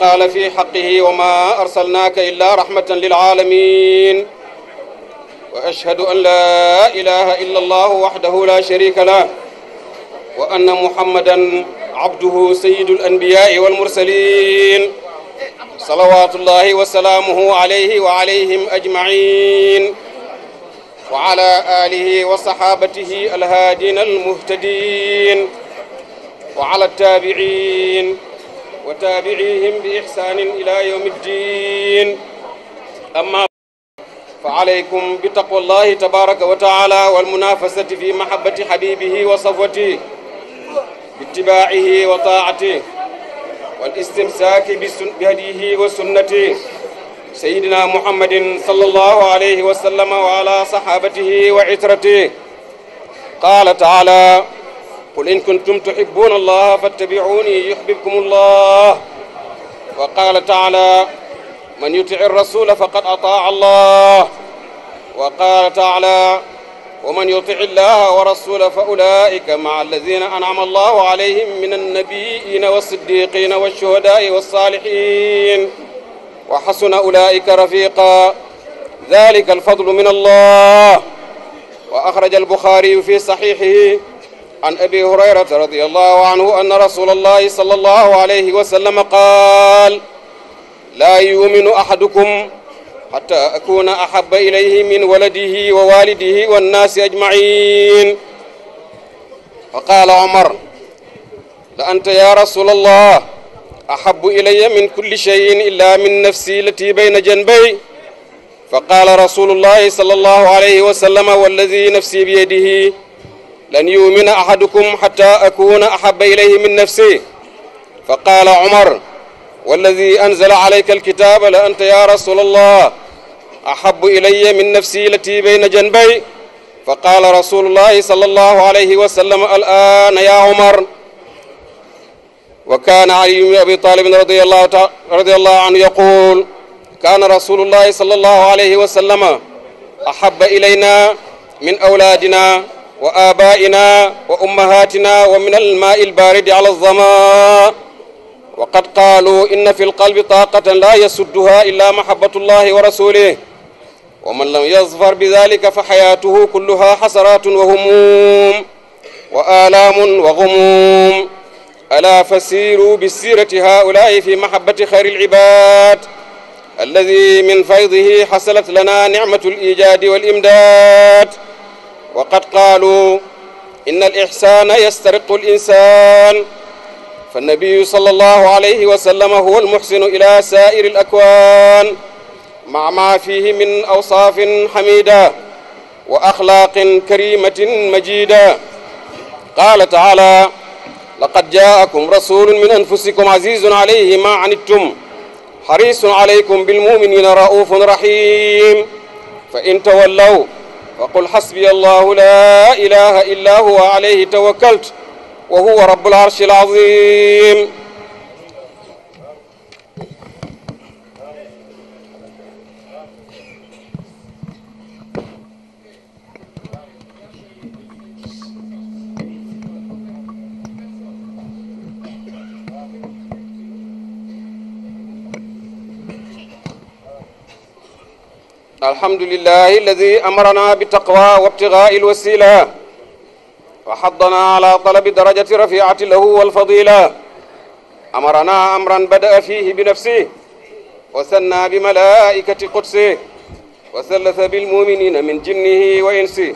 قال في حقه وما أرسلناك إلا رحمة للعالمين وأشهد أن لا إله إلا الله وحده لا شريك له وأن محمدا عبده سيد الأنبياء والمرسلين صلوات الله وسلامه عليه وعليهم أجمعين وعلى آله وصحابته الهادين المهتدين وعلى التابعين وتابعيهم بإحسان إلى يوم الدين أما فعليكم بتقوى الله تبارك وتعالى والمنافسة في محبة حبيبه وصفوته باتباعه وطاعته والاستمساك بهديه وسنته سيدنا محمد صلى الله عليه وسلم وعلى صحابته وعترته قال تعالى قل إن كنتم تحبون الله فاتبعوني يحببكم الله وقال تعالى من يطع الرسول فقد أطاع الله وقال تعالى ومن يطع الله ورسوله فأولئك مع الذين أنعم الله عليهم من النبيين والصديقين والشهداء والصالحين وحسن أولئك رفيقا ذلك الفضل من الله وأخرج البخاري في صحيحه عن أبي هريرة رضي الله عنه أن رسول الله صلى الله عليه وسلم قال لا يؤمن أحدكم حتى أكون أحب إليه من ولده ووالده والناس أجمعين فقال عمر لأنت يا رسول الله أحب إلي من كل شيء إلا من نفسي التي بين جنبي فقال رسول الله صلى الله عليه وسلم والذي نفسي بيده لن يؤمن أحدكم حتى أكون أحب إليه من نفسي فقال عمر والذي أنزل عليك الكتاب لأنت يا رسول الله أحب إلي من نفسي التي بين جنبي فقال رسول الله صلى الله عليه وسلم الآن يا عمر وكان علي بن أبي طالب رضي الله, رضي الله عنه يقول كان رسول الله صلى الله عليه وسلم أحب إلينا من أولادنا وآبائنا وأمهاتنا ومن الماء البارد على الظماء وقد قالوا إن في القلب طاقة لا يسدها إلا محبة الله ورسوله ومن لم يظفر بذلك فحياته كلها حسرات وهموم وآلام وغموم ألا فسيروا بالسيرة هؤلاء في محبة خير العباد الذي من فيضه حصلت لنا نعمة الإيجاد والإمداد وقد قالوا إن الإحسان يسترق الإنسان فالنبي صلى الله عليه وسلم هو المحسن إلى سائر الأكوان مع ما فيه من أوصاف حميدة وأخلاق كريمة مجيدة قال تعالى لقد جاءكم رسول من أنفسكم عزيز عليه ما عنتم حريص عليكم بالمؤمنين رؤوف رحيم فإن تولوا وقل حسبي الله لا إله إلا هو عليه توكلت وهو رب العرش العظيم الحمد لله الذي أمرنا بالتقوى وابتغاء الوسيلة وحضنا على طلب درجة رفيعة له والفضيلة أمرنا أمرا بدأ فيه بنفسه وثنى بملائكة قدسه وثلث بالمؤمنين من جنه وإنسه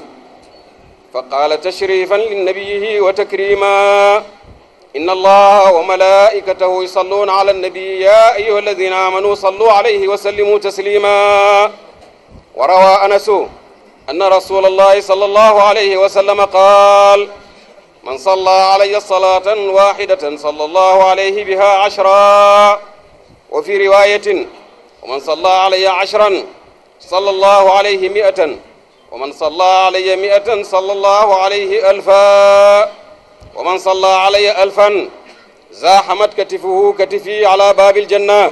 فقال تشريفا لنبيه وتكريما إن الله وملائكته يصلون على النبي يا أيها الذين آمنوا صلوا عليه وسلموا تسليما وروى أنس أن رسول الله صلى الله عليه وسلم قال من صلى علي صلاة واحدة صلى الله عليه بها عشرا وفي رواية ومن صلى علي عشرا صلى الله عليه مئة ومن صلى علي مئة صلى الله عليه ألفا ومن صلى علي ألفا زاحمت كتفه كتفي على باب الجنة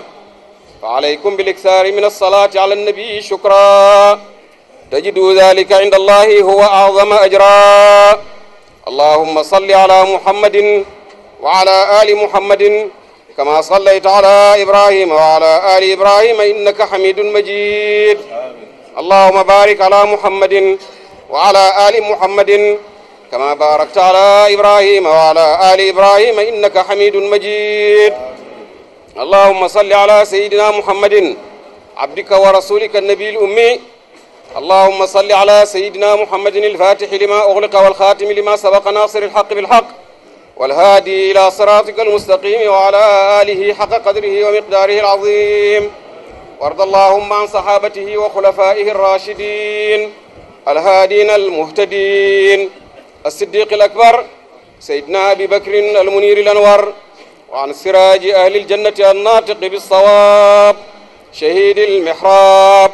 فعليكم بالإكثار من الصلاة على النبي شكرا تجدوا ذلك عند الله هو أعظم أجرا اللهم صل على محمد وعلى آل محمد كما صليت على إبراهيم وعلى آل إبراهيم إنك حميد مجيد اللهم بارك على محمد وعلى آل محمد كما باركت على إبراهيم وعلى آل إبراهيم إنك حميد مجيد اللهم صل على سيدنا محمد عبدك ورسولك النبي الأمي اللهم صل على سيدنا محمد الفاتح لما أغلق والخاتم لما سبق ناصر الحق بالحق والهادي إلى صراطك المستقيم وعلى آله حق قدره ومقداره العظيم وارض اللهم عن صحابته وخلفائه الراشدين الهادين المهتدين الصديق الأكبر سيدنا أبي بكر المنير الأنوار وعن سراج أهل الجنة الناطق بالصواب شهيد المحراب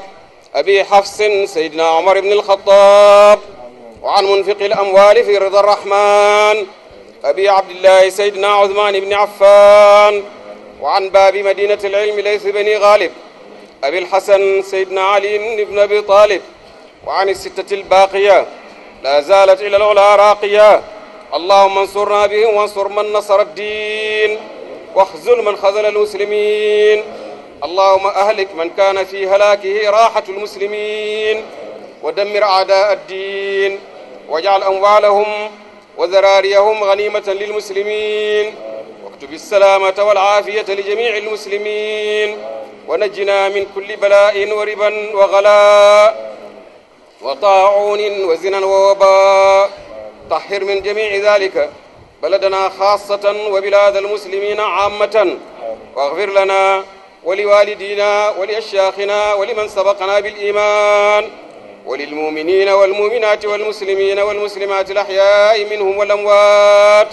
أبي حفص سيدنا عمر بن الخطاب وعن منفق الأموال في رضا الرحمن أبي عبد الله سيدنا عثمان بن عفان وعن باب مدينة العلم ليث بن غالب أبي الحسن سيدنا علي بن أبي طالب وعن الستة الباقية لا زالت إلى العلا راقية اللهم انصرنا به وانصر من نصر الدين واخزل من خذل المسلمين اللهم أهلك من كان في هلاكه راحة المسلمين ودمر أعداء الدين واجعل أموالهم وذراريهم غنيمة للمسلمين واكتب السلامة والعافية لجميع المسلمين ونجنا من كل بلاء وربا وغلاء وطاعون وزنا ووباء طهر من جميع ذلك بلدنا خاصة وبلاد المسلمين عامة واغفر لنا ولوالدينا ولأشياخنا ولمن سبقنا بالإيمان وللمؤمنين والمؤمنات والمسلمين والمسلمات الأحياء منهم والأموات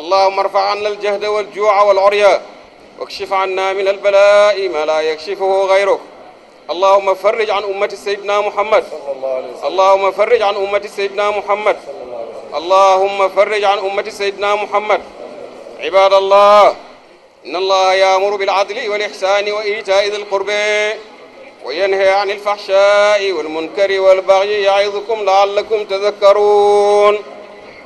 اللهم ارفع عنا الجهد والجوع والعريا واكشف عنا من البلاء ما لا يكشفه غيرك اللهم فرج عن أمة سيدنا محمد اللهم فرج عن أمة سيدنا محمد اللهم فرج عن أمة سيدنا محمد عباد الله إن الله يأمر بالعدل والإحسان وإيتاء ذي القربى وينهى عن الفحشاء والمنكر والبغي يعظكم لعلكم تذكرون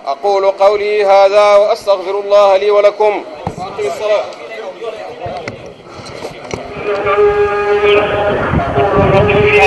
أقول قولي هذا وأستغفر الله لي ولكم أقم الصلاة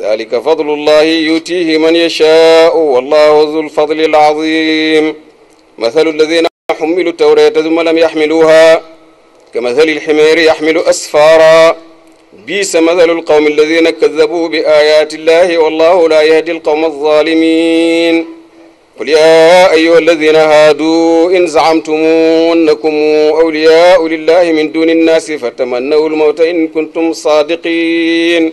ذلك فضل الله يؤتيه من يشاء والله ذو الفضل العظيم مثل الذين حملوا التوراة ثم لم يحملوها كمثل الحمير يحمل أسفارا بيس مثل القوم الذين كذبوا بآيات الله والله لا يهدي القوم الظالمين قل يا أيها الذين هادوا إن زعمتم أنكم أولياء لله من دون الناس فتمنوا الموت إن كنتم صادقين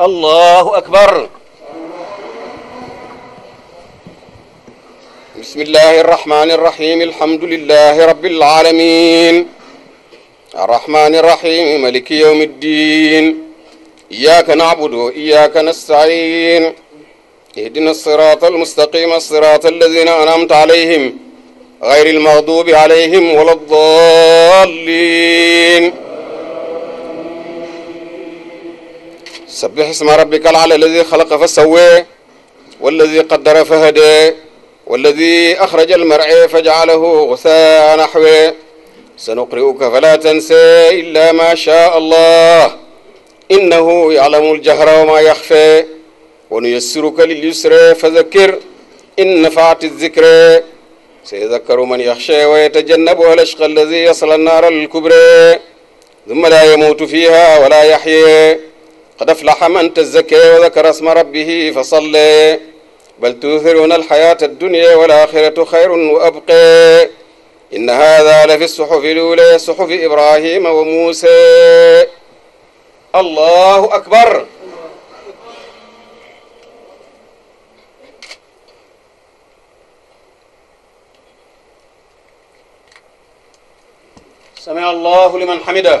الله أكبر بسم الله الرحمن الرحيم الحمد لله رب العالمين الرحمن الرحيم ملك يوم الدين إياك نعبد وإياك نستعين اهدنا الصراط المستقيم الصراط الذين أنعمت عليهم غير المغضوب عليهم ولا الضالين سبح اسم ربك العلى الذي خلق فسوى والذي قدر فهدى والذي أخرج المرعى فجعله غثاء نحوه سنقرئك فلا تنسى إلا ما شاء الله إنه يعلم الجهر وما يخفى ونيسرك لليسر فذكر إن نفعت الذكر سيذكر من يخشى ويتجنبها الأشقى الذي يصل النار الكبرى ثم لا يموت فيها ولا يحيي قد أفلح من تزكى وذكر اسم ربه فصلى بل توثرون الحياة الدنيا والآخرة خير وأبقى إن هذا لفي الصحف الأولى صحف إبراهيم وموسى الله أكبر سمع الله لمن حمده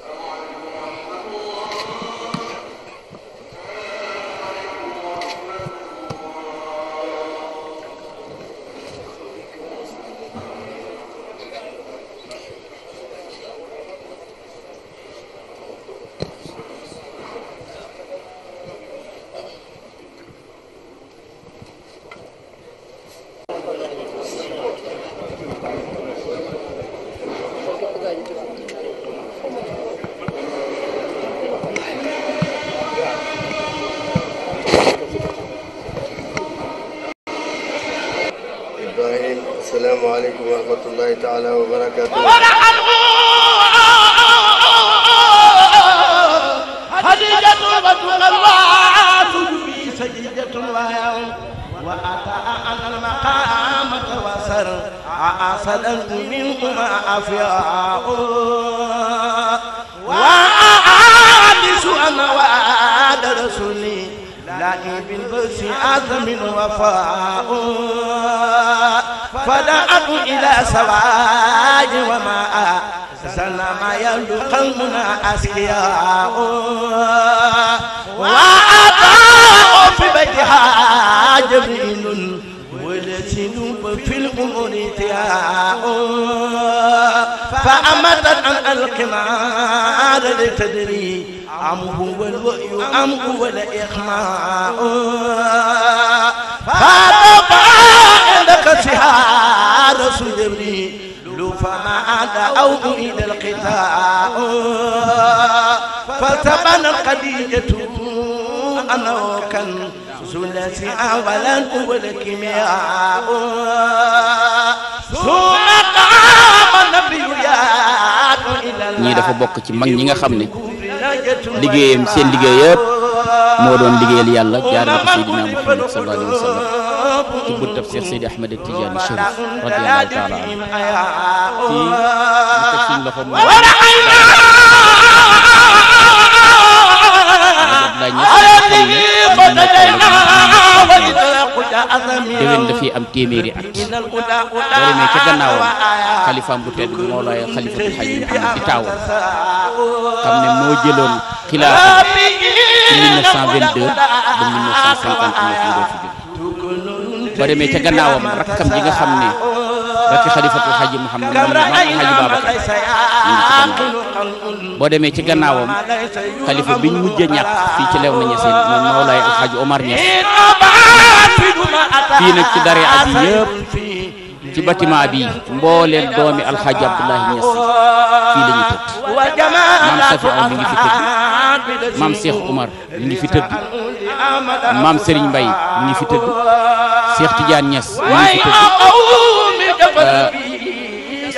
فلنت منهما أفياء وأعابس أنا وأعاد رسولي لكن بالبس أعظم وفاء فدعت إلى سواج وماء سلام يلد قلبنا أسكياء وأطاع في بيتها جبريل انتهاء فأمتت عن القمار لتدري أم هو الوئي أم هو الإخماء فطبع عندك سهار سجبري فما عاد أو إلى القتاء فتبنى القدية أنا وكان سلس أولا والكيمياء ñii dafa bokk ci mag ñi nga xam ne liggéeyam seen liggéey yëpp moo doon liggéeyal yàlla jaar na ko Seydina Muhammad sallallahu alayhi ci buntab Cheikh Seydi Ahmed Tidiane Chérif radiyallahu taala anhu fii ñu teg suñu loxo mu déwén dafay am téeméeri at boo demee ca gannaawam xalifaam bu tedd moo lay xalifa bu xaj di taawam xam ne moo jëloon xilaafa ci 1922 ba 1959 fi ba demee ca gannaawam rakkam ji nga xam ne rakki xalifatul xaaji Muhammad moom la maam xaaji Babacar boo ah, demee ci gannaawam xalifa bi ñu a ñàkk fii ci lew na ñeseen moom Mawlaay Alxaaji Omar Ñas fii nag ci daree at yëpp ci bâtiment bi mbooleem doomi alxaaji Abdoulahi Niass fii la ñu tëdd maam Safi Aw mi ngi fi tëdd maam Cheikh Oumar mi ngi fi tëdd maam Serigne Mbaye mi ngi fi tëdd Cheikh Tidiane Niass mi ngi fi tëdd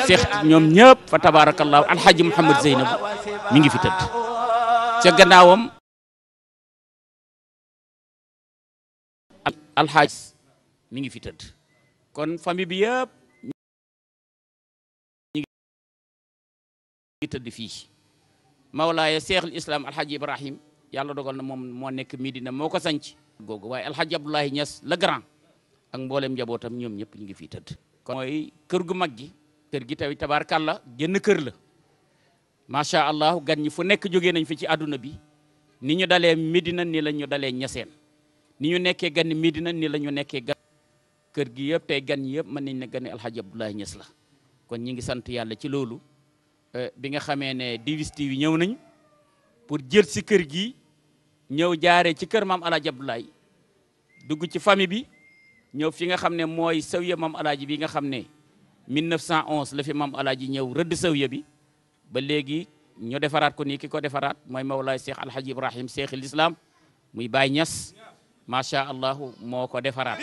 Cheikh ñoom ñëpp fa tabaarakallaahu alxaaji Mouhamad Zeynab mi ngi fi tëdd ca gannaawam alxaaj mi ngi fi tëdd kon fami bi yeb ñi teud fi fii mawlaaya Islam islam hadji ibrahim yalla dogal na mom mo nek Medina moko ko sanc way al hadji abdullah Niass le grand ak mbollem jabotam ñom ñep ñi ngi fi teud kon moy keur gu maggi keur gi tawi tabarakallah genn keur la macha allah gan ñi fu nek joge nañ fi ci aduna bi ni ñu dalé Medina ni lañu dalé dalee ni ñu nekké gan Medina ni lañu nekké gan kër gi yëpp tey gan yëpp mën nañ ne gani Alxaaji Abdoulaye Niass la kon ñi ngi sant yàlla ci loolu euh, bi nga xamee ne divisti yi ñëw nañ pour jël si kër gi ñëw jaaree ci kër maam Alxaaji Abdoulaye dugg ci famille bi ñëw fi nga xam ne mooy sawiya maam Alxaaji bi nga xam ne 1911 la fi mam Alxaaji ñëw rëdd sawiya bi ba léegi ñu defaraat ko nii ki ko defaraat mooy Mawlaay Cheikh Alxaaji Ibrahim Cheikh al Islam muy Baay Ñas macha allah moo ko defaraat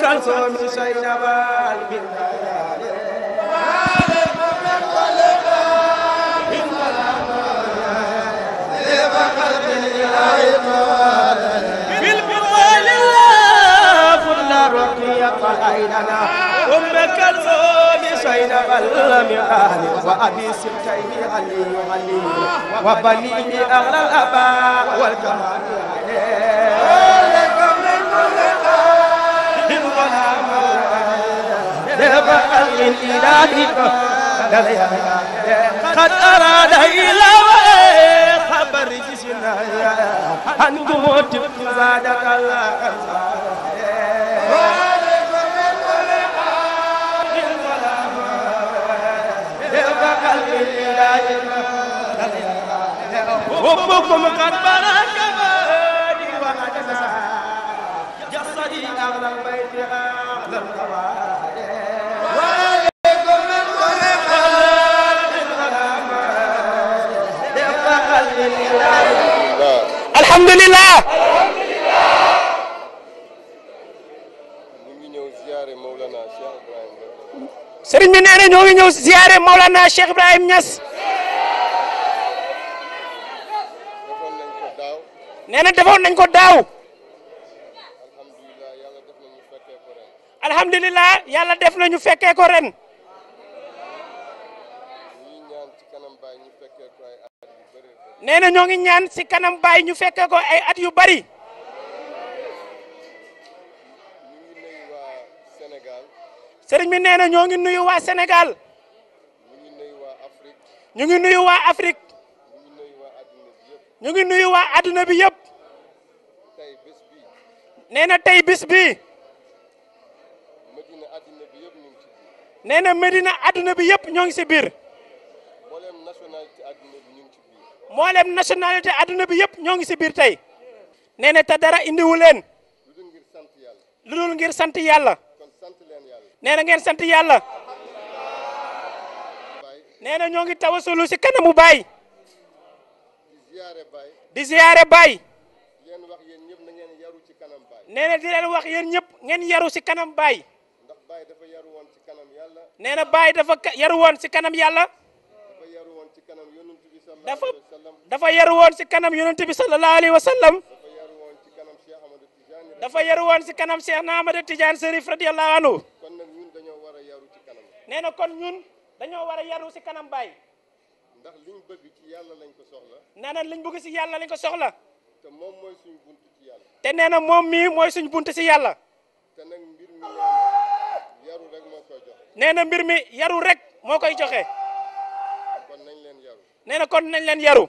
كالصوم سيدنا بالبلاد وأبي سبتيه علي علي وبنيه أغلى الأباء والكمال لكم من كل قلب الإله قد أراد إلى فرجسنا عن قوت زادك الله أنصار حبكم قد برك بادي وعدنا جسدي أغلى البيت أغلى الغوار alhamdulilah sëriñ bi nee na ñoo ngi ñëw ziare Maulana Cheikh Ibrahim Niass nee na nañ ko daaw alhamdulilah yàlla def nañu fekkee ko nee na ñoo ngi ñaan si kanam Baye ñu fekke ko ay at yu bari. sëriñ bi nee na ñoo ngi nuyu waa Sénégal. ñu ngi nuyu waa Afrique. ñu ngi nuyu waa adduna bi yëpp. nee na tey bis bi na Medina adduna bi yëpp ñoo ngi si biir. mboolem nationalité adduna bi yëpp ñoo ngi si biir tey nee na te dara indiwu leen lu dul ngir sant yàlla sant nee na ngeen sant yàlla nee na ñoo ngi tawasulu si kanamu baay di ziyaare baay nee na di leen wax yéen ñëpp ngeen yaru si kanam baay nee na baay dafa yaru woon si kanam yàlla dafa dafa yaru won ci kanam yonent bi sallallahu alaihi wasallam dafa yaru won ci kanam Cheikh na Tidiane Serif radiyallahu anhu nee na kon ñun dañoo wara yaru ci kanam bay ndax liñ bëgg ci yalla lañ ko soxla neena liñ bëgg ci yalla lañ ko soxla te mom moy suñu buntu ci yalla te neena mom mi moy suñu buntu ci yalla te nak mbir mi yaru rek mo koy joxe neena mbir mi yaru rek mo koy joxe nee na kon nañ leen yaru.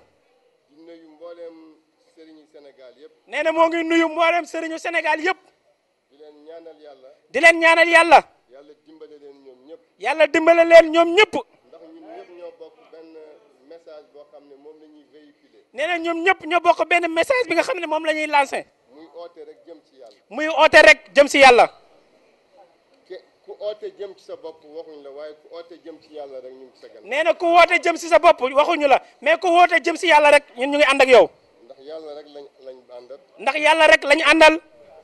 di nuyu mboolem sëriñu Sénégal yëpp. nee na moo ngi nuyu mboolem sëriñu Sénégal yëpp. di leen ñaanal yàlla. di leen ñaanal yàlla. yàlla dimbale leen ñoom ñëpp. yàlla dimbale leen ñoom ñëpp. ndax ñun ñëpp ñoo bokk benn message boo xam ne moom la ñuy véhiculer. nee na ñoom ñëpp ñoo bokk benn message bi nga xam ne moom la ñuy lancé. muy oote rek jëm ci yàlla. muy oote rek jëm ci yàlla. oote jëm ci sa bopp waxuñ la waaye ku oote jëm ci yàlla rek ñu ngi sa gannaaw nee na ku woote jëm si sa bopp waxuñu la mais ku woote jëm si yàlla rek ñun ñu ngi ànd ak yow ndax yàlla rek lañ lañ àndal ndax yàlla rek lañ àndal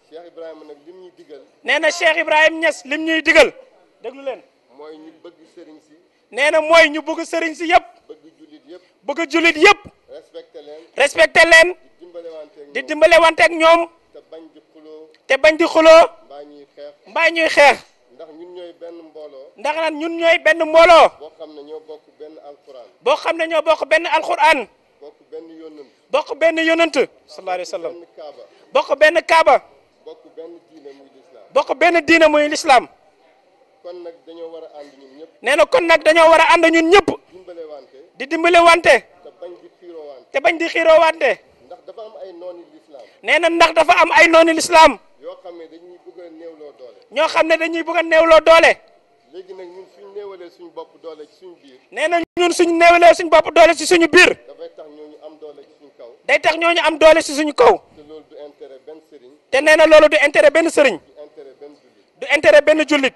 Cheikh Ibrahima nag lim ñuy digal nee na Cheikh ibrahim Niass lim ñuy digal déglu leen mooy ñu bëgg sëriñ si nee na mooy ñu bëgg sëriñ si yëpp bëgg julit yëpp bëgg julit yëpp respecté leen respecté leen di dimbale wante ak ñoom te bañ di xuloo te bañ di xuloo mbaa ñuy xeex mbaa ñuy xeex ndax ñun ñooy benn mbooloo. ndax nag ñun ñooy benn mbooloo. boo xam ne ñoo bokk benn alxuraan. boo xam ne ñoo bokk benn alxuraan. bokk benn yonant. bokk benn yonant. sallallahu alayhi wa sallam bokk benn kaaba. bokk benn diina muy lislaam. bokk benn diina muy lislaam. kon nag dañoo war a ànd ñun ñëpp. nee na kon nag dañoo war a ànd ñëpp. dimbale wante. di dimbale wante. te bañ di xiiroo wante. te bañ di xiiroo wante. ndax dafa am ay noonu lislaam. nee na ndax dafa am ay noonu yoo xam ne dañuy bëgg a ño xamne dañuy bëgg neew lo doole. léegi bapudole ñun suñ néewalee suñu bopp doole ci suñu biir. nee ñun suñ néewalee suñu bopp doole ci suñu biir. dafay tax ñoo am doole ci suñu kaw. day tax am doole ci suñu kaw. te du intérêt ben sëriñ. du intérêt ben julit du intérêt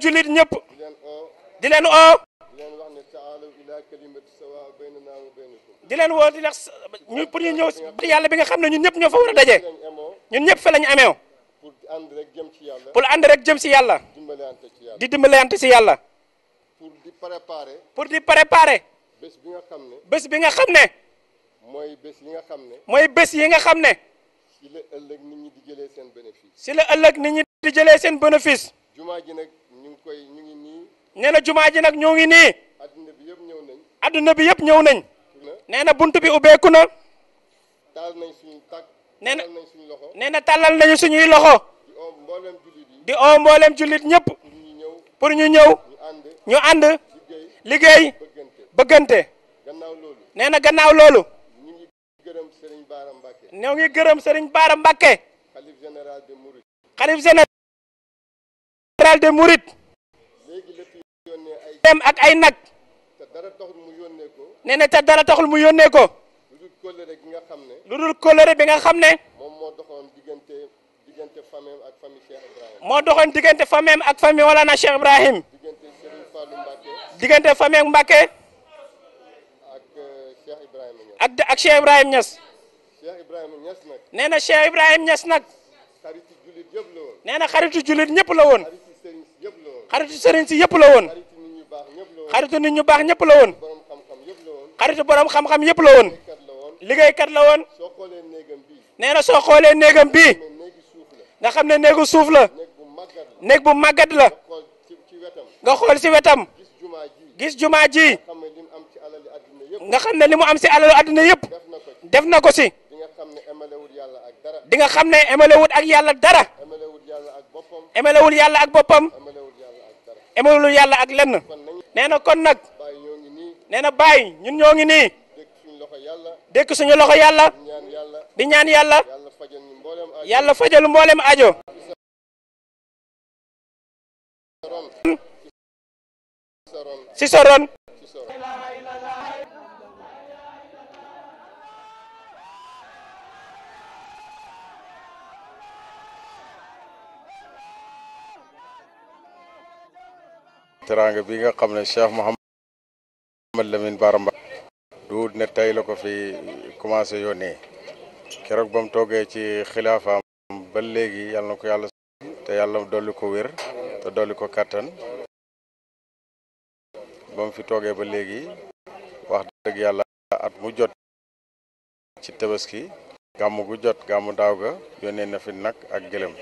di len o di len wax ne ta'ala ila kalimati sawa wa di leen woo di nak ñu pour ñu ñew ci yalla bi nga xamne ñun ñep ñofa wara dajé ñun ñep fa lañu ñu pour and rek jëm ci yalla pour ànd rek jëm ci yàlla di dimbalante ci yalla pour di préparer pour di préparer bés bi nga xamne ne bés bi nga xam ne mooy yi nga xamne ne mooy bés yi nga xam ci la ëllëg nit ñi di jëlé seen bénéfice ci le ëlëk nit ñi di jëlé seen bénéfice juma ji nak ñu ngi koy ñu ngi ni nee juma ji nak ñu ngi ni adduna bi yëpp ñëw nañ adduna bi yëpp ñëw nañ nee na bunt bi ubbeeku na. taal nañ suñu tàkk. nee na nee na tàllal nañu suñuy loxo. di oo mboolem jullit yi. di oo mboolem jullit ñëpp. pour ñu ñëw. ñu ànd. liggéey bëggante. nee na gannaaw loolu. ñoo ngi gërëm Serigne Bara Mbacké. xalif général de Mouride. xalif général de Mouride. dem ak ay nag. nee na te dara taxul mu yónnee ko. lu dul kóllëre bi nga xam ne. lu dul kóllëre bi nga xam ne. moom moo doxoon diggante diggante famille ak famille Cheikh Ibrahim. moo doxoon diggante famille ak famille wala na Cheikh Ibrahim. diggante Serigne Fallou Mbacké. diggante famille Mbacké. ak euh, Cheikh Ibrahim Niass. ak ak Cheikh Ibrahim Niass. Cheikh Ibrahim Niass nag. nee na Cheikh Ibrahim Niass nag. xaritu jullit la woon. nee na xaritu jullit ñëpp la woon. xaritu Serigne si yëpp si yëpp la woon. xaritu nit ñu baax ñëpp la woon xaritu borom xam-xam yëpp la woon kat la woon nee na soo xoolee néegam bii nga xam ne néegu suuf la néeg bu màggat la nga xool si wetam gis jumaa ji nga xam ne li mu am si alalu àdduna yëpp def na ko si di nga xam ne emalewut ak yàlla dara emalewul yàlla ak boppam emalewul yàlla ak lenn. nee na kon nag nee na bàyyi ñun ñoo ngi nii dékk suñu loxo yàlla di ñaan yàlla yàlla fajal mboolem ajo si soron teraanga bi nga xam ne Cheikh Mouhamad Lamine Bara Mbacké duut ne tey la ko fi commencé yónnee keroog ba mu toogee ci xilaafaam ba léegi yàlla na ko yàlla te yàlla dolli ko wér te dolli ko kàttan ba mu fi toogee ba léegi wax dëgg yàlla at mu jot ci tabaski gàmm jot gàmmu daaw ga yónnee na fi nag ak gëlëm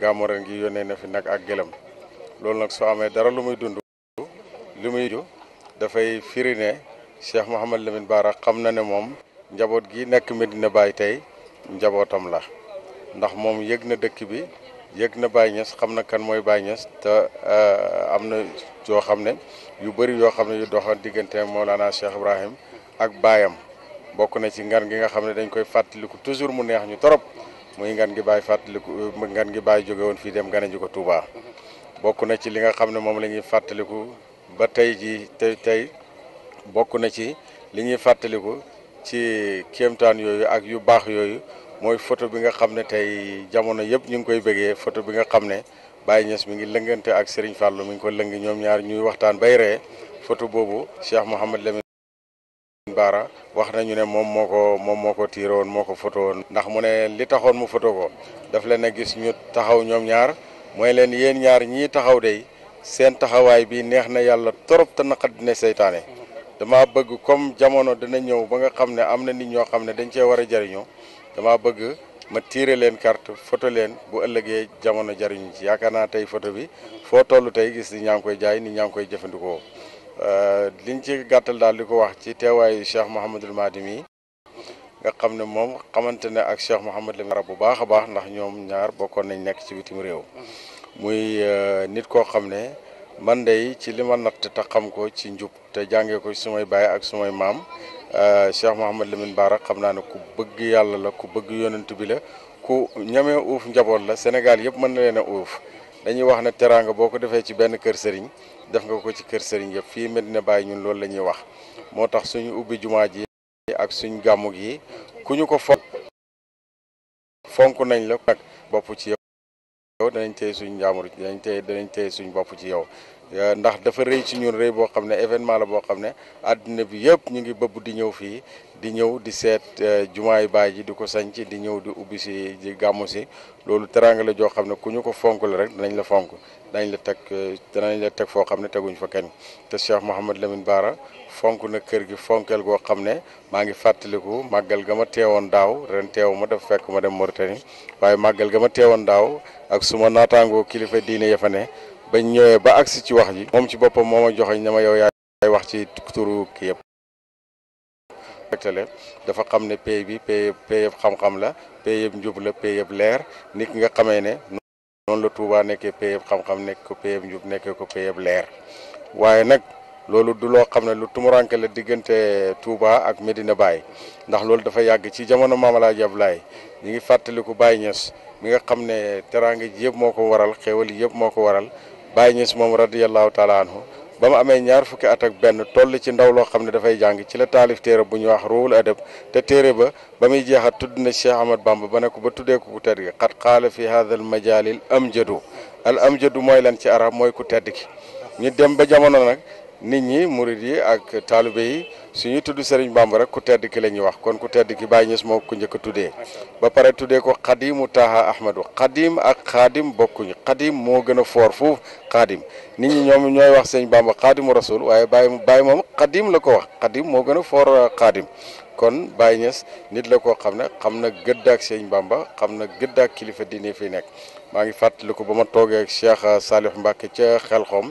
gàmmu ren gi yónnee na fi nag ak gëlëm loolu nag soo amee dara lu muy dund lu muy ju dafay firi ne Cheikh Mouhamad Lamine Bara xam na ne moom njaboot gi nekk Medina Baye tey njabootam la ndax moom yëg na dëkk bi yëg na Baye ñës xam na kan mooy Baye Niass te eh, am na yoo xam ne yu bëri yoo xam ne yu doxoon diggante moo Mawlana Cheikh Ibrahim ak baayam bokk na ci ngan gi nga xam ne dañ koy fàttaliku toujours mu neex ñu torop muy ngan gi Baye fàttaliku ngan gi Baye jóge woon fii dem gane ji ko Touba. bokk na ci li nga xam ne moom la ñuy fàttaliku ba tey jii tey tey bokk na ci li ñuy fàttaliku ci kéemtaan yooyu ak yu baax yooyu mooy photo bi nga xam ne tey jamono yëpp ñu ngi koy bëggee photo bi nga xam ne Baye Niass mi ngi lëngante ak Serigne Fallou mi ko lëng ñoom ñaar ñuy waxtaan bay ree photo boobu Cheikh Mouhamed Lamine Bara wax na ñu ne moom moo ko moom moo ko tiiroon moo ko photo woon ndax mu ne li taxoon mu photo ko daf leen a gis ñu taxaw ñoom ñaar mooy leen yéen ñaar ñii taxaw de seen taxawaay bi neex na yàlla trop te naqat dina seytaane dama bëgg comme jamono dana ñëw ba nga xam ne am na nit ñoo xam ne dañ cee war a jariñu dama bëgg ma tiire leen carte photo leen bu ëllëgee jamono jariñu ci yaakaar naa tey photo bi foo toll tey gis ni ñaa ngi koy jaay ni ñaa ngi koy jëfandikoo euh, liñ ci gàttal daal di ko wax ci teewaayu Cheikh Mouhamadul Maadi mi nga xam ne moom xamante ne ak Cheikh Mouhamed Lamine Bara bu baax a baax ndax ñoom ñaar bokkoon nañ nekk ci bitim réew. muy euh, nit koo xam ne man dey ci li ma natt te xam ko ci njub te jàngee ko su may baay ak su may maam euh, Cheikh Mouhamed Lamine Bara xam naa ne ku bëgg yàlla la ku bëgg yonent bi la ku ñamee uuf njaboot la Sénégal yëpp mën na leen uuf. dañuy wax ne teraanga boo ko defee ci benn kër sëriñ def nga ko ci kër sëriñ yëpp fii Medina Baye ñun loolu la ñuy wax moo tax suñu ubbi jumaa ji ak suñ gàmmu gi ku ñu ko fonk fonk nañ la nag bopp ci yow danañ tey suñ njaamur danañ tey danañ tey suñ bopp ci yow eh, ndax dafa rëy ci ñun rëy boo xam ne événement la boo xam ne àddina bi yëpp ñu ngi bëbb di ñëw fii di ñëw di seet eh, jumaayu baay ji di ko sanc di ñëw di ubbi si di gàmmu si loolu terangale joo xam ne ku ñu ko fonk la rek danañ la fonk danañ la teg eh, danañ la teg foo xam ne teguñ fa kenn te Cheikh Mouhamed Lamine Bara fonk na kër gi fonkeel goo xam ne maa ngi fàttaliku màggal ga ma teewoon daaw ren teew ma def fekk ma dem Mauritanie waaye màggal ga ma teewoon daaw ak suma naataangoo kilifa diine yafa ne bañ ñëwee ba agsi ci wax ji moom ci boppam moo ma joxeñ ne ma yow yaay wax ci turu ki yëpp dafa xam ne pay bi pay yëpp xam-xam la pay yëpp njub la pay yëpp leer nit ki nga xamee ne noonu la Touba nekkee pay yëpp xam-xam nekk ko pay yëpp nekkee ko pay yëpp loolu du loo xam ne lu tumuranke la diggante Touba ak Medina Baye ndax loolu dafa yàgg ci jamono Maam Alaaji Ablaay ñi ngi fàttaliku Baye Niass mi nga xam ne teraanga ji yëpp moo ko waral xéewal yi yëpp moo ko waral Baye Niass moom radiyallahu taala anhu ba mu amee ñaar fukki at ak benn toll ci ndaw loo xam ne dafay jàng ci la taalif téere bu ñu wax ruwul adab te téere ba ba muy jeexat tudd na Cheikh Ahmad Bamba ba ko ba tuddeeku ko ku tedd gi xat xaala fi hadha al majalil amjadu al amjadu mooy lan ci arab mooy ku tedd ki ñu dem ba jamono nag nit ñi murit yi ak taalibe yi suñuy tudd Serigne Bamba rek ku tedd ki la ñuy wax kon ku tedd ki Baye Niass moo ko njëkk a tuddee ba pare tuddee ko xadimu taaha ahmadu xadim ak xaadim bokkuñu xadim moo gën a foor fu xaadim nit ñi ñoom ñooy wax Serigne Bamba xaadimu rasul waaye Baye Baye moom xadim la ko wax xadim moo gën a foor xaadim euh, kon Baye Niass nit la koo xam ne xam na gëdd ak Serigne Bamba xam na gëdd ak kilifa dinii fi nekk maa ngi fàttaliku ba ma toogee ak Cheikh Salih Mbacke ca xelxoom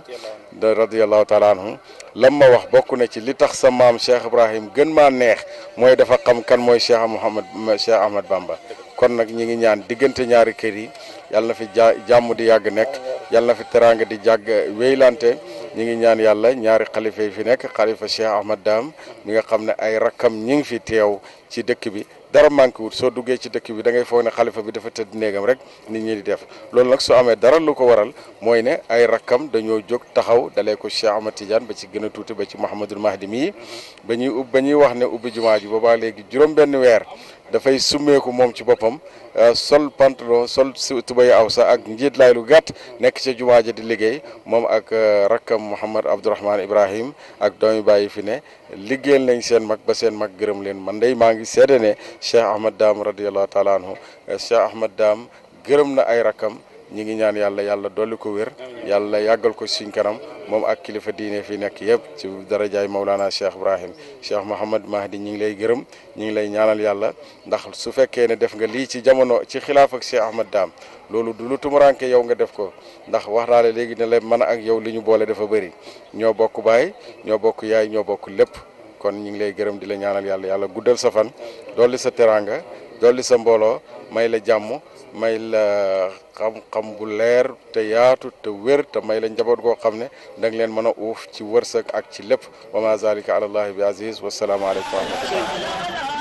de radiallahu taala anhu lam ma wax bokk na ci li tax sa maam Cheikh Ibrahim gën maa neex mooy dafa xam kan mooy Cheikh Mouhamad Cheikh Ahmad Bamba kon nag ñi ngi ñaan diggante ñaari kër yi yàlla na fi ja jàmm di yàgg nekk yàlla fi teraanga di jàgg wéylante ñi ngi ñaan yàlla ñaari xalifa yi fi nekk xalifa Cheikh Ahmad daam mi nga xam ne ay rakkam ñi ngi fi teew ci dëkk bi dara manqué wut soo duggee ci dëkk bi da ngay foog ne xalifa bi dafa tëdd néegam rek nit ñi di def loolu nag soo amee dara lu ko waral mooy ne ay rakkam dañoo jóg taxaw dalee ko Cheikh Ahmad Tidiane ba ci gën a tuuti ba ci Mouhamadul Mahdi mii ba ñuy ub ba ñuy wax ne ubbi jumaa ji boobaa léegi juróom benn weer dafay summeeku moom ci boppam euh, sol pantalon sol tubay aw sa ak njiit laay lu gàtt nekk ca jumaa ja di liggéey moom ak euh, rakkam Mouhamad Abdourahman Ibrahim ak doomi yi fi ne liggéeyal nañ seen mag ba seen mag gërëm leen man day maa ngi seede ne Cheikh Ahmad Dame radiallahu taala anhu euh, Cheikh Ahmad daam gërëm na ay rakkam ñi ngi ñaan yàlla yàlla dolli ko wér yàlla yàggal ko suñ kanam moom ak kilifa diine fi nekk yëpp ci darajaay Maulana Cheikh Ibrahim Cheikh Mouhamad Mahdi ñi ngi lay gërëm ñi ngi lay ñaanal yàlla ndax su fekkee ne def nga lii ci jamono ci xilaaf ak Cheikh Ahmad Daam loolu du lu tumuranke yow nga def ko ndax wax naa léegi ne la mën ak yow li ñu boole dafa bëri ñoo bokk baay ñoo bokk yaay ñoo bokk lépp kon ñi ngi lay gërëm di la ñaanal yàlla yàlla guddal sa fan dolli sa teraanga dolli sa mbooloo may la jàmm may kam xam-xam leer te yaatu te wér te may la njaboot goo xam ne da leen mën a uuf ci wërsëg ak ci lépp wa ma zalika ala bi aziz wasalaamu aleykum wa rahmatullah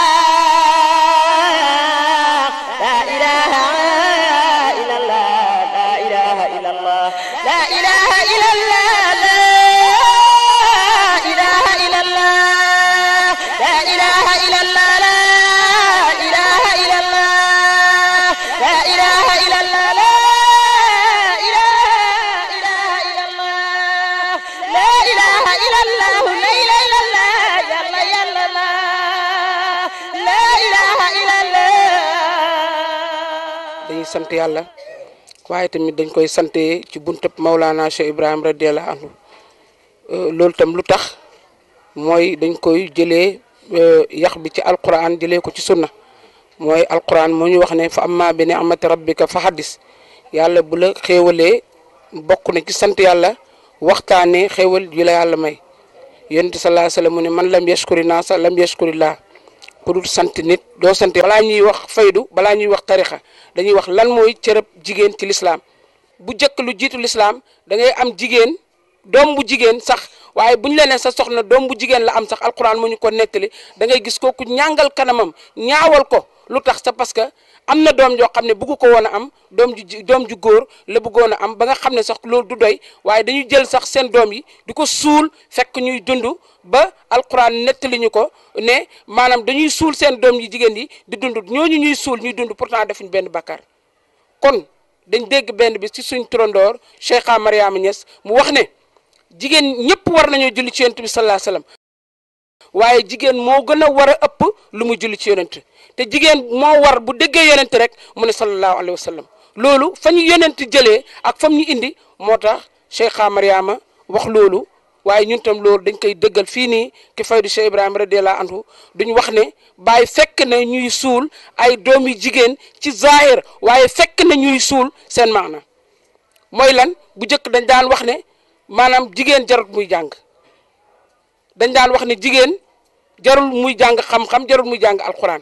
sant yàlla waye tamit dañ koy sante ci buntu Maulana Cheikh ibrahim radiyallahu anhu loolu tam lutax moy dañ koy jëlé yax bi ci alquran jëlé ko ci sunna moy alquran moo ñu wax ne fa amma bi ni'mati rabbika fa hadis yàlla bu la xéewalee bokku na ci sant yàlla waxtane xéewal yu la yàlla may yunus sallallahu alayhi wasallam sallam ne man lam yashkurina sallam yashkurillah ku dul sant nit doo sant balaa ñuy wax faydu balaa ñuy wax tarixa dañuy wax lan mooy cërëb jigéen ci lislaam bu jëkk lu jiitu lislaam da ngay am jigéen doom bu jigéen sax waaye bu ñu la nee sa soxna doom bu jigéen la am sax alquran mu ñu ko nettali da ngay gis kooku ñàngal kanamam ñaawal ko lu tax sa parce am na doom joo xam ne bëgg ko woon a am doom ju doom ju góor la buggoon a am ba nga xam ne sax loolu du doy waaye dañuy jël sax seen doom yi di ko suul fekk ñuy dund ba alquran nettali ñu ko ne maanaam dañuy suul seen doom yi jigéen yi di dund ñooñu ñuy suul ñuy dund pourtant defuñu benn bakkaar kon dañ dégg benn bi ci suñ trondoor Cheikha Mariama Niass mu wax ne jigéen ñëpp war nañoo julli ci yonent bi sallallahu alayhi waaye jigéen moo gën a war a ëpp lu mu julli ci yonent te jigéen moo war bu déggee yonent rek mu ne sallallahu alayhi wa sallam loolu fa ñu yonent jëlee ak fam ñu indi moo tax Cheikha Mariama wax loolu waaye ñun tam loolu dañ koy dëggal fii nii ki faydu Cheikh Ibrahima radiyallahu anhu duñ wax ne bàyyi fekk na ñuy suul ay doom yu jigéen ci zahir waaye fekk na ñuy suul seen maana mooy lan bu njëkk dañ daan wax ne maanaam jigéen jarul muy jàng dañ daan wax ne jigéen jarul muy jàng xam-xam jarul muy jàng alxuraan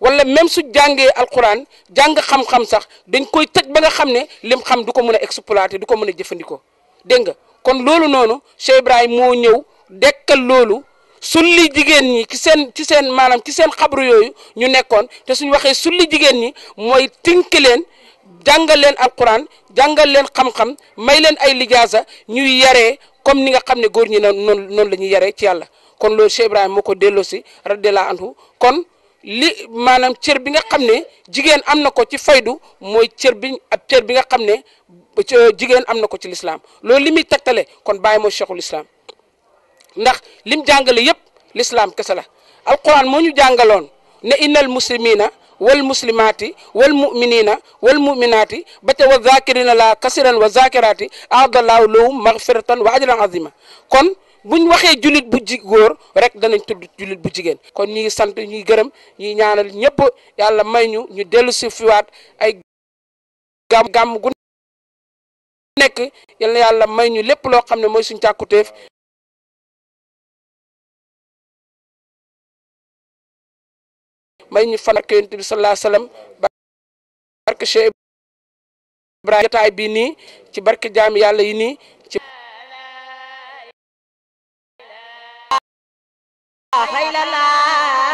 wala même su jàngee alxuraan jàng xam-xam sax dañ koy tëj ba nga xam ne lim xam du ko mën a exploité du ko mën a jëfandikoo dégg nga kon loolu noonu Cheikh Ibrahim moo ñëw dekkal loolu sulli jigéen ñi seen ci seen maanaam ci seen xabru yooyu ñu nekkoon te suñ waxee sulli jigéen ñi mooy tinki leen jàngal leen alxuraan jàngal leen xam-xam may leen ay lijaasa ñuy yaree comme ni nga xam ne góor ñi noonu noonu la ñuy yaree ci yàlla kon loolu Cheikh Ibrahim moo ko delloosi radiyallahu anhu kon. li maanaam cër bi nga xam ne jigéen am na ko ci faydu mooy cër bi ab bi nga xam ne euh, jigéen am na ko ci lislaam loolu li muy tegtale kon bàyyi mooy cheikhul islam ndax lim jàngale yépp lislaam kese la alquran moo ñu jàngaloon ne innal muslimina wal muslimaati wal muminina wal muminaati ba ca wa zakirina la kasiran wa zakiraati aadallahu lahum magfiratan wa ajran azima kon buñ waxee jullit bu ji góor rek danañ tudd jullit bu jigéen kon ñuy sant ñuy gërëm ñuy ñaanal ñëpp yàlla may ñu ñu dellu si fiwaat ay gàmm gàmm gu nekk yàlla yàlla may ñu lépp loo xam ne mooy suñ càkkutéef may ñu fan ak yonent bi sallallahu alayhi barke Cheikh Ibrahima jotaay bii nii ci barke jaami yàlla yi nii ilaha illallah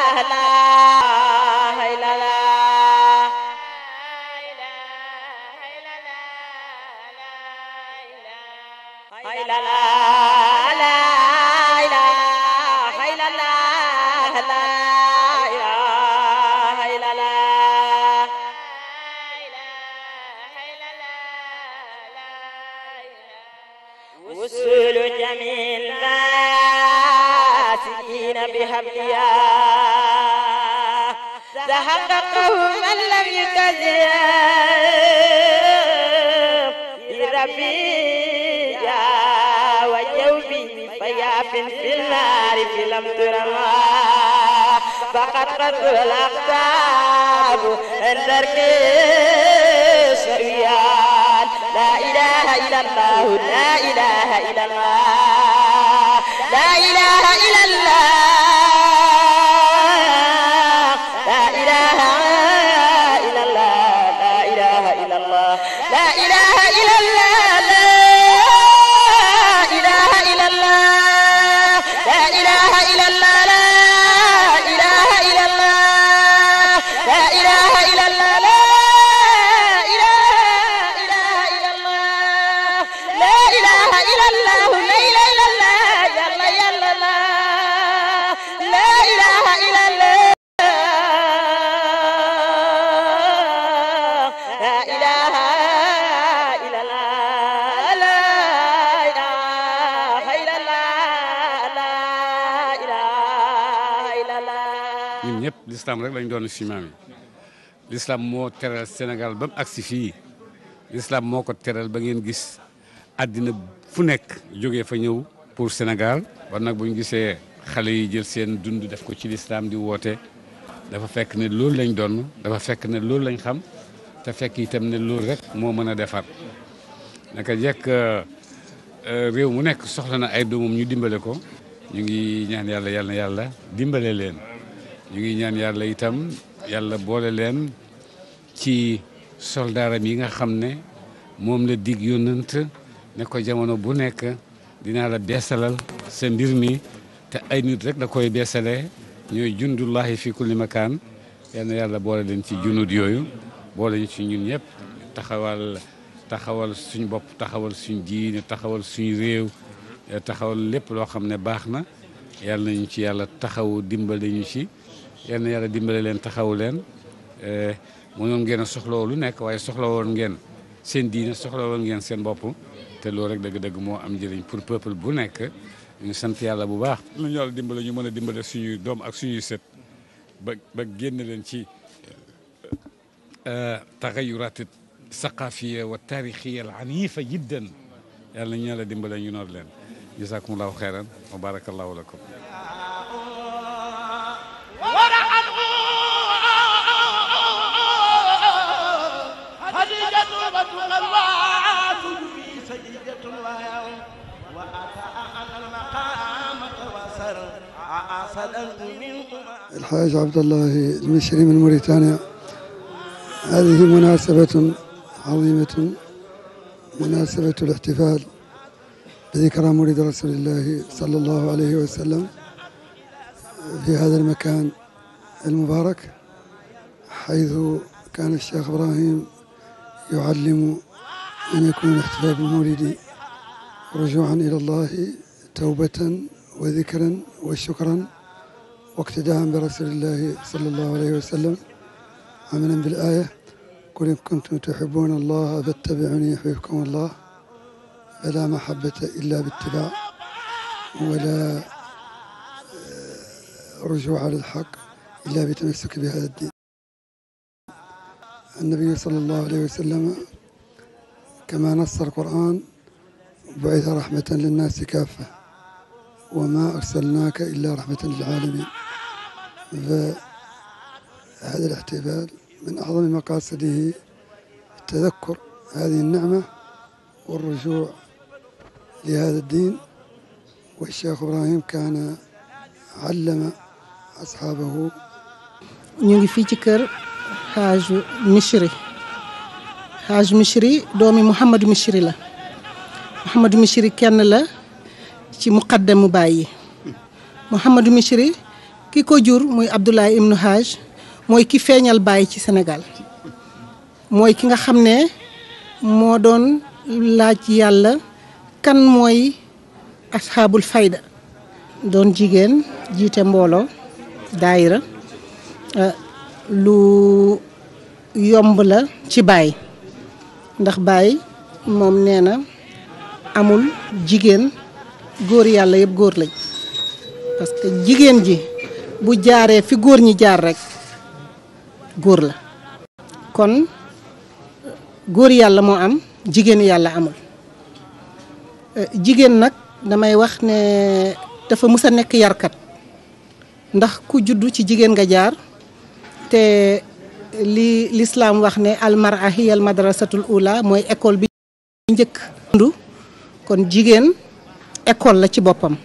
حققه من لم يكذب يا ربي يا وجوبي فيا في النار في لم ترمى فقد قد الأقطاب الدركي سريان لا إله إلا الله لا إله إلا الله لا إله إلا الله lislaam rek lañu doon si maam yi lislaam moo teral Sénégal ba mu agsi fii lislaam moo ko teral ba ngeen gis àddina fu nekk jóge fa ñëw pour Sénégal kon nag bu ñu gisee xale yi jël seen dund def ko ci lislaam di woote dafa fekk ne loolu lañ doon dafa fekk ne loolu lañ xam te fekk itam ne loolu rek moo mën a defar naka jekk euh, euh, réew mu nekk soxla na ay doomam ñu dimbale ko ñu ngi ñaan yàlla yàlla yàlla dimbale leen ñu ngi ñaan yàlla itam yàlla boole leen ci soldaaram yi nga xam ne moom la dig yónnant ne ko jamono bu nekk dinaa la beesalal sa mbir mi te ay nit rek da koy beesalee ñooy jundullahi fi kulli makaan yal na yàlla boole leen ci junut yooyu boole ñu ci ñun ñëpp taxawal taxawal suñ bopp taxawal suñ diine taxawal suñ réew taxawal lépp loo xam ne baax na yàlla nañu ci yàlla taxaw dimbale ñu ci yenn yàlla dimbale leen taxawu leen mënoon ngeen a soxlawoo lu nekk waaye soxlawoon ngeen seen diine soxlawoon ngeen seen bopp te loolu rek dëgg-dëgg moo am njëriñ pour peuple bu nekk ñu sant yàlla bu baax. ñu yàlla dimbale ñu mën dimbale suñuy doom ak suñuy sët ba ba génn leen ci wa taarixiya al anifa jiddan yàlla ñu yàlla dimbale ñu noor leen jazakumullahu الحاج عبد الله المشري من موريتانيا هذه مناسبة عظيمة مناسبة الاحتفال بذكرى مولد رسول الله صلى الله عليه وسلم في هذا المكان المبارك حيث كان الشيخ إبراهيم يعلم أن يكون الاحتفال بالمولد رجوعا إلى الله توبة وذكرا وشكرا واقتداء برسول الله صلى الله عليه وسلم عملا بالآية قل إن كنتم تحبون الله فاتبعوني يحببكم الله فلا محبة إلا باتباع ولا آه، رجوع على الحق إلا بتمسك بهذا الدين النبي صلى الله عليه وسلم كما نص القرآن بعث رحمة للناس كافة وما أرسلناك إلا رحمة للعالمين فهذا الاحتفال من أعظم مقاصده تذكر هذه النعمة والرجوع لهذا الدين والشيخ إبراهيم كان علم أصحابه نيجي في ذكر حاج مشري حاج مشري دومي محمد مشري Mouhamadou محمد مشري كان له ci muqaddamu baay yi Mouhamadou Michri ki ko jur muy Abdoulaye Ibn Haj mooy ki feeñal baay ci senegal mooy ki nga xam ne moo doon laaj yàlla kan mooy asxaabul fayda doon jigéen jiite mbooloo daayira euh, lu yomb la ci baay ndax baay moom nee na amul jigéen góor yàlla yëpp góor lañ parce que jigéen ji bu jaaree fi góor ñi jaar rek góor la kon góor yàlla moo am jigéen yàlla amul euh, jigéen nag damay wax ne dafa mës a nekk yarkat ndax ku juddu ci jigéen nga jaar te li lislaam wax ne almara hiyal ula mooy école bi njëkk kon jigéen école la ci boppam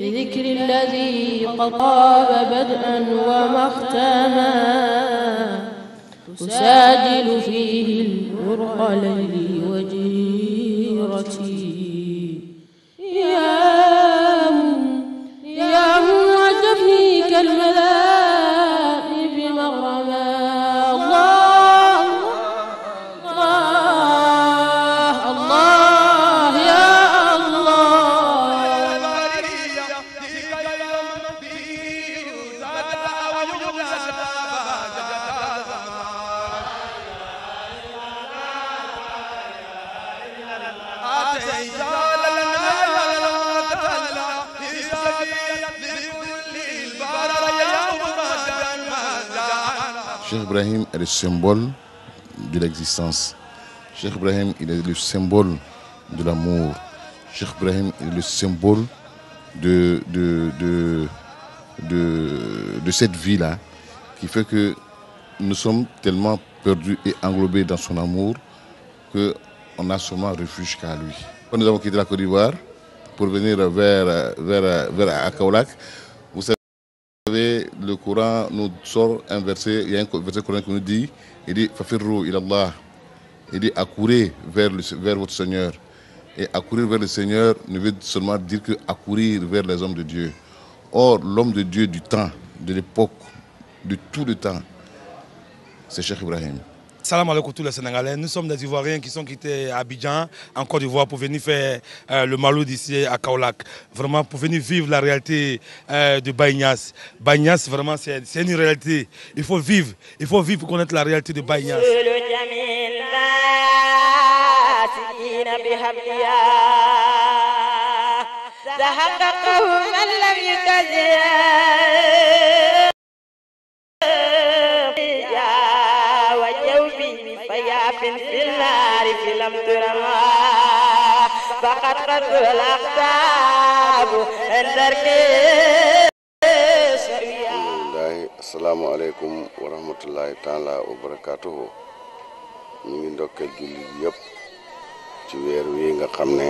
بذكر الذي قطاب بدءا ومختاما أسادل فيه البرق ليلي Ibrahim est le symbole de l'existence. Cheikh Ibrahim, il est le symbole de l'amour. Cheikh Ibrahim est le symbole de, de, de, cette vie-là qui fait que nous sommes tellement perdus et englobés dans son amour qu'on a seulement refuge qu'à lui. Nous avons quitté la Côte d'Ivoire pour venir vers, vers, le Coran nous sort un verset, il y a un verset coran qui nous dit, il dit, Fafirru ilallah, il dit, accourez vers, le, vers votre Seigneur. Et accourir vers le Seigneur ne veut seulement dire que accourir vers les hommes de Dieu. Or, l'homme de Dieu du temps, de l'époque, de tout le temps, c'est Cheikh Ibrahim. Salam alaikum tous les Sénégalais. Nous sommes des Ivoiriens qui sont quittés Abidjan, en Côte d'Ivoire, pour venir faire euh, le malou d'ici à Kaolac. Vraiment, pour venir vivre la réalité euh, de Baïnias. Baïnias, vraiment, c'est une réalité. Il faut vivre. Il faut vivre pour connaître la réalité de Baïnias. لم ترى فقد قد الأقدام ke Assalamu alaikum wa rahmatullahi ta'ala wa barakatuhu ñu ngi ndokke julli yépp ci wér wi nga xamné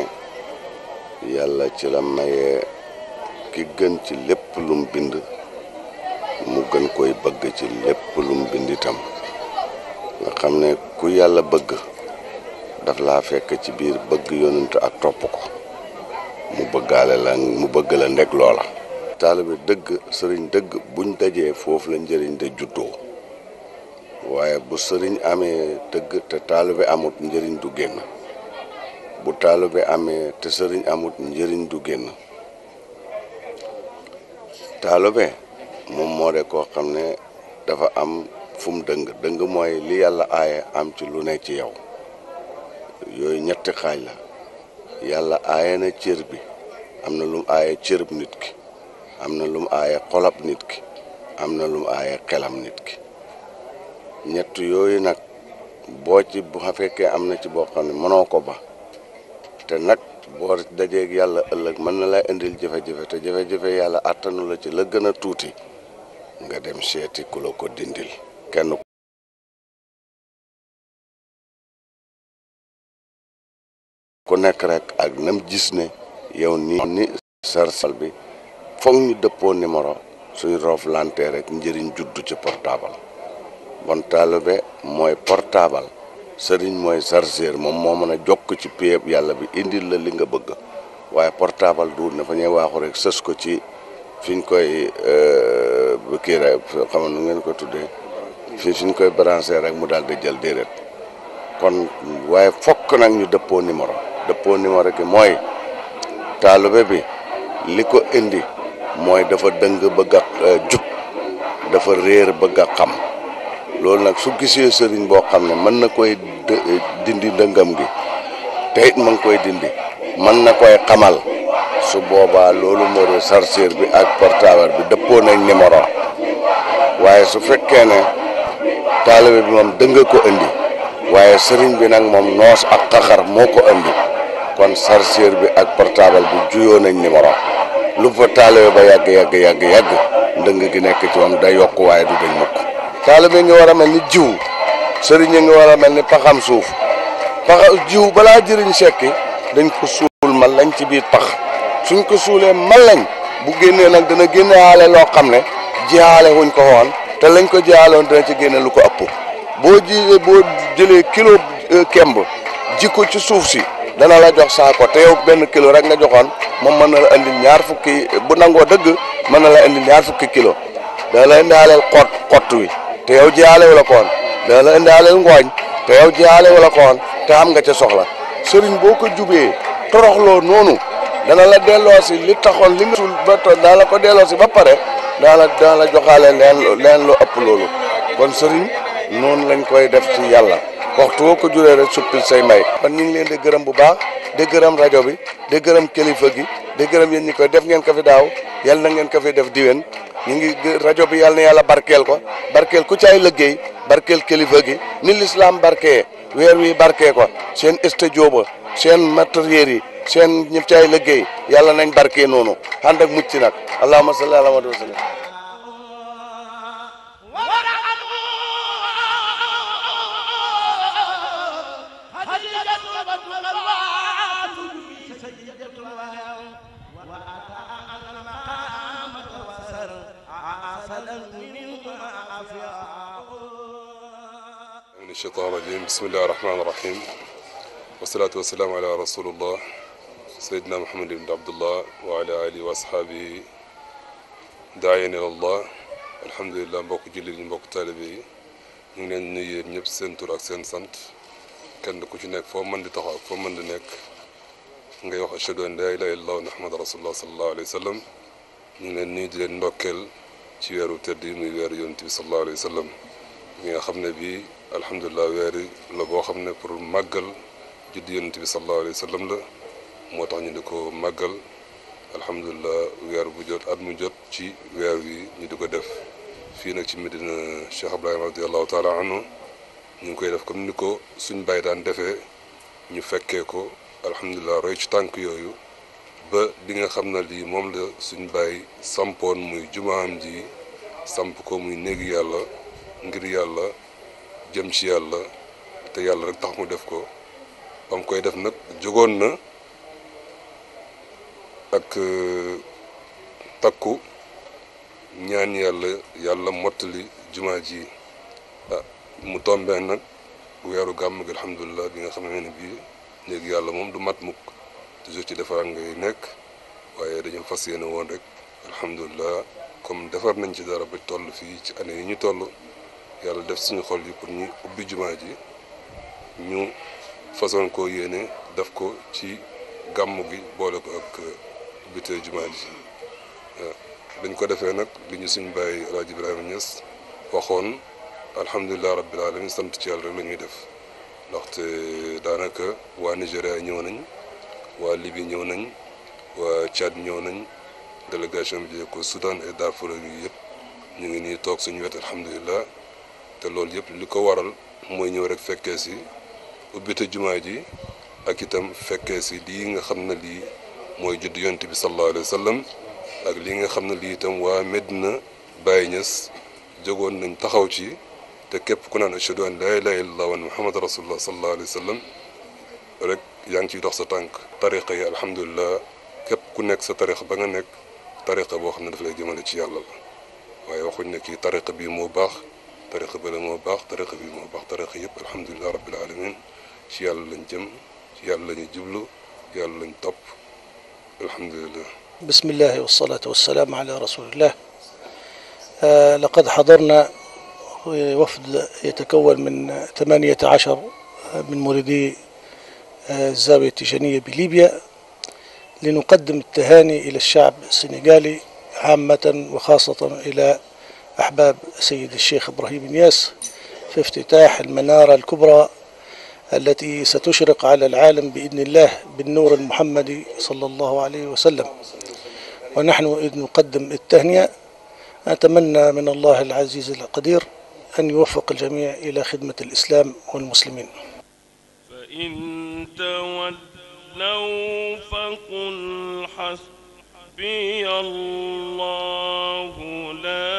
yalla ci la maye ki gën ci lépp lum bind mu gën koy bëgg ci lépp lum bind itam nga xamné ku yalla bëgg daf laa fekk ci biir bëgg yonent ak topp ko mu bëggaale la mu bëgg la ndeg loola taalibe dëgg sëriñ dëgg buñ dajee foofu la njëriñ de juddoo waaye bu sëriñ amee dëgg te taalibe amut njëriñ du génn bu taalibe amee te sëriñ amut njëriñ du génn taalibe moom moo de koo xam ne dafa am fu mu dëng dëng mooy li yàlla aaye am ci lu nekk ci yow yooyu ñetti xaaj la yàlla aaye na cër bi am na lum aaye cërëb nit ki am na lum aaye xolab nit ki am na lum aaye xelam nit ki ñett yooyu nag boo ci bu fekkee am na ci boo xam ne mënoo ko ba te nag boo dajeeg yàlla ëllëg mën na laa indil jafe-jafe te jafe-jafe yàlla attanu la ci la gën a tuuti nga dem seeti ku la ko dindil kenn ku nekk rek ak nam gis ne yow ni sarsal bi foog ñu dëppoo numéro suñu roof rek njëriñ judd ci portabal bon taalibe mooy portable sëriñ mooy chargeur moom moo mën a jokk ci pieeb yàlla bi indil la li nga bëgg waaye portable du ne fa ñuy waaxu rek sës ko ci fi ñu koy euh, kii rek xam nu ngeen ko tuddee fi fi ñu koy branché rek mu daal di jël déedéet kon waaye fokk nag ñu dëppoo numéro dëppoo numéro ki mooy taalube bi li ko indi mooy dafa dëng bëgg a euh, jub dafa réer bëgg a xam loolu nag su gisee sëriñ boo xam ne mën na koy euh, dindi ndëngam gi te it koy dindi mën na koy xamal su boobaa loolu moo di bi ak portable bi dëppoo nañ numéro waaye su fekkee ne taalibe bi moom dëng ko indi waaye sëriñ bi nag moom noos ak xaxar moo ko indi kon chargeur bi ak portable bi juyoo nañ numéro lu fa taalibe ba yàgg yàgg yàgg yàgg ndëng gi nekk ci moom day yokk waaye du dañ mukk taalibe ngi war a mel ni jiw sëriñ ngi war mel ni paxam suuf paxa jiw balaa jëriñ sekki dañ ko suul mal lañ ci biir pax suñ ko suulee mal lañ bu génnee nag dana génneaale loo xam ne jihaale wuñ ko woon te lañ ko jihaaloon dana ci génne lu ko ëpp boo ji boo jëlee kilo euh, kemb ji ko ci suuf si dana la jox saako te yow benn kilo rek nga joxoon moom mën na la indi ñaar fukki bu nangoo dëgg mën na la indi ñaar fukki kilo dana la indaaleel kot xott wi te yow jiyaale wu la koon dana la indaaleel ngooñ te yow jiyaale wu la koon te am nga ca soxla sëriñ boo ko jubee toroxloo noonu dana la delloosi li taxoon li nga sul ba dana la ko delloosi ba pare dana la dana la joxaale leen loo lu ëpp loolu kon sëriñ noonu lañ koy def ci yàlla waxtu woo ko juree rek suppil say may man ñu ngi leen di gërëm bu baax di gërëm rajo bi di gërëm kilifa gi di gërëm yéen ni ko def ngeen ko fi daaw yàlla na ngeen ko fi def diwén ñu ngi rajo bi yàlla na yàlla barkeel ko barkeel ku caay liggéey barkeel kilifa gi ni lislaam barkee weer wi barkee ko seen studio ba seen matériel yi seen ñëpp caay liggéey yàlla nañ barkee noonu ànd ak mucc nag allahumma salli ala Muhammad wa sallam من الشيطان الرجيم بسم الله الرحمن الرحيم والصلاة والسلام على رسول الله سيدنا محمد بن عبد الله وعلى آله وأصحابه داعين إلى الله الحمد لله مبوك جلل مبوك تالبي من النية نيب سنت والأكسين سنت كان نكوش نيك فومن دي تخاف فومن دي نيك نغي أشهد أن لا إله إلا الله ونحمد رسول الله صلى الله عليه وسلم من النية دي نبوكل تيارو تردين ويارو يونتي صلى الله عليه وسلم من أخبنا بي alhamdulilah weer la boo xam ne pour màggal juddu yonent bi sallallahu alayhi wa la moo tax ñu ni ko màggal alhamdulilah weer bu jot at mu jot ci weer wi ñu di ko def fii nag ci Medina Cheikh Ibrahima radiallahu ngi koy def comme ko suñ bàyyi defee ñu fekkee ko alhamdulilah roy ci tànk yooyu ba dinga nga xam ne lii moom la suñ bàyyi sampoon muy jumaam ji samp ko muy néegi yàlla ngir yàlla jëm ci yàlla te yàlla rek tax mu def ko ba mu koy def nag jógoon na ak euh, takku ñaan yàlla yàlla mottali jumaa ji ah mu tombee nag weeru gàmm gi alhamdulilah bi nga xam ne bii léegi yàlla moom du mat mukk toujours ci defar ngay nekk waaye dañu fas yéene woon rek alhamdulilah comme defar nañ ci dara ba toll fii ci année yi ñu toll yàlla def suñu xol yi pour ñu ubbi jumaa ji ñu façon ko yéene def ko ci gàmmu gi boole ko ak ubbitee jumaa ji waaw dañ ko defee nag li ñu suñ bàyyi El Hadj Ibrahima Niass waxoon alhamdulilah rabbil alamin sant ci yàlla rek la ñuy def ndaxte daanaka waa Nigéria ñëw nañ waa Libye ñëw nañ waa Tchad ñëw nañ délégation bi jëlee ko Soudan et Darfour yi yëpp ñu ngi nii toog suñu wet alhamdulilah. te loolu yëpp li ko waral mooy ñëw rek fekkee si ubbite jumaa ji ak itam fekkee si lii nga xam ne lii mooy judd yonent bi sallallahu alayhi wa sallam ak lii nga xam ne lii itam waa Medina Baye Niass jógoon nañ taxaw ci te képp ku naan ashhadu an laa ilaaha illallah wa muhammad rasulullah sallallahu alayhi wa sallam rek yaa ngi ciy dox sa tànk tariqa yi alhamdulilah képp ku nekk sa tariqa ba nga nekk tariqa boo xam ne daf lay jëmale ci yàlla la waaye waxuñ ne kii tariqa bii moo baax طريق بلا ما باق طريق بلا ما باق طريق يب الحمد لله رب العالمين شي شيا الله نجم شي شيا الله نجبلو شيا الله نطب الحمد لله بسم الله والصلاة والسلام على رسول الله آه لقد حضرنا وفد يتكون من 18 آه، من مريدي آه، الزاوية التجانية بليبيا لنقدم التهاني إلى الشعب السنغالي عامة وخاصة إلى أحباب سيد الشيخ إبراهيم نياس في افتتاح المنارة الكبرى التي ستشرق على العالم بإذن الله بالنور المحمدي صلى الله عليه وسلم ونحن إذ نقدم التهنئة أتمنى من الله العزيز القدير أن يوفق الجميع إلى خدمة الإسلام والمسلمين فإن تولوا فقل حسبي الله لا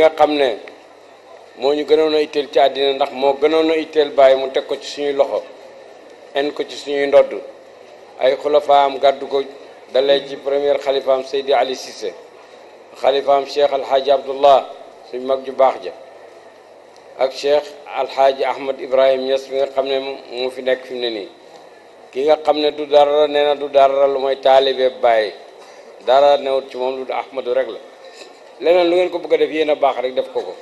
nga xam ne moo ñu gënoon a itteel ci àddina ndax moo gënoon a itteel bàyyi mu teg ko ci suñu loxo en ko ci suñuy ndodd ay xulafaam gàddu ko dalee ci premier xalifaam Seydi Ali Cissé xalifaam cheikh alxaaji abdullah suñ mag ju baax ja ak cheikh alxaaji ahmad ibrahim Niass mi nga xam ne mu fi nekk fi mu ne nii ki nga xam ne du dara ne na du dara lu mooy taalibe bàyyi dara newut ci moom lu ahmadu rek la leneen lu ngeen ko bëgg a def yéen a baax rek def ko ko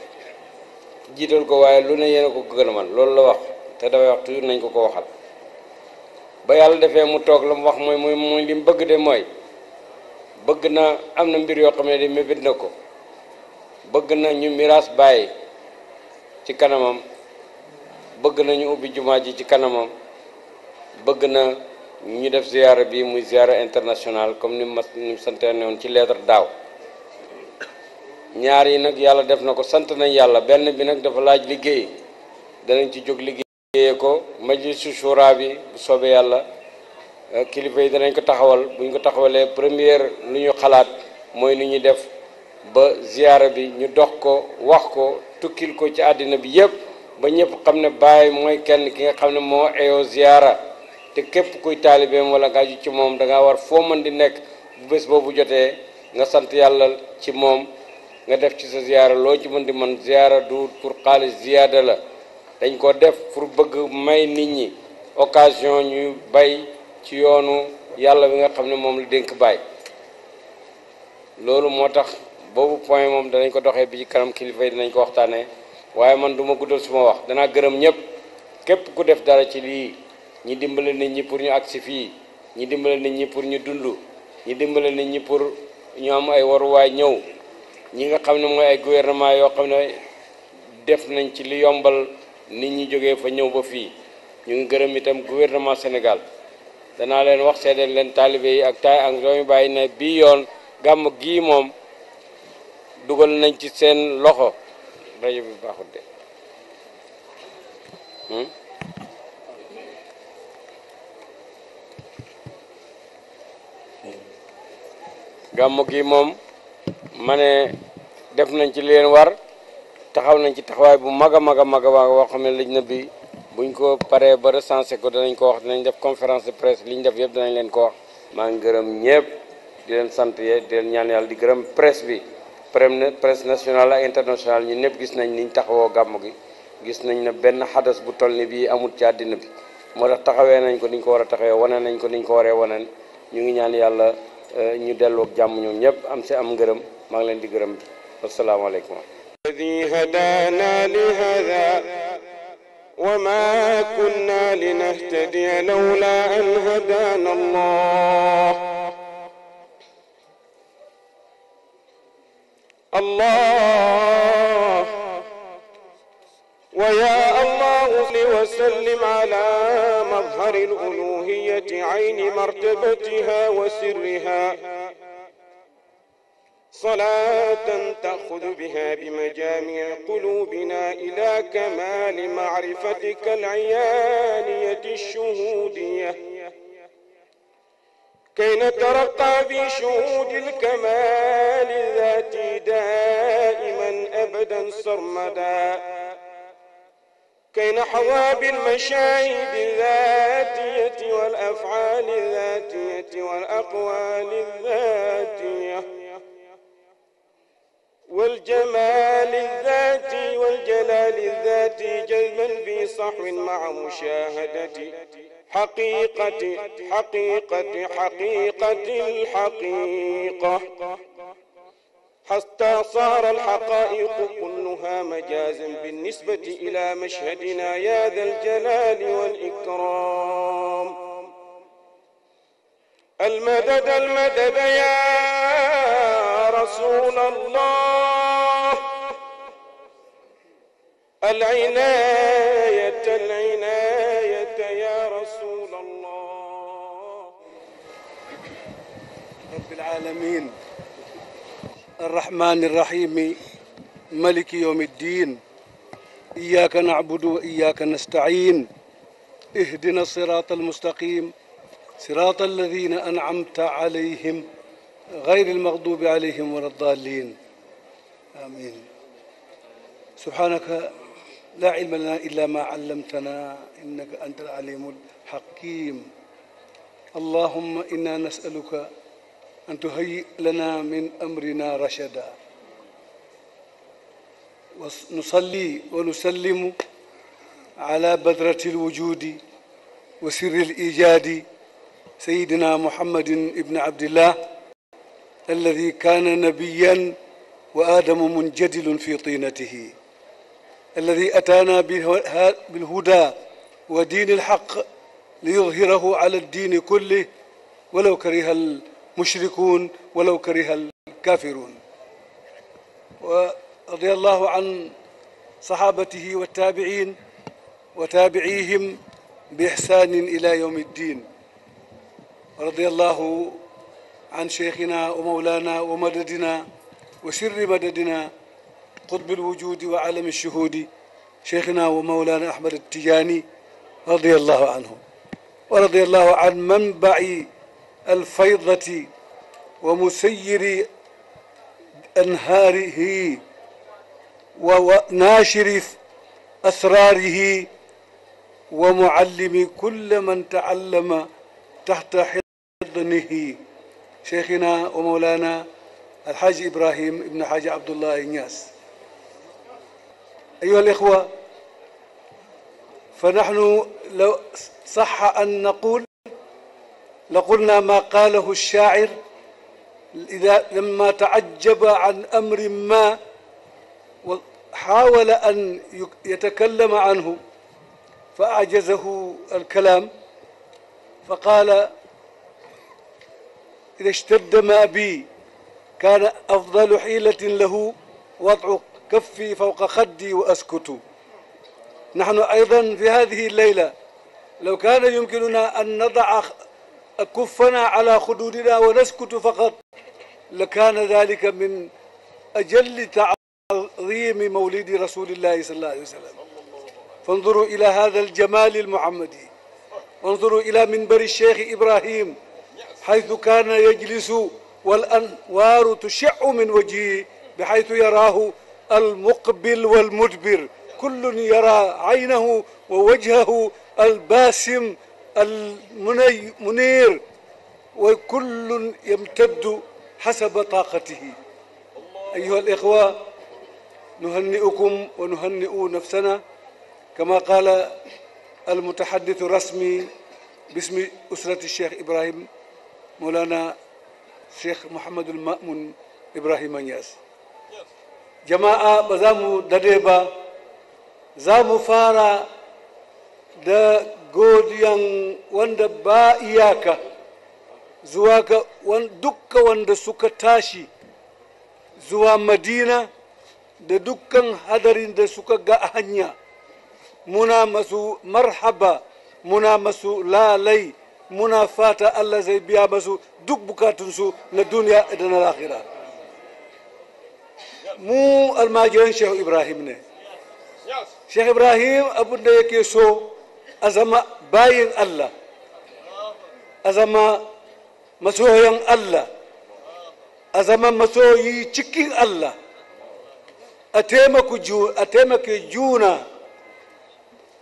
jiital ko waaye lu ne yéen a ko gën man loolu la wax te dafay wax toujours nañ ko ko waxal ba yàlla defee mu toog la mu wax mooy mooy mu li mu bëgg de mooy bëgg na am na mbir yoo xam ne di mébét na ko bëgg na ñu miraas bàyyi ci kanamam bëgg na ñu ubbi jumaa ji ci kanamam bëgg na ñu def ziyaara bi muy ziyaara internationale comme ni ma ni mu santaane woon ci lettre daaw ñaar yi nag yàlla def na ko sant nañ yàlla benn bi nag dafa laaj liggéey danañ ci jóg liggéeyee ko majlisu shura bi bu soobee yàlla eh, kilifa yi danañ ko taxawal buñ ko taxawalee première lu ñu xalaat mooy nu ñuy def ba ziyaara bi ñu dox ko wax ko tukkil ko ci àddina bi yépp ba ñëpp xam ne Baay mooy kenn ki nga xam ne moo eyoo ziyaara te képp kuy taalibeem wala nga aju ci moom danga war foo mën di nekk bu bés boobu jotee nga sant yàlla ci moom nga def ci sa ziyaara loo ci mën di man ziyaara du pour xaalis ziyaada la dañ ko def pour bëgg may nit ñi occasion ñu bay ci yoonu yàlla bi nga xam ne moom la dénk bàyyi loolu moo tax boobu point moom danañ ko doxee bii kanam kilifa yi dinañ ko waxtaanee waaye man du ma guddal suma wax danaa gërëm ñëpp képp ku def dara ci lii ñi dimbale nit ñi pour ñu agsi fii ñi dimbale nit ñi pour ñu dund ñi dimbale nit ñi pour ñu am ay waruwaay ñëw ñi nga xam ne mooy ay gouvernement yoo xam ne def nañ ci li yombal nit ñi jógee fa ñëw ba fii ñu ngi gërëm itam gouvernement Sénégal danaa leen wax seedeel leen taalibe yi ak taay ak doomi bàyyi ne bii yoon gàmm gii moom dugal nañ ci seen loxo rajo bi baaxul de hmm? gàmm gi moom mané def nañ ci leen war taxaw nañ ci taxaway bu maga maga maga wa wax a woo xam na bi buñ ko paré ba recensé ko dañ ko wax dañ def conférence de presse liñ def yëpp dañ leen ko wax ma ngi gërëm ñëpp di leen sant yee di leen ñaan yàlla di gërëm presse bi presse nationale et internationale ñu ñëpp gis nañ niñ taxawo gàmm gi gis nañ na ben hadas bu tolni bi amut amul ci adina bi mo tax taxawé nañ ko niñ ko wara taxawé taxawee nañ ko niñ ko waré waneen ñu ngi ñaan yalla eh, ñu delloog jamm ñom ñëpp am ci am ngërëm maa ngi leen والسلام عليكم الذي هدانا لهذا وما كنا لنهتدي لولا أن هدانا الله الله ويا الله وسلم على مظهر الألوهية عين مرتبتها وسرها صلاة تأخذ بها بمجامع قلوبنا إلى كمال معرفتك العيانية الشهودية كي نترقى في شهود الكمال الذاتي دائما أبدا سرمدا كي نحظى بالمشاهد الذاتية والأفعال الذاتية والأقوال الذاتية والجمال الذاتي والجلال الذاتي جذبا في صحو مع مشاهدة حقيقة حقيقة حقيقة الحقيقة حتى صار الحقائق كلها مجازا بالنسبة إلى مشهدنا يا ذا الجلال والإكرام المدد المدد يا رسول الله العناية العناية يا رسول الله رب العالمين الرحمن الرحيم ملك يوم الدين إياك نعبد وإياك نستعين اهدنا الصراط المستقيم صراط الذين أنعمت عليهم غير المغضوب عليهم ولا الضالين آمين سبحانك لا علم لنا إلا ما علمتنا إنك أنت العليم الحكيم اللهم إنا نسألك أن تهيئ لنا من أمرنا رشدا ونصلي ونسلم على بذرة الوجود وسر الإيجاد سيدنا محمد بن عبد الله الذي كان نبيا وآدم منجدل في طينته الذي أتانا بالهدى ودين الحق ليظهره على الدين كله ولو كره المشركون ولو كره الكافرون ورضي الله عن صحابته والتابعين وتابعيهم بإحسان إلى يوم الدين ورضي الله عن شيخنا ومولانا ومددنا وسر مددنا قطب الوجود وعالم الشهود شيخنا ومولانا أحمد التجاني رضي الله عنه ورضي الله عن منبع الفيضة ومسير أنهاره وناشر أسراره ومعلم كل من تعلم تحت حضنه شيخنا ومولانا الحاج إبراهيم ابن حاج عبد الله إنياس أيها الإخوة فنحن لو صح أن نقول لقلنا ما قاله الشاعر إذا لما تعجب عن أمر ما وحاول أن يتكلم عنه فأعجزه الكلام فقال إذا اشتد ما بي كان أفضل حيلة له وضع كفي فوق خدي وأسكت نحن أيضا في هذه الليلة لو كان يمكننا أن نضع كفنا على خدودنا ونسكت فقط لكان ذلك من أجل تعظيم مولد رسول الله صلى الله عليه وسلم فانظروا إلى هذا الجمال المحمدي انظروا إلى منبر الشيخ إبراهيم حيث كان يجلس والأنوار تشع من وجهه بحيث يراه المقبل والمدبر كل يرى عينه ووجهه الباسم المنير وكل يمتد حسب طاقته أيها الإخوة نهنئكم ونهنئ نفسنا كما قال المتحدث الرسمي باسم أسرة الشيخ إبراهيم مولانا الشيخ محمد المأمون إبراهيم أنياس jama'a ba za mu dade ba za mu fara da godiyan wanda ba iyaka zuwa ga dukka wanda suka tashi zuwa madina da dukkan hadarin da suka ga a hanya muna masu marhaba muna masu lalai muna fata allah zai biya masu duk bukatunsu na duniya da na lahira mu almajiran shehu ibrahim ne shehu ibrahim abin da yake so a bayin allah a zama masoyan allah a zama masoyi cikin allah a taimaka juna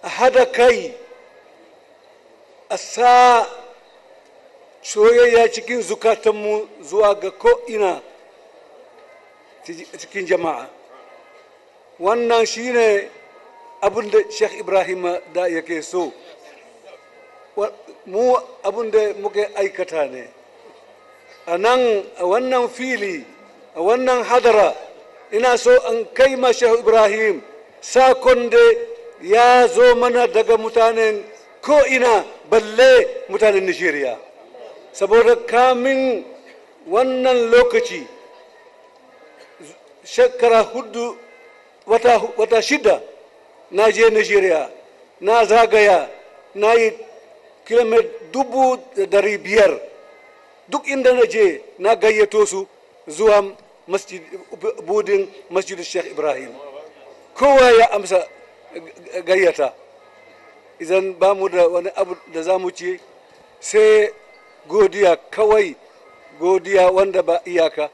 a hada kai a sa soyayya cikin zukatanmu zuwa ga ko'ina cikin jama'a wannan shine abin da sheikh ibrahim da yake so mu abin da muke aikata ne a nan a wannan fili a wannan hadara ina so an kai ma sheikh ibrahim sakon da ya zo mana daga mutanen ko'ina balle mutanen nigeria saboda kamin wannan lokaci shekara hudu wata, wata shida na je nigeria na zagaya na yi kilomita dubu dari biyar duk inda na je na gayyato su zuwa budin masjid sheikh ibrahim kowa ya amsa gayyata idan ba mu da wani abu da za mu ci sai godiya kawai godiya wanda ba iyaka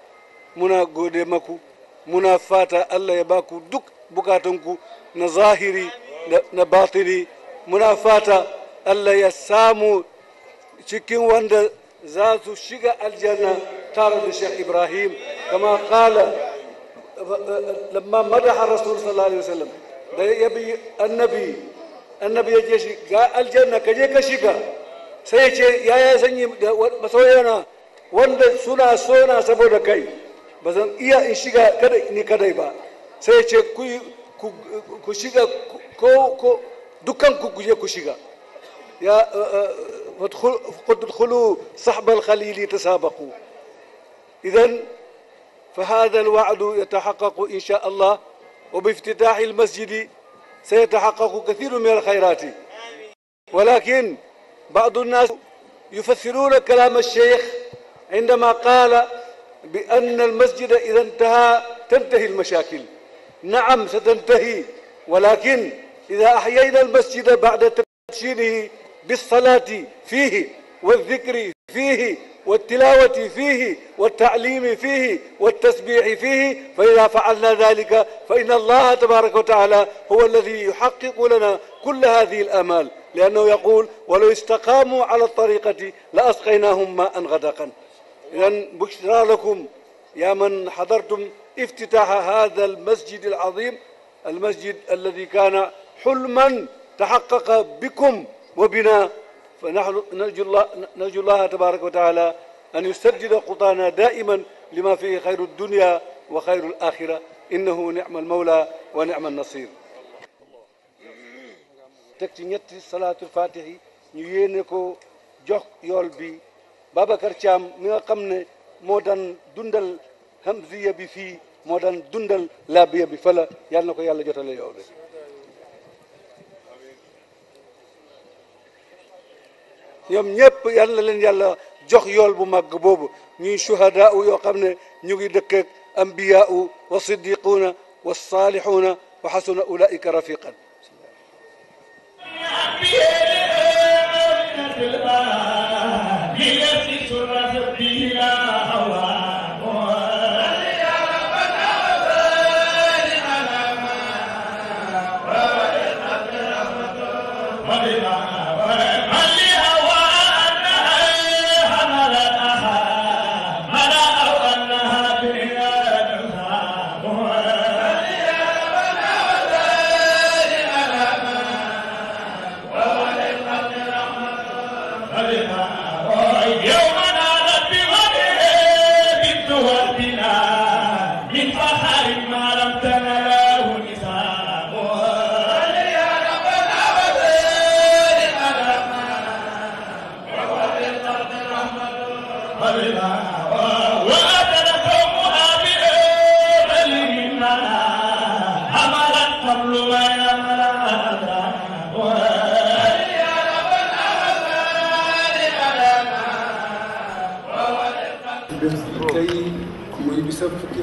muna gode maku muna fata Allah ya baku duk bukatunku na zahiri na batini muna fata Allah ya samu cikin wanda za su shiga aljanna tare da Sheikh Ibrahim kama kala lamma madaha Rasul sallallahu alaihi wasallam da yabi annabi annabi ya je shi ga aljanna ka je ka shiga sai ya ce yaya sanyi masoyana wanda suna sona saboda kai بزن إيا iya in shiga kada ni kadai ba sai ce ku كو ko ko dukkan ku صحب الخليل تسابقوا إذا فهذا الوعد يتحقق إن شاء الله وبافتتاح المسجد سيتحقق كثير من الخيرات ولكن بعض الناس يفسرون كلام الشيخ عندما قال بأن المسجد إذا انتهى تنتهي المشاكل نعم ستنتهي ولكن إذا أحيينا المسجد بعد تدشينه بالصلاة فيه والذكر فيه والتلاوة فيه والتعليم فيه والتسبيح فيه فإذا فعلنا ذلك فإن الله تبارك وتعالى هو الذي يحقق لنا كل هذه الآمال لأنه يقول ولو استقاموا على الطريقة لأسقيناهم ماء غدقا إذا بشرى لكم يا من حضرتم افتتاح هذا المسجد العظيم المسجد الذي كان حلما تحقق بكم وبنا فنحن نرجو الله نرجو الله تبارك وتعالى أن يسجد قطانا دائما لما فيه خير الدنيا وخير الآخرة إنه نعم المولى ونعم النصير teg ci ñetti salaatul faatihi ñu yéene ko Babacar Thiam mi nga xam ne moo daan dundal hamziya bi fii moo daan dundal laabiya bi fala yàlla na ko yàlla jotale yow de ñoom ñëpp yàlla na leen yàlla jox yool bu màgg boobu ñuy shuhadaa u yoo xam ne ñu ngi dëkkeeg ambiyaa u wa siddiquuna wa saalixuuna wa xasuna ulaika rafiqan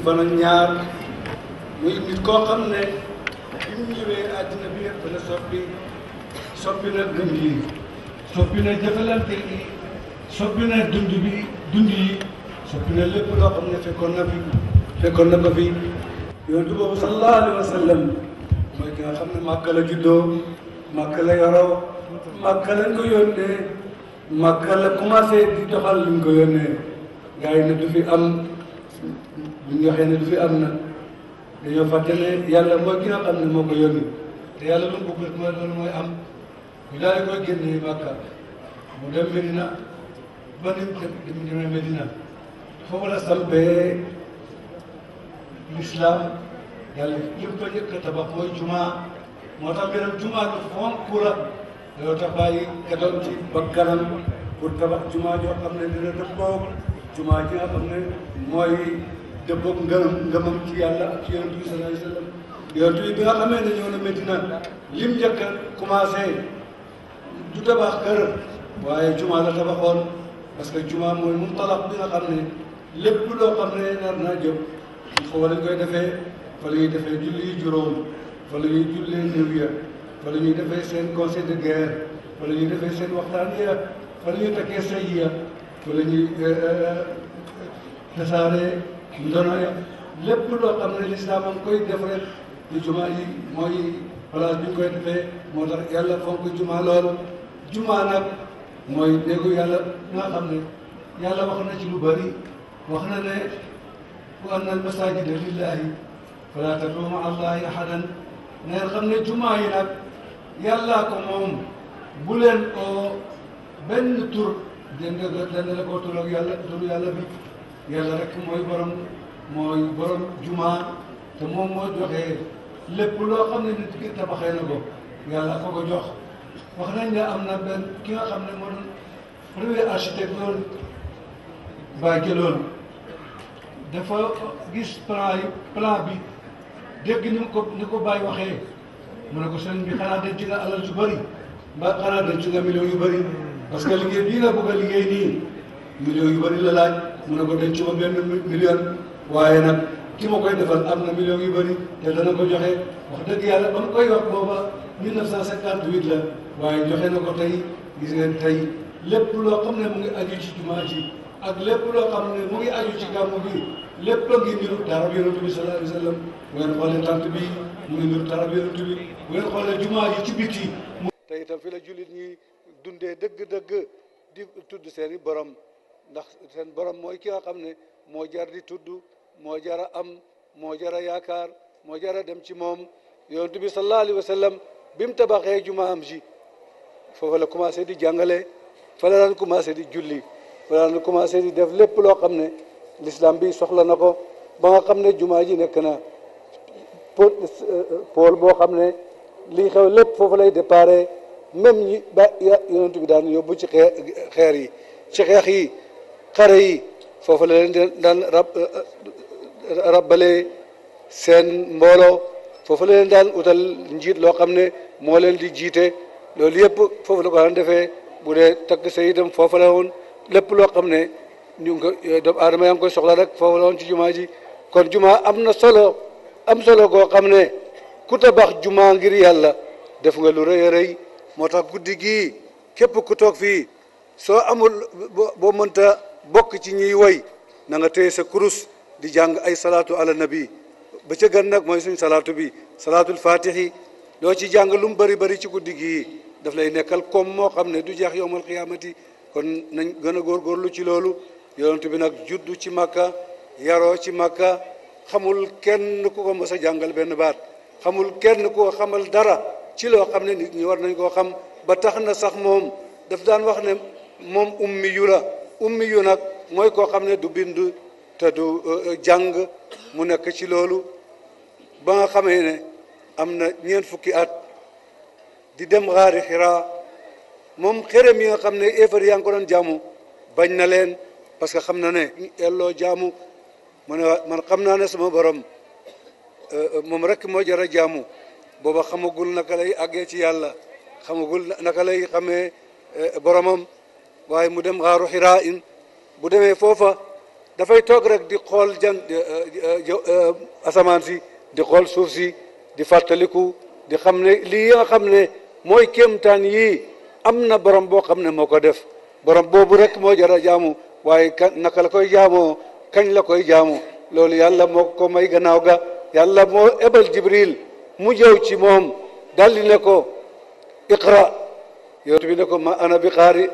fukki fan ñaar muy nit koo xam ne bi mu ñëwee àddina bi yëpp la soppi soppi na gëm yi soppi na jëfalante yi soppi na dund bi dund yi soppi na lépp loo xam ne fekkoon na fi fekkoon na ko fi yonent boobu sallallahu alayhi wa sallam mooy ki xam ne màkka la juddoo màkka la yoroo màkka lañ ko yónnee màkka la commencé di doxal luñ ko yónnee gars yi ne du fi am bu ñu waxee ne fi am na dañoo fàtte ne yàlla mooy ki nga xam ne moo ko yónni te yàlla mu bëgg rek mooy loolu mooy am ñu daal di koy génnee Màkka mu dem Medina ba ni mu demee Medina foofu fa njëkk a tabax mooy jumaa moo tax mbiram jumaa du fonk la loolu tax bàyyi gàddoon ci bakkanam pour tabax jumaa joo xam ne dina dëppoo jumaa ji nga xam ne mooy. dëppoog ngërëm ngëmam ci yàlla ci yonent bi sallallahu alayhi wa sallam yonent bi nga xamee ne ñëw na Medina lim njëkk a commencé du tabax kër waaye juma la tabaxoon parce que juma mooy mun talab bi nga xam ne lépp loo xam ne nar naa jëm fa la ñu koy defee fa la ñuy defee julli juróom fa la ñuy jullee ya fa la defee seen conseil de guerre fa la defee seen waxtaan ya fa la ñuy takkee say ya fa la ñuy euh, euh, euh, tasaaree ndono ya lépp loo xam ne lislaam am koy def rek di mooy place bi koy defee moo tax yàlla fonk juma lool juma nag mooy déggu yàlla nga xam ne yàlla wax na ci lu bëri wax na ne wa anna al masajida lillahi fala tad'u ma'a allahi ahadan neen xam ne juma yi nag yàllaa ko moom bu leen benn tur dén nga dana la ko turoog yàlla yàlla rek mooy borom mooy borom jumaa te moom moo joxe lépp loo xam ne nit ki tabaxee ko yàlla ko ko jox wax nañ ne am na benn ki nga xam ne moo doon premier architecte loolu bàyyi loolu gis plan yi plan bi dégg ko ni ko bàyyi mu ne ko sëñ bi xanaa denc nga alal yu bëri mbaa xanaa denc nga millions yu bëri parce que liggéey bii nga bëgg la laaj mu ne ko denc ma benn million waaye nag ki ma koy defal am na million yu bëri te dana ko joxe wax dëgg yàlla ba mu koy wax booba 1958 la waaye joxe na ko tey gis ngeen tey lépp loo xam ne mu ngi aju ci ak lépp loo xam ne mu ngi aju ci gàmmu bi lépp a ngi niru darab yonent bi sallallahu alayhi wa sallam bi mu ngi niru darab yonent bi jumaa ji ci biti. tey ta fi la jullit ñi dundee dëgg-dëgg di tudd seeni borom. ndax seen borom mooy ki nga xam ne moo jar di tudd moo jar a am moo jar a yaakaar moo jar a dem ci moom yonent bi sallallahu alayhi wa sallam bi mu tabaxee jumaam ji foofu la commencé di jàngale fa la daan commencé di julli fa commencé di def lépp loo xam ne l'islam bi soxla na ko ba nga xam ne jumaa ji nekk na pôle boo xam ne lii xew lépp foofu lay déparé même ñi ba yonent bi daan yóbbu ci xeer yi ci xeex yi xare yi foofu la leen daan rab eh, eh, rabbale seen mbooloo foofu la leen daan utal njiit loo xam ne moo leen di jiite loolu yëpp foofu la ko daan defee bu dee takk sa itam foofu la woon lépp loo xam ne ñu ngi ko eh, doomu aadama yaa ngi koy soxla rek foofu woon ci jumaa ji kon jumaa am na solo am solo koo xam ne ku tabax jumaa ngir yàlla def nga lu rëy a rëy moo tax guddi gii ku toog fii soo amul boo mënta bokk ci ñiy woy na nga téye sa kurus di jàng ay salaatu ala nabi ba ca gën nag mooy suñ salaatu bi salaatul fatihi doo ci jàng lu mu bëri ci guddi gii daf lay nekkal koom moo xam ne du jeex yowmal xiyaamati kon nañ gën a góorgóorlu ci loolu yonent bi nag juddu ci màkka yaro ci màkka xamul kenn ku ko mës a jàngal benn baat xamul kenn ku ko xamal dara ci loo xam ne nit ñi war nañ koo xam ba tax na sax moom daf daan wax ne moom ummi yu ummi yu nag mooy koo xam ne du bind te du euh, euh, jàng mu nekk ci loolu ba nga xamee ne am na ñeent fukki at di dem xaari xiraa moom xërëm yi nga xam ne éefar yaa ngi ko doon jaamu bañ na leen parce que xam na ne elloo jaamu mu ne man xam naa ne sama borom euh, moom rek moo jar a jaamu booba xamagul naka lay àggee ci yàlla xamagul naka lay xamee waaye mu dem xaaru xiraa in bu demee foofa dafay toog rek di xool jan eh, eh, eh, asamaan si di xool suuf si di fàttaliku di xam ne lii nga xam ne mooy kéemtaan yii am na borom boo xam ne moo ko def borom boobu rek moo jara jaamu waaye kan naka la koy jaamoo kañ la koy jaamu loolu yàlla moo ko may gannaaw ga yàlla moo ebal jibril mu jëw ci moom daldi ne ko iqra yootu bi ne ko ma ana bi xaari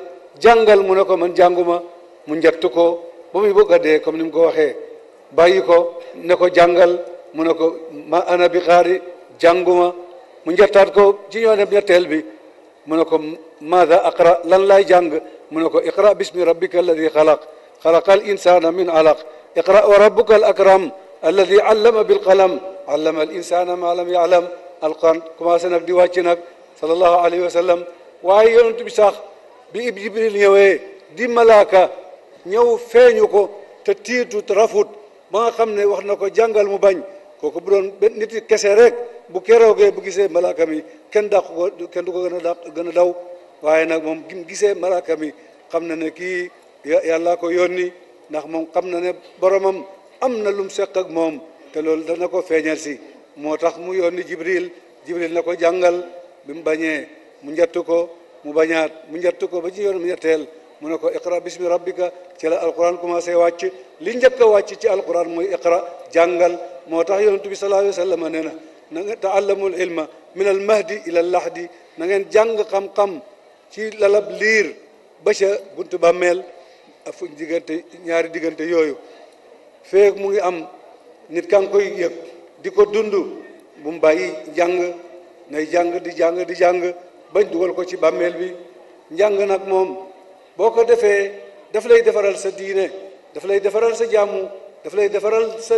jàngal mu ne ko man jànguma mu njett ko ba muy bëgg a dee comme ni mu ko waxee bàyyi ko ne ko jàngal mu ne ko ma bi xaari jànguma ko ci ñoo dem bi mu ne ko maada aqra lan laay jàng mu ne ko iqra bismi rabbika alladi xalaq xalaqa al insana min alaq iqra wa rabbuka al akram alladi ma lam yaalam alqan commencé nag di wàcc nag sallallahu alayhi wa sallam waaye yonent bi bi ib jibril ñëwee di malaka ñëw feeñu ko te tiitu te rafut ba nga xam ne wax na ko jàngal mu bañ kooku bu doon nit yi kese rek bu keroogee bu gisee malaaka mi kenn dàq ko kenn du ko gën a dàq gën a daw waaye nag moom gisee malaaka mi xam na ne kii yàlla ko yónni ndax moom xam na ne boromam am na lum seq ak moom te loolu dana ko feeñal si moo tax mu yónni jibril jibril na ko jàngal bi mu bañee mu njattu ko mu bañaat mu njattu ko ba ci yoon mu mu iqra bismi rabbika ci la alquran commencé wacc li njëkk wacc ci alquran moy iqra jangal motax tax tubi sallallahu alayhi wasallam neena na taallamul ilma min al mahdi ila al lahdi na ngeen jang xam-xam ci lalab lire ba ca buntu bàmmeel fu digante ñaari digante yoyu feek mu ngi am nit kan koy yek Mumbai dundu nai bu jang nay jang di jang di jang bañ dugal ko ci bàmmeel bi njàng nag moom boo ko defee daf lay defaral sa diine daf lay defaral sa jàmmu daf lay defaral sa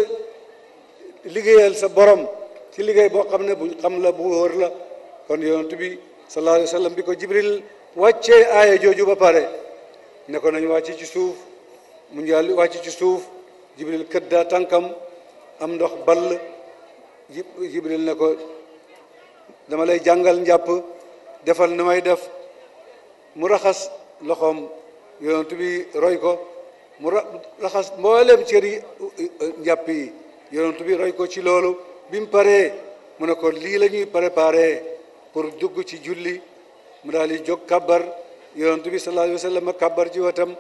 liggéeyal sa borom ci liggéey boo xam ne bu xam la bu wóor la kon yonent bi sallallahu alayhi ko jibril wàccee aaya jooju ba pare ne ko nañ wàcc ci suuf mu njàll wàcc ci suuf jibril këddaa tànkam am ndox ball jibril ne ko dama lay jàngal njàpp defal na may def mu raxas loxoom yonent bi roy ko mu raxas mboolem cëri njàpp yi yonent bi roy ko ci loolu bi mu paree mu ne ko lii la ñuy préparé pour dugg ci julli mu daal di jóg kabbar yonent bi sallallahu alayhi wa sallam ci wetam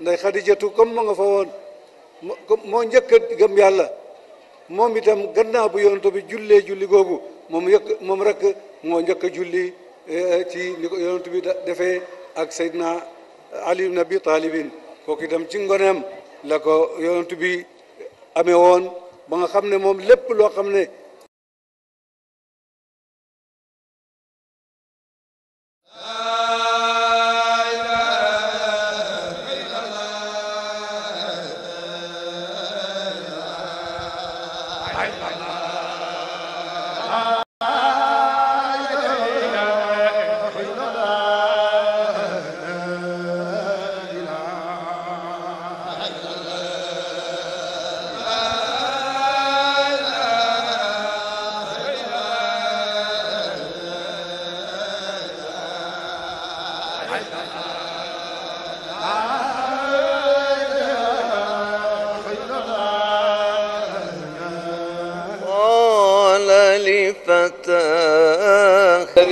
nday xadijatu comme ma nga fa woon moo njëkk a yàlla moom itam gannaaw bu yonent bi julli googu moom yëkk moom njëkk julli Eh, ci ni ko yonent bi defee ak Seydina Ali ibn Abi Talibin kooku itam ci ngoneem la ko yonent bi amee woon ba nga xam ne moom lépp loo xam ne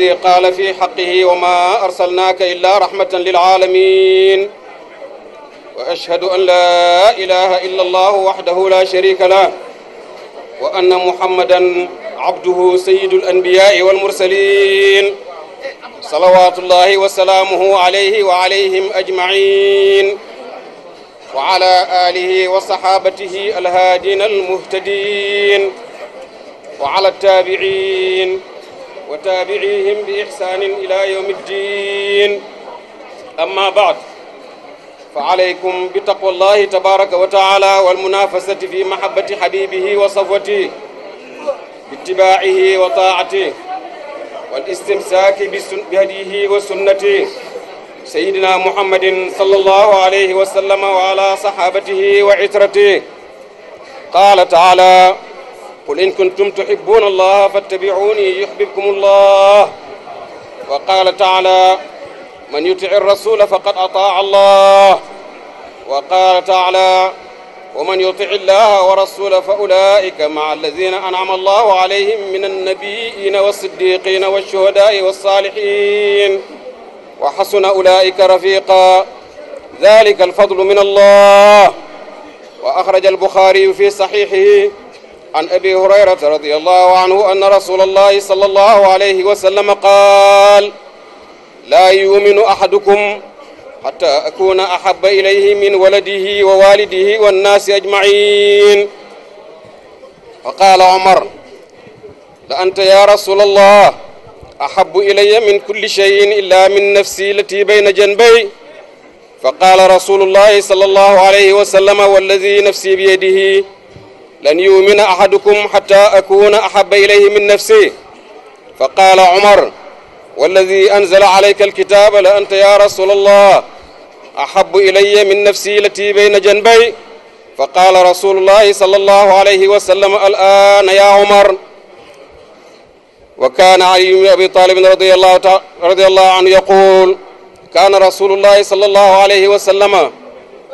الذي قال في حقه وما أرسلناك إلا رحمة للعالمين وأشهد أن لا إله إلا الله وحده لا شريك له وأن محمدا عبده سيد الأنبياء والمرسلين صلوات الله وسلامه عليه وعليهم أجمعين وعلى آله وصحابته الهادين المهتدين وعلى التابعين وتابعيهم بإحسان إلى يوم الدين أما بعد فعليكم بتقوى الله تبارك وتعالى والمنافسة في محبة حبيبه وصفوته باتباعه وطاعته والاستمساك بهديه وسنته سيدنا محمد صلى الله عليه وسلم وعلى صحابته وعترته قال تعالى قل إن كنتم تحبون الله فاتبعوني يحببكم الله وقال تعالى من يطع الرسول فقد أطاع الله وقال تعالى ومن يطع الله ورسوله فأولئك مع الذين أنعم الله عليهم من النبيين والصديقين والشهداء والصالحين وحسن أولئك رفيقا ذلك الفضل من الله وأخرج البخاري في صحيحه عن أبي هريرة رضي الله عنه أن رسول الله صلى الله عليه وسلم قال لا يؤمن أحدكم حتى أكون أحب إليه من ولده ووالده والناس أجمعين فقال عمر لأنت يا رسول الله أحب إلي من كل شيء إلا من نفسي التي بين جنبي فقال رسول الله صلى الله عليه وسلم والذي نفسي بيده لن يؤمن أحدكم حتى أكون أحب إليه من نفسي فقال عمر والذي أنزل عليك الكتاب لأنت يا رسول الله أحب إلي من نفسي التي بين جنبي فقال رسول الله صلى الله عليه وسلم الآن يا عمر وكان علي بن أبي طالب رضي الله, رضي الله عنه يقول كان رسول الله صلى الله عليه وسلم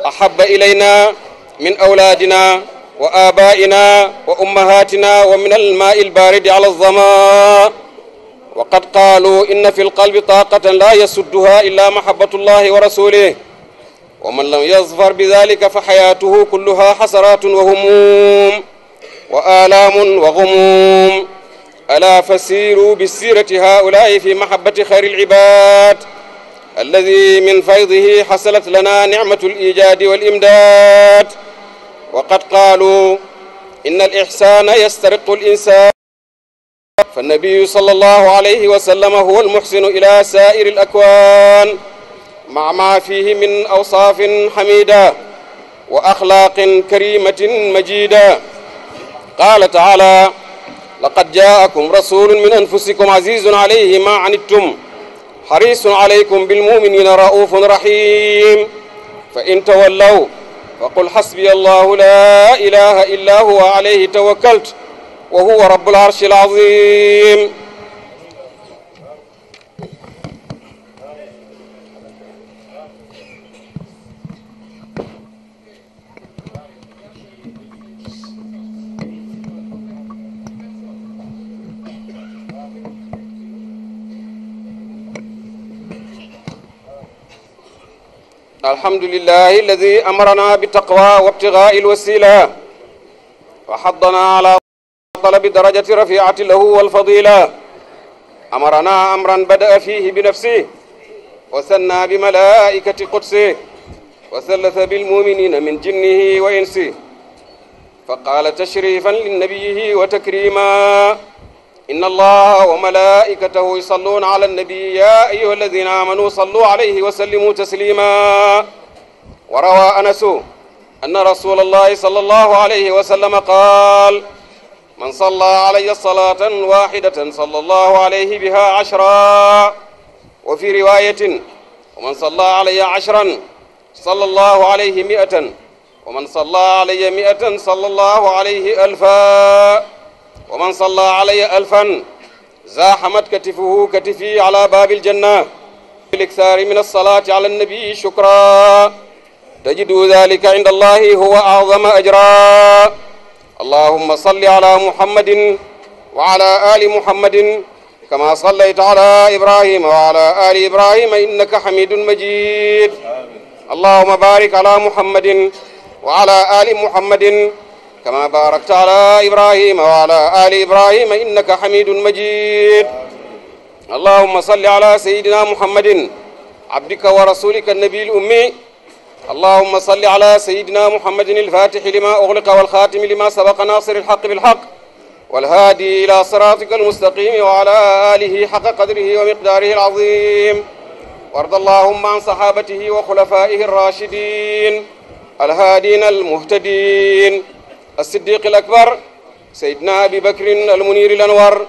أحب إلينا من أولادنا وآبائنا وأمهاتنا ومن الماء البارد على الظماء وقد قالوا إن في القلب طاقة لا يسدها إلا محبة الله ورسوله ومن لم يظفر بذلك فحياته كلها حسرات وهموم وآلام وغموم ألا فسيروا بالسيرة هؤلاء في محبة خير العباد الذي من فيضه حصلت لنا نعمة الإيجاد والإمداد وقد قالوا إن الإحسان يسترق الإنسان فالنبي صلى الله عليه وسلم هو المحسن إلى سائر الأكوان مع ما فيه من أوصاف حميدة وأخلاق كريمة مجيدة قال تعالى لقد جاءكم رسول من أنفسكم عزيز عليه ما عنتم حريص عليكم بالمؤمنين رؤوف رحيم فإن تولوا وقل حسبي الله لا إله إلا هو عليه توكلت وهو رب العرش العظيم الحمد لله الذي أمرنا بالتقوى وابتغاء الوسيلة وحضنا على طلب درجة رفيعة له والفضيلة أمرنا أمرا بدأ فيه بنفسه وثنى بملائكة قدسه وثلث بالمؤمنين من جنه وإنسه فقال تشريفا لنبيه وتكريما إن الله وملائكته يصلون على النبي يا أيها الذين آمنوا صلوا عليه وسلموا تسليما وروى أنس أن رسول الله صلى الله عليه وسلم قال من صلى علي صلاة واحدة صلى الله عليه بها عشرا وفي رواية ومن صلى علي عشرا صلى الله عليه مئة ومن صلى علي مئة صلى الله عليه ألفا ومن صلى علي ألفا زاحمت كتفه كتفي على باب الجنة بالإكثار من الصلاة على النبي شكرا تجد ذلك عند الله هو أعظم أجرا اللهم صل على محمد وعلى آل محمد كما صليت على إبراهيم وعلى آل إبراهيم إنك حميد مجيد اللهم بارك على محمد وعلى آل محمد كما باركت على إبراهيم وعلى آل إبراهيم إنك حميد مجيد اللهم صل على سيدنا محمد عبدك ورسولك النبي الأمي اللهم صل على سيدنا محمد الفاتح لما أغلق والخاتم لما سبق ناصر الحق بالحق والهادي إلى صراطك المستقيم وعلى آله حق قدره ومقداره العظيم وارض اللهم عن صحابته وخلفائه الراشدين الهادين المهتدين الصديق الأكبر سيدنا أبي بكر المنير الأنوار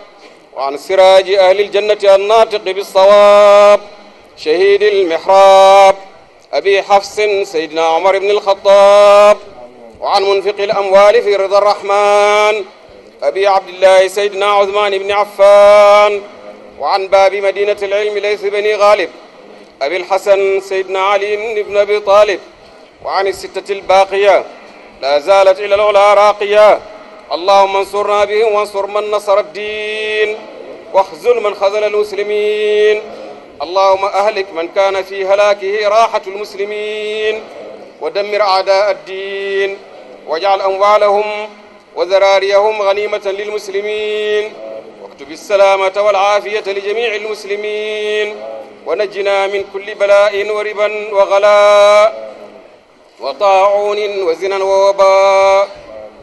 وعن سراج أهل الجنة الناطق بالصواب شهيد المحراب أبي حفص سيدنا عمر بن الخطاب وعن منفق الأموال في رضا الرحمن أبي عبد الله سيدنا عثمان بن عفان وعن باب مدينة العلم ليث بن غالب أبي الحسن سيدنا علي بن أبي طالب وعن الستة الباقية لا زالت إلى الأولى راقية اللهم انصرنا به وانصر من نصر الدين واخزل من خذل المسلمين اللهم أهلك من كان في هلاكه راحة المسلمين ودمر أعداء الدين واجعل أموالهم وذراريهم غنيمة للمسلمين واكتب السلامة والعافية لجميع المسلمين ونجنا من كل بلاء وربا وغلاء وطاعون وزنا ووباء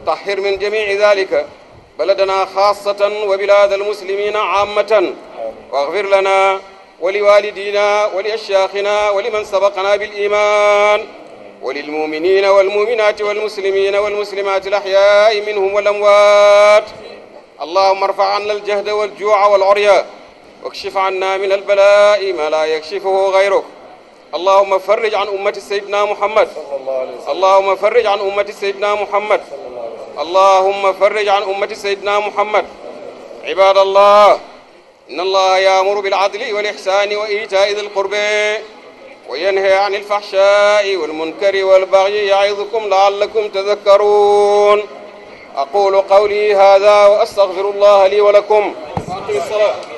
طهر من جميع ذلك بلدنا خاصة وبلاد المسلمين عامة واغفر لنا ولوالدينا ولأشياخنا ولمن سبقنا بالإيمان وللمؤمنين والمؤمنات والمسلمين والمسلمات الأحياء منهم والأموات اللهم ارفع عنا الجهد والجوع والعريا واكشف عنا من البلاء ما لا يكشفه غيرك اللهم فرج عن أمة سيدنا محمد اللهم فرج عن أمة سيدنا محمد اللهم فرج عن أمة سيدنا محمد عباد الله إن الله يأمر بالعدل والإحسان وإيتاء ذي القربى وينهى عن الفحشاء والمنكر والبغي يعظكم لعلكم تذكرون أقول قولي هذا وأستغفر الله لي ولكم أقم الصلاة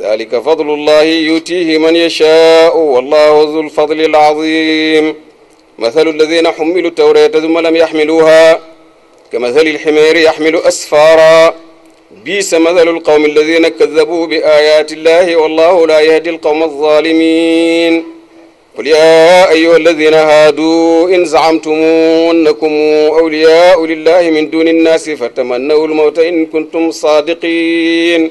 ذلك فضل الله يؤتيه من يشاء والله ذو الفضل العظيم مثل الذين حملوا التوراة ثم لم يحملوها كمثل الحمير يحمل أسفارا بيس مثل القوم الذين كذبوا بآيات الله والله لا يهدي القوم الظالمين قل يا أيها الذين هادوا إن زعمتم أنكم أولياء لله من دون الناس فتمنوا الموت إن كنتم صادقين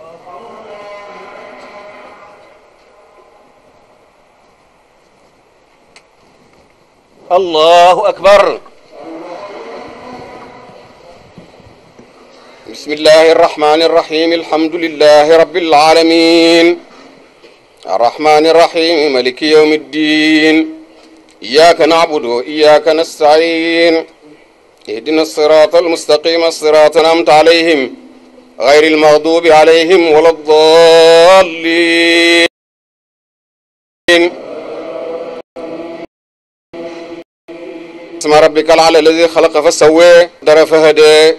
الله أكبر بسم الله الرحمن الرحيم الحمد لله رب العالمين الرحمن الرحيم ملك يوم الدين إياك نعبد وإياك نستعين اهدنا الصراط المستقيم الصراط نمت عليهم غير المغضوب عليهم ولا الضالين اسم ربك العلى الذي خلق فسوى در فهدى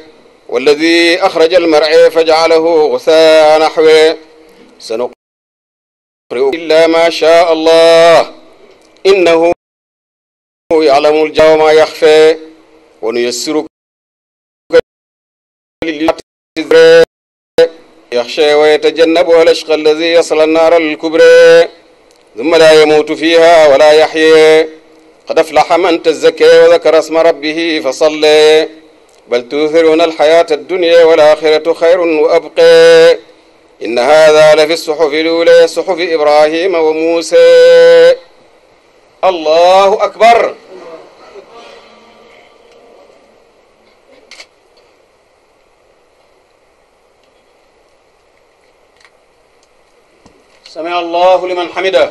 والذي أخرج المرعى فجعله غثاء نحوي سنقرئ إلا ما شاء الله إنه يعلم الجو ما يخفى ونيسرك يخشى ويتجنب الأشقى الذي يصل النار الكبرى ثم لا يموت فيها ولا يحيي قد أفلح من تزكى وذكر اسم ربه فصلى بل توثرون الحياة الدنيا والآخرة خير وأبقى إن هذا لفي الصحف الأولى صحف إبراهيم وموسى الله أكبر سمع الله لمن حمده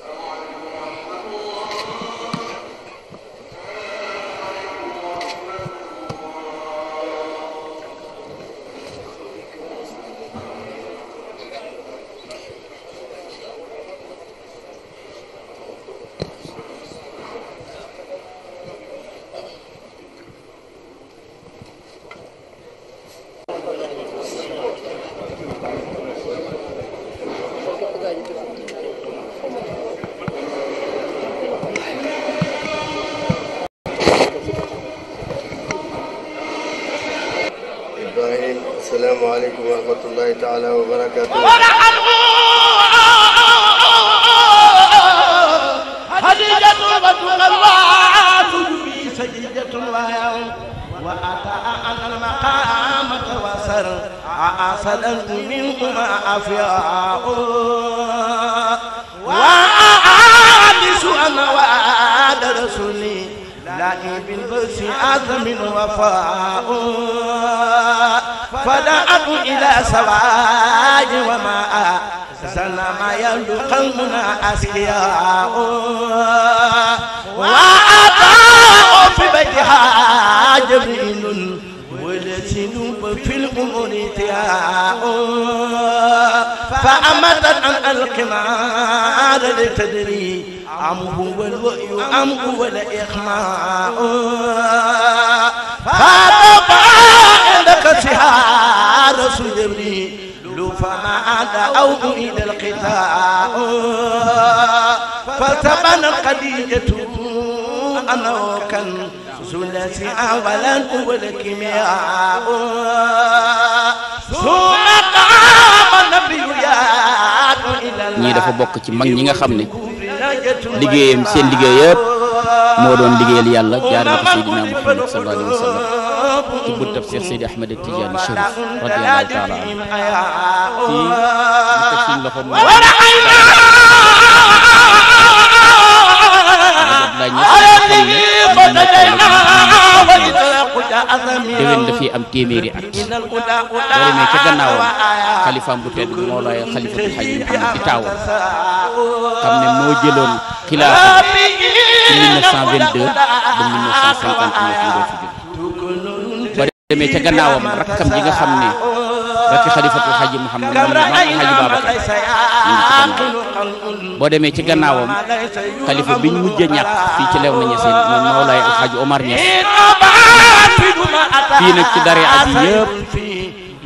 وأعانس أنا وأعاد رسولي لائي بالبرس أعظم وفاء فدعت إلى سواج وما سلم يلد قلبنا أسكياء وأطاع في بيتها جبريل في الأمور تياء ألقى عن القمار لتدري أم هو الوئي أم هو الإخماء فأطبع عندك سهار سجبري فما عاد أو إلى القتاء فتبنى القديجة أنا وكان ثلاثي أولا والكيمياء ثم قام نبي ñii dafa bokk ci mag ñi nga xam ne liggéeyam seen liggéey moo doon liggéeyal yàlla jaarale ko Seydina Muhammad sallallahu alayhi wa sallam ci bu tafsir Seydi Ahmed Tidiane Chérif radiyallahu taala anhu kii ñu daañu ñëpp déwén dafay am téeméeri at. boo demee ca gannaawam xalifaam bu tedd moo lay xalifa bu xaj di taawam xam ne moo jëloon xilaafa ci 1922 ba 1959 mu doo fi jóg. demee ca gannaawam ji nga xam ne rakki xalifatul xaaji Muhammad moom la maam xaaji Babacar boo demee ci gannaawam xalifa biñ mujj a ñàkk ci lew nañu seen moom Mawlaay Alxaaji Omar Ñas fii nag ci daree at yëpp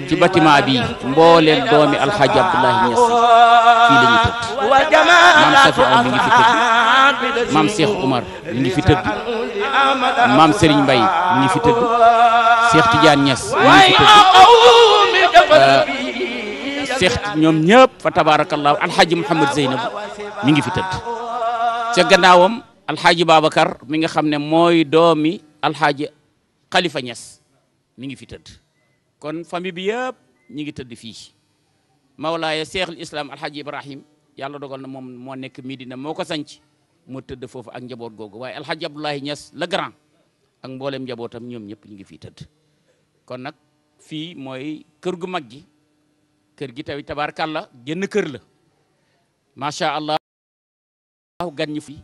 ci bâtiment bi mbooleem doomi alxaaji Abdoulahi Niass fii la ñu tëdd maam Safiya mi ngi fi tëdd maam Cheikh Oumar mi ngi fi tëdd maam Serigne Mbaye mi ngi fi tëdd Cheikh Tidiane Niass mi ngi fi tëdd euh, ñoom ñëpp fa tabaarakallaahu alxaaji Mouhamed Zeynab mi ngi fi tëdd ca gannaawam alxaaji Babacar mi nga xam ne mooy doomi alxaaji kalifa Niass mi ngi fi tëdd kon fami bi yeb ñi ngi tëdd fi mawlaaya seexul islam alhaji ibrahim yalla dogal na mom mo nek Medina moko sanc mo tëdd fofu ak njaboot googu waaye alhaji abdullah ñas le grand ak mbollem njabotam ñom ñep ñi ngi fi tëdd kon nak fi moy keur gu maggi keur gi tawi tabarakallah genn keur la macha allah gan fi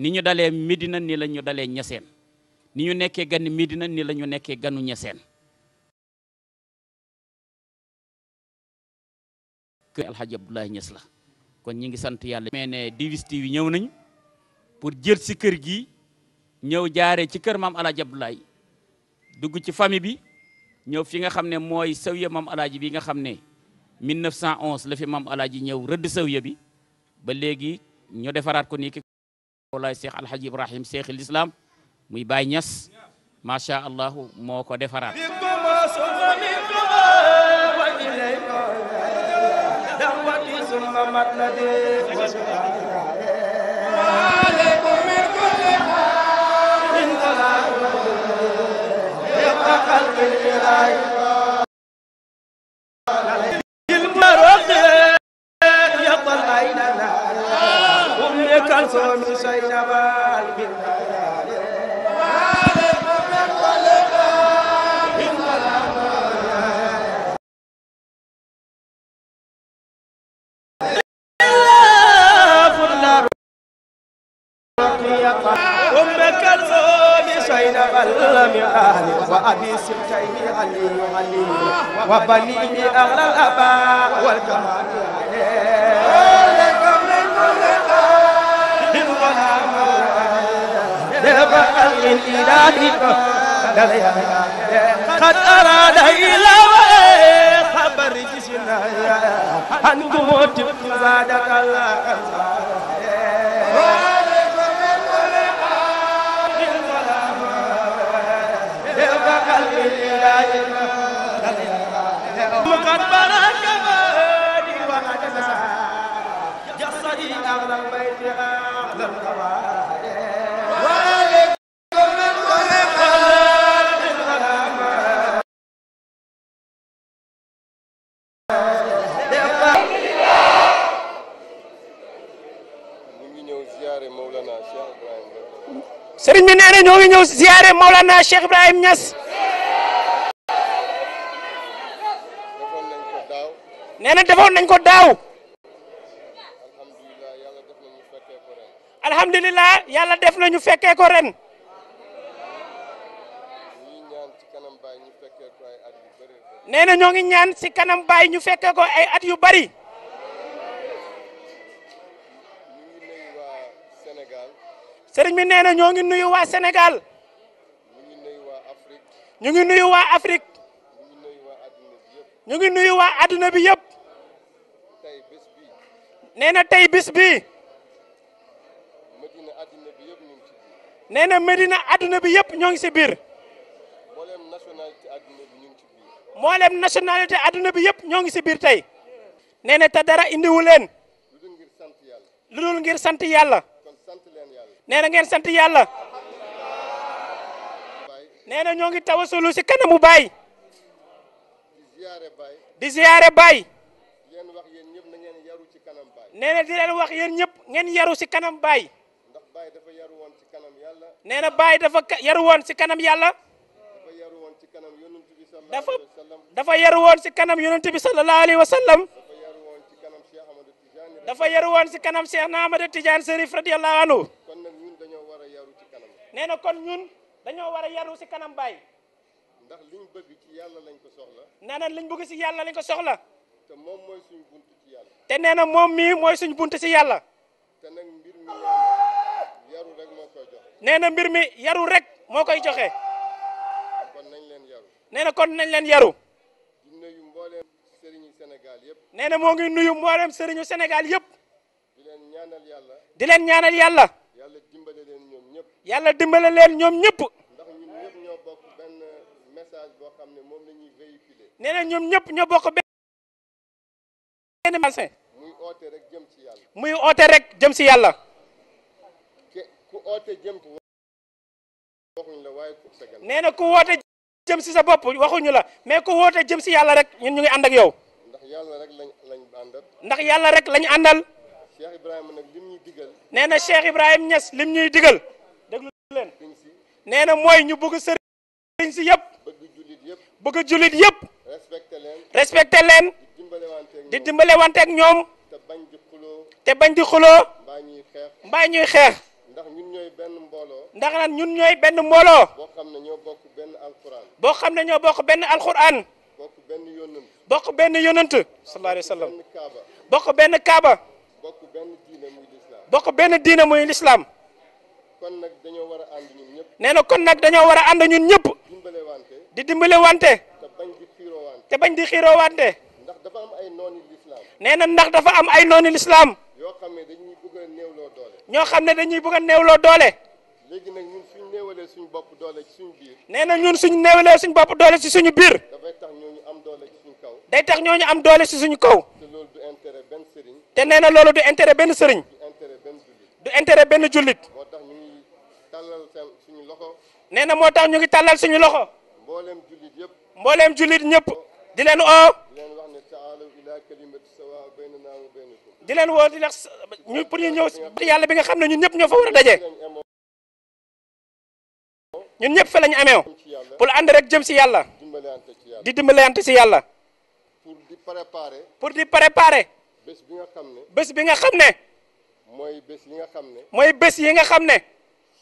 ni ñu dalé Medina ni lañu dalé ñasen ni ñu nekké gan Medina ni lañu nekké ganu ñasen kër Alxaaji Abdoulaye Niass la kon ñi ngi sant yàlla mee ne divisti ñëw nañu pour jël si kër gi ñëw jaaree ci kër maam Alxaaji Abdoulaye dugg ci famille bi ñëw fi nga xam ne mooy sawiya maam Alxaaji bi nga xam ne 1911 la fi maam Alxaaji ñëw rëdd sawiya bi ba léegi ñoo defaraat ko nii ki walaay Cheikh Alxaaji Ibrahim Cheikh l'Islam muy bay ñas macha allah moo ko defaraat ثم مطلدي مالك من كل حال من يبقى قلب الإله يبقى العين لا أمك الفم سينبال بالله الآل وأبي سبتين علي علي وبنيه أغلى الأباء والكمال لك من ملقى ولا ملقى الإلهي قد أراد إلى خبر جسنا أن تموت زادك الله sëriñ bi nee na ñoo ngi ñëw ziare Maulana Cheikh Ibrahim Niass nee na nañ ko daaw alhamdulilah yàlla def na ñu fekkee ko ren nee ñoo ngi ñaan si kanam baay ñu fekkee ko ay at yu bari sëriñ bi nee na ñoo ngi nuyu waa Sénégal ñu ngi nuyu waa Afrique ñu ngi nuyu waa adduna bi yëpp nee na tey bis bi nee na Medina adduna bi yëpp ñoo ngi si biir mboolem nationalité adduna bi yëpp ñoo ngi si biir tey nee na te dara indiwu leen lu dul ngir sant yàlla nee na ngeen sant yàlla nee na ñoo ngi tawasulu si kanamu baay di ziyaare baay nee na di leen wax yéen ñëpp ngeen yaru si kanam baay. ndax baay dafa yaru woon ci kanam yàlla. nee na dafa yaru woon si kanam yàlla. dafa yaru woon si kanam yonent bi dafa dafa yaru woon si kanam yonent bi sallallahu alayhi wa sallam. dafa yaru woon si kanam Cheikh Ahmadou Tidiane. dafa yaru woon si kanam Cheikh Ahmadou Tidiane Serif radiyallahu anhu. kon nag ñun dañoo war a yaru ci kanam. nee na kon ñun dañoo war a yaru si kanam baay. ndax liñ bëgg ci yàlla lañ ko soxla. nee na liñ si yàlla lañ ko soxla. te moom mooy suñ bunt ci te nee na moom mii mooy suñ bunt ci yàlla. te nag mbir mi yaru rek moo koy joxe. nee na mbir mi yaru rek moo koy joxe. kon nañ leen yaru. nee na kon nañ leen yaru. di nuyu mbooleem sëriñu Sénégal yëpp. nee na moo ngi nuyu mbooleem sëriñu Sénégal yëpp. di leen ñaanal yàlla. di leen ñaanal yàlla. yàlla dimbale leen ñoom ñëpp. yàlla dimbale leen ñoom ñëpp. ndax ñun ñëpp ñoo bokk benn message boo xam ne moom la ñuy véhiculer. nee na ñoom ñëpp ñoo bokk muy oote rek jëm si yàlla nee na ku woote jëm si sa bopp waxuñu la mais ku woote jëm si yàlla rek ñun ñu ngi ànd ak yow ndax yàlla rek lañ lañ àndal ndax yàlla rek lañ àndal Cheikh Ibrahima nag lim ñuy digal nee na Cheikh Ibrahima Niass lim ñuy digal déglu leen nee na mooy ñu bëgg sëriñ si yëpp bëgg yëpp respecté leen respecté leen di dimbalewante ak ñoom te bañ di xuloo te bañ di xuloo mbaa ñuy xeex mbaa ñuy xeex ndax ñun ñooy benn mbooloo ndax na ñun ñooy benn mbooloo boo xam ne ñoo bokk benn alquran boo xam ne ñoo bokk benn alquran bokk benn yonant bokk benn yonant sallallahu alayhi wa sallam bokk benn kaaba bokk benn diine muy lislaam bokk benn diine muy kon nag dañoo war a ànd ñun ñëpp nee na kon nag dañoo war a ànd ñun ñëpp dimbale di dimbale wante te bañ di xiiroo te bañ di xiiroo wante dafa am ay noonu lislaam. na ndax dafa am ay noonu lislaam. yoo xam ne dañuy bëgg a néewloo doole. ñoo xam ne dañuy bëgg a néewloo doole. léegi nag ñun suñ néewalee suñu bopp doole ci suñu biir. nee na ñun suñ néewalee suñu bopp doole ci suñu biir. dafay tax doole ci suñu kaw. day tax ñooñu am doole ci suñu kaw. te loolu du intérêt benn te nee na loolu du intérêt benn sëriñ. du intérêt benn jullit. du intérêt benn jullit. moo tax ñu ngi tàllal suñu loxo. nee na moo tax ñu ngi tàllal suñu loxo. mbooleem jullit yëpp. mbooleem jullit ñëpp. di leen oo. di leen woo di lex ñu pour ñu ñëw yalla bi nga xamne ñun ñep ñoo fa wara dajé ñun ñep fa lañu amé amee pour and rek jëm ci yalla di dimbalante ci yalla pour di préparer pour di préparer bës bi nga xamné bës bi nga xamné moy bës bés yi nga xamné moy bës yi nga xamné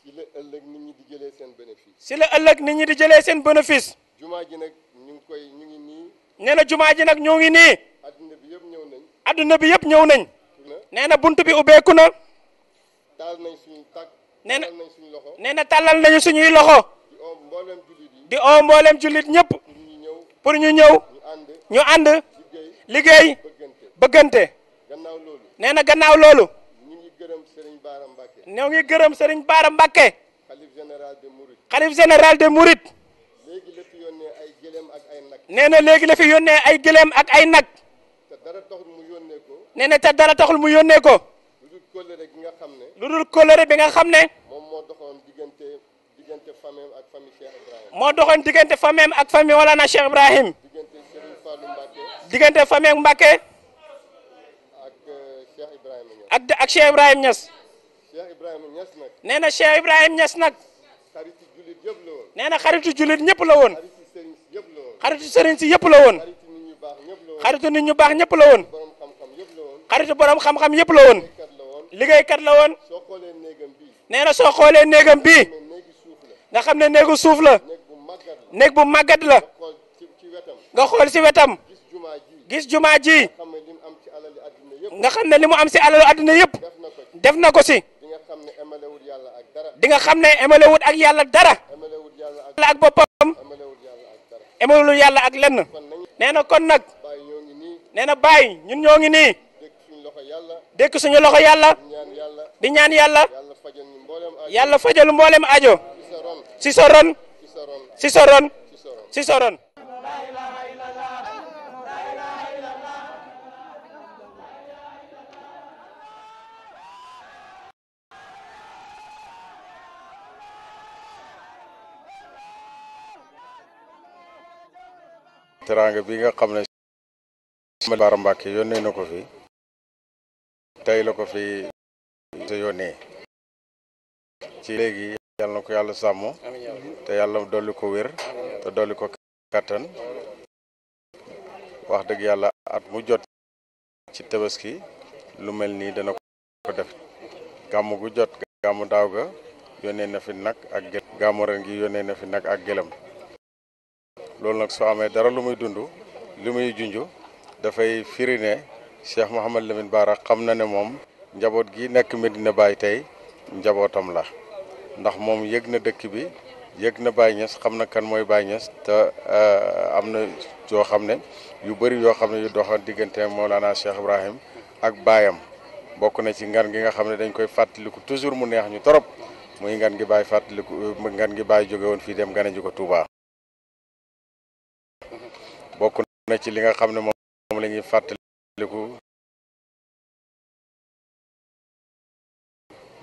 ci le ëlëk nit ñi di jëlé seen bénéfice ci le ëlëk nit ñi di jëlé seen bénéfice juma ji nak ñu ngi koy ñu ngi ni néna juma ji nak ñu ngi ni adduna bi yëpp ñëw nañ. nee na buntu bi ubbeeku na. taal nañ suñuy tàkk. nee na nee na tàllal nañu suñuy loxo. di oo mboolem jullit yi. di oo mboolem jullit ñëpp. pour ñu ñëw. ñu ànd. liggéey bëggante. gannaaw loolu. nee na gannaaw loolu. ñu ngi gërëm Serigne Bara Mbacké. ñoo ngi gërëm Serigne Bara Mbacké. xalif général de Mouride. xalif général de Mouride. léegi la fi yónnee ay gëléem ak ay nag. na léegi la yónnee ay gëléem ak ay nag. nee na te dara taxul mu yónnee ko. lu dul kóllëre bi nga xam ne. lu dul kóllëre bi nga xam ne. moom moo doxoon diggante diggante famille ak famille Cheikh Ibrahim. diggante famille ak na Cheikh Ibrahim. diggante Serigne Fallou ak Mbacké. ak euh, Cheikh Ibrahim Niass. ak ak Cheikh Ibrahim Niass. Cheikh Ibrahim Niass nag. nee na Cheikh Ibrahim Niass nag. xaritu jullit yëpp la woon. nee na xaritu jullit ñëpp la woon. xaritu si yëpp la woon. xaritu Serigne yëpp la woon. xaritu ñu baax ñëpp la woon. xaritu borom xam-xam yëpp la woon kat la woon nee na soo xoolee néegam bii nga xam ne néegu suuf la néeg bu màggat la nga xool si wetam gis jumaa ji nga xam ne ni mu am si alalu àdduna yëpp def na ko si di nga xam ne emalewut ak yàlla dara la ak boppam emalewut yàlla ak lenn nee na kon nag nee na bàyyi ñun ñoo ngi nii deku suñu loxo yalla di ñaan yalla yalla fajal mbollem ajo ci soron ci soron ci soron terang bi nga xamne ne fi tey la ko fi sa ci léegi yàlla ko yàlla sàmm te yàlla dolli ko wér te dolli ko kattan wax dëgg yàlla at mu jot ci tabaski lu mel nii dana ko def gàmmu gu jot gàmmu daaw ga yónnee na fi nag ak gëlam gàmmu ren gi nag ak gëlam loolu nag soo amee dara lu muy dund li muy junj dafay firi Cheikh Mouhamad Lamine Bara xam na ne moom njaboot gi nekk Medina Baye tey njabootam la ndax moom yëg na dëkk bi yëg na Baye Niass xam na kan mooy Baye Niass te eh, am na yoo xam ne yu bëri yoo xam ne yu doxal diggante Mawlana Cheikh Ibrahim ak baayam bokk na ci ngan gi nga xam ne dañ koy fàttaliku toujours mu neex ñu torop muy ngan gi Baye fàttaliku eh, ngan gi Baye jóge woon fii dem gane ji ko Touba. bokk na ci li nga xam ne moom lañuy fàttali ko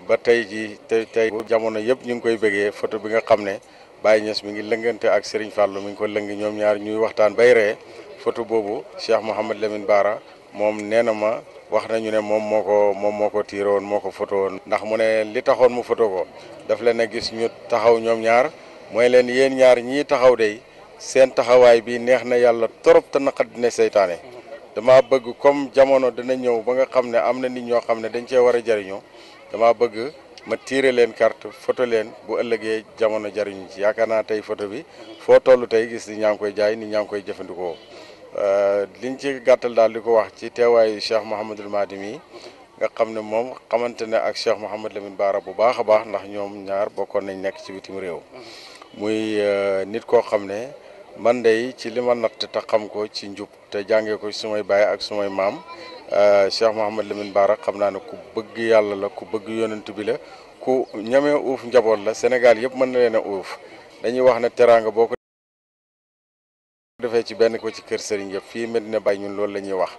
ba tey jii tey tey jamono yëpp ñu ngi koy bëggee photo bi nga xam ne Baye Niass mi ngi lëngante ak sëriñ Fallou mi ngi ko lëng ñoom ñaar ñuy waxtaan bay ree photo boobu Cheikh Mouhamed Lamine Bara moom nee na ma wax nañu ne moom moo ko moom moo ko tiire woon moo ko photo woon ndax mu ne li taxoon mu photo ko daf leen a gis ñu taxaw ñoom ñaar mooy leen yéen ñaar ñi taxaw dey seen taxawaay bi neex na yàlla torop te naqat ne seytaane dama bëgg comme jamono dana ñëw ba nga xam ne am na nit ñoo xam ne dañ cee war a jariñoo dama bëgg ma tiire leen carte photo leen bu ëllëgee jamono jariñu ci yaakaar naa tey photo bi foo toll tey gis ni ñaa ngi koy jaay ni ñaa ngi koy jëfandikoo euh, liñ ci gàttal daal di ko wax ci teewaayu Cheikh Mouhamadul Mahdi mi nga xam ne moom xamante ne ak Cheikh Mouhamad Lamine Baara bu baax a baax ndax ñoom ñaar bokkoon nañ nekk ci bitim réew muy euh, nit koo xam ne man de ci li ma natt te xam ko ci njub te jàngee ko sumay bay ak sumay maam euh, Cheikh Mouhamed lemin Bara xam naa ne ku bëgg yàlla la ku bëgg yonent bi la ku ñamee uuf njaboot la Sénégal yëpp mën na leen a uuf dañuy wax ne teraanga boo ko defee ci benn ko ci kër sëriñ yëpp fii Medina Baye ñun loolu la ñuy wax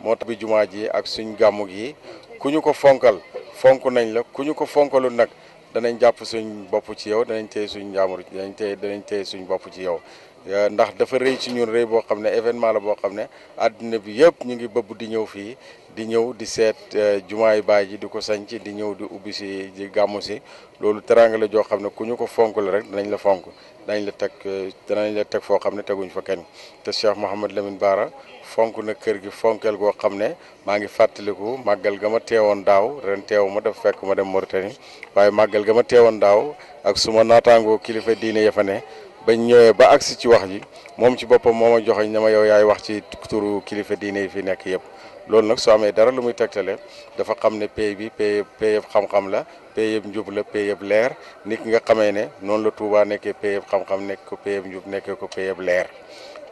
moo tax bi jumaa ji ak suñ gàmmu gi ku ñu ko fonkal fonk nañ la ku ñu ko fonkalul nag danañ jàpp suñ bopp ci yow danañ tey suñ njaamur danañ tey danañ tey suñ bopp ci yow Euh, ndax dafa rëy ci ñun rëy boo xam ne événement la boo xam ne àddina bi yëpp ñu ngi bëbb di ñëw fii di ñëw di seet euh, jumaay baay ji di ko sanc di ñëw di ubbi si di gàmmu si loolu teraanga la joo xam ne ku ñu ko fonk la rek danañ la fonk danañ la teg euh, danañ teg foo xam ne teguñ fa kenn te Cheikh Mouhamed Lamine baara fonk na kër gi fonkeel goo xam ne maa ngi fàttaliku màggal ga ma teewoon daaw ren teew ma dafa fekk ma dem Mauritanie waaye màggal ga ma teewoon daaw ak suma naataangoo kilifa diine fa ne ba ñëwee ba agsi ci wax ji moom ci boppam moo ma joxoñ ne ma yow yaay wax ci turu kilifa diine yi fi nekk yëpp loolu nag soo amee dara lu muy tegtale dafa xam ne pay bi pay pay yëpp xam-xam la pay yëpp njub la pay yëpp leer nit ki nga xamee ne noonu la tuubaa nekkee pay yëpp xam-xam nekk ko pay yëpp nekkee ko pay yëpp leer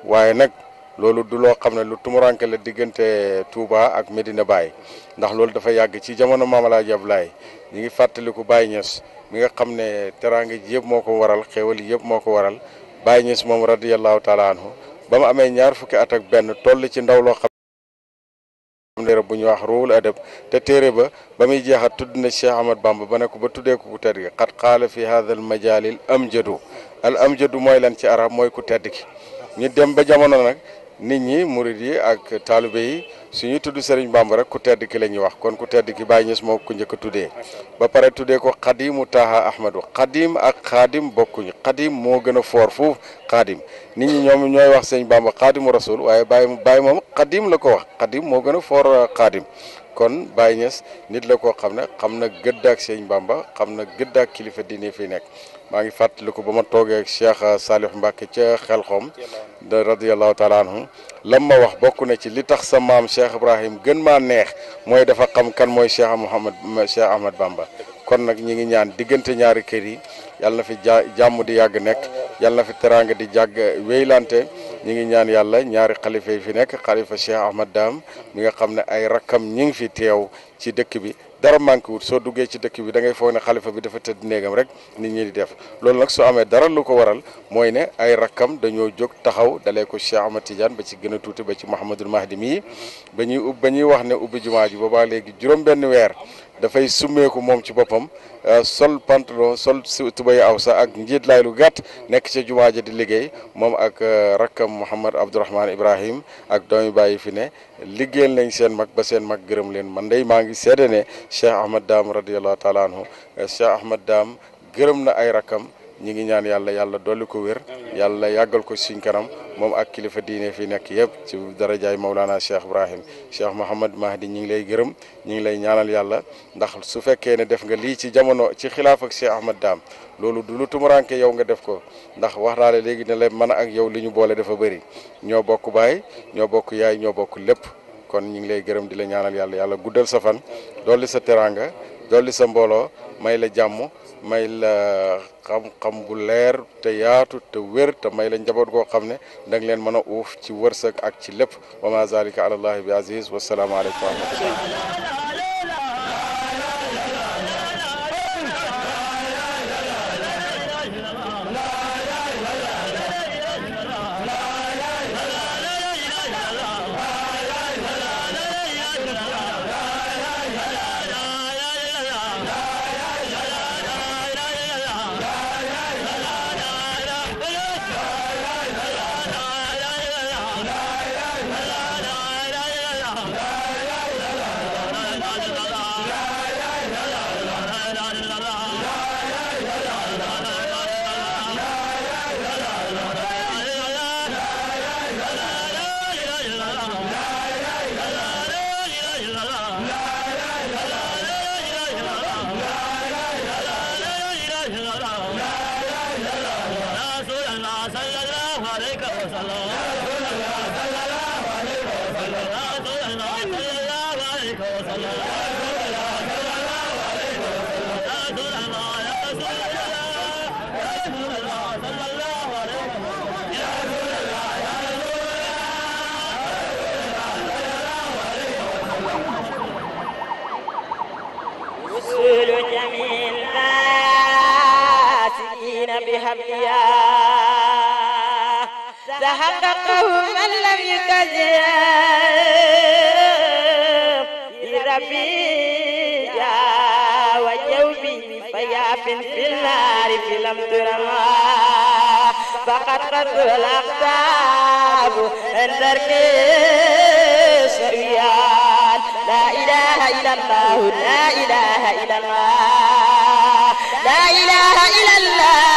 waaye nag loolu du loo xam ne lu tumuranke la diggante tuuba ak Medina Baye ndax loolu dafa yàgg ci jamono Maam Alaaji Ablaay ñi ngi fàttaliku Baye Niass mi nga xam ne teraanga ji yëpp moo ko waral xéwal yi yëpp moo ko waral Baye Niass moom radiyallahu taala anhu ba mu amee ñaar fukki at ak benn toll ci ndaw loo xam téere bu ñu wax ruuwul adab te téere ba ba muy jeexat tudd na Cheikh Ahmad Bamba ba ne ko ba tuddee ko ku tedd gi xat xaala fi hadha al majalil amjadu al amjadu mooy lan ci arab mooy ku tedd ki ñu dem ba jamono nag nit ñi murit yi ak taalibe yi suñuy tudd Serigne Bamba rek ku tedd ki la ñuy wax kon ku tedd ki Baye Niass moo ko njëkk a tuddee ba pare tuddee ko xadimu taaha ahmadu xadim ak xaadim bokkuñu xadim moo gën a foor foofu xaadim nit ñi ñoom ñooy wax Serigne Bamba xaadimu rasul waaye Baye Baye moom xadim la ko wax xadim moo gën a foor xaadim euh, kon Baye Niass nit la koo xam ne xam na gëdd ak Serigne Bamba xam na gëdd ak kilifa diine fi nekk maa ngi fàttaliku ba ma toogee ak Cheikh Salih Mbacke ca xelxoom de radiallahu taala anhu lam ma wax bokk na ci li tax sa maam Cheikh Ibrahim gën maa neex mooy dafa xam kan mooy Cheikh Mouhamad Cheikh Ahmad Bamba kon nag ñi ngi ñaan diggante ñaari kër yi yàlla na fi ja jàmm di yàgg nekk yàlla na fi teraanga di jàgg wéylante ñi ngi ñaan yàlla ñaari xalifa yi fi nekk xalifa Cheikh Ahmad Dam mi nga xam ne ay rakkam ñi ngi fi teew ci dëkk bi dara manqué wut soo duggee ci dëkk bi da ngay foog ne xalifa bi dafa tëdd néegam rek nit ñi di def loolu nag soo amee dara lu ko waral mooy ne ay rakkam dañoo jóg taxaw dalee ko Cheikh Ahmad Tidiane ba ci gën a tuuti ba ci Mouhamadul Mahdi mii ba ñuy ub ba ñuy wax ne ubbi jumaa ji boobaa léegi juróom benn weer dafay summeeku moom ci boppam euh, sol pantalon sol tubay aw sa ak njiit laay lu gàtt nekk ca jumaa ja di liggéey moom ak euh, rakkam Mouhamad Abdourahman Ibrahim ak doomi bàyyi fi ne liggéeyal nañ seen mag ba seen mag gërëm leen man day maa ngi seede ne Cheikh Ahmad Dame radiallahu taala anhu euh, Cheikh Ahmad Dame gërëm na ay rakkam ñi ngi ñaan yàlla yàlla dolli ko wér yàlla yàggal ko suñ kanam moom ak kilifa diine fi nekk yëpp ci darajaay Maulana Cheikh Ibrahim Cheikh Mouhamad Mahdi ñi ngi lay gërëm ñi ngi lay ñaanal yàlla ndax su fekkee ne def nga lii ci jamono ci xilaaf ak Cheikh Ahmad Daam loolu du lu tumuranke yow nga def ko ndax wax naa léegi ne la man ak yow li ñu boole dafa bëri ñoo bokk baay ñoo bokk yaay ñoo bokk lépp kon ñi ngi lay gërëm di la ñaanal yàlla yàlla guddal sa fan dolli sa teraanga dolli sa mbooloo may la jàmm may la xam-xam bu leer te yaatu te wér te may la njaboot goo xam ne da leen mën a uuf ci wërsëg ak ci lépp wa ma zalika ala bi aziz wasalaamaaleykum wa rahmatullah حقه من لم يكذب ربي يا وجوبي فياف في النار في لم ترما فقد قد الأقطاب أن تركي سريان لا إله إلا الله لا إله إلا الله لا إله إلا الله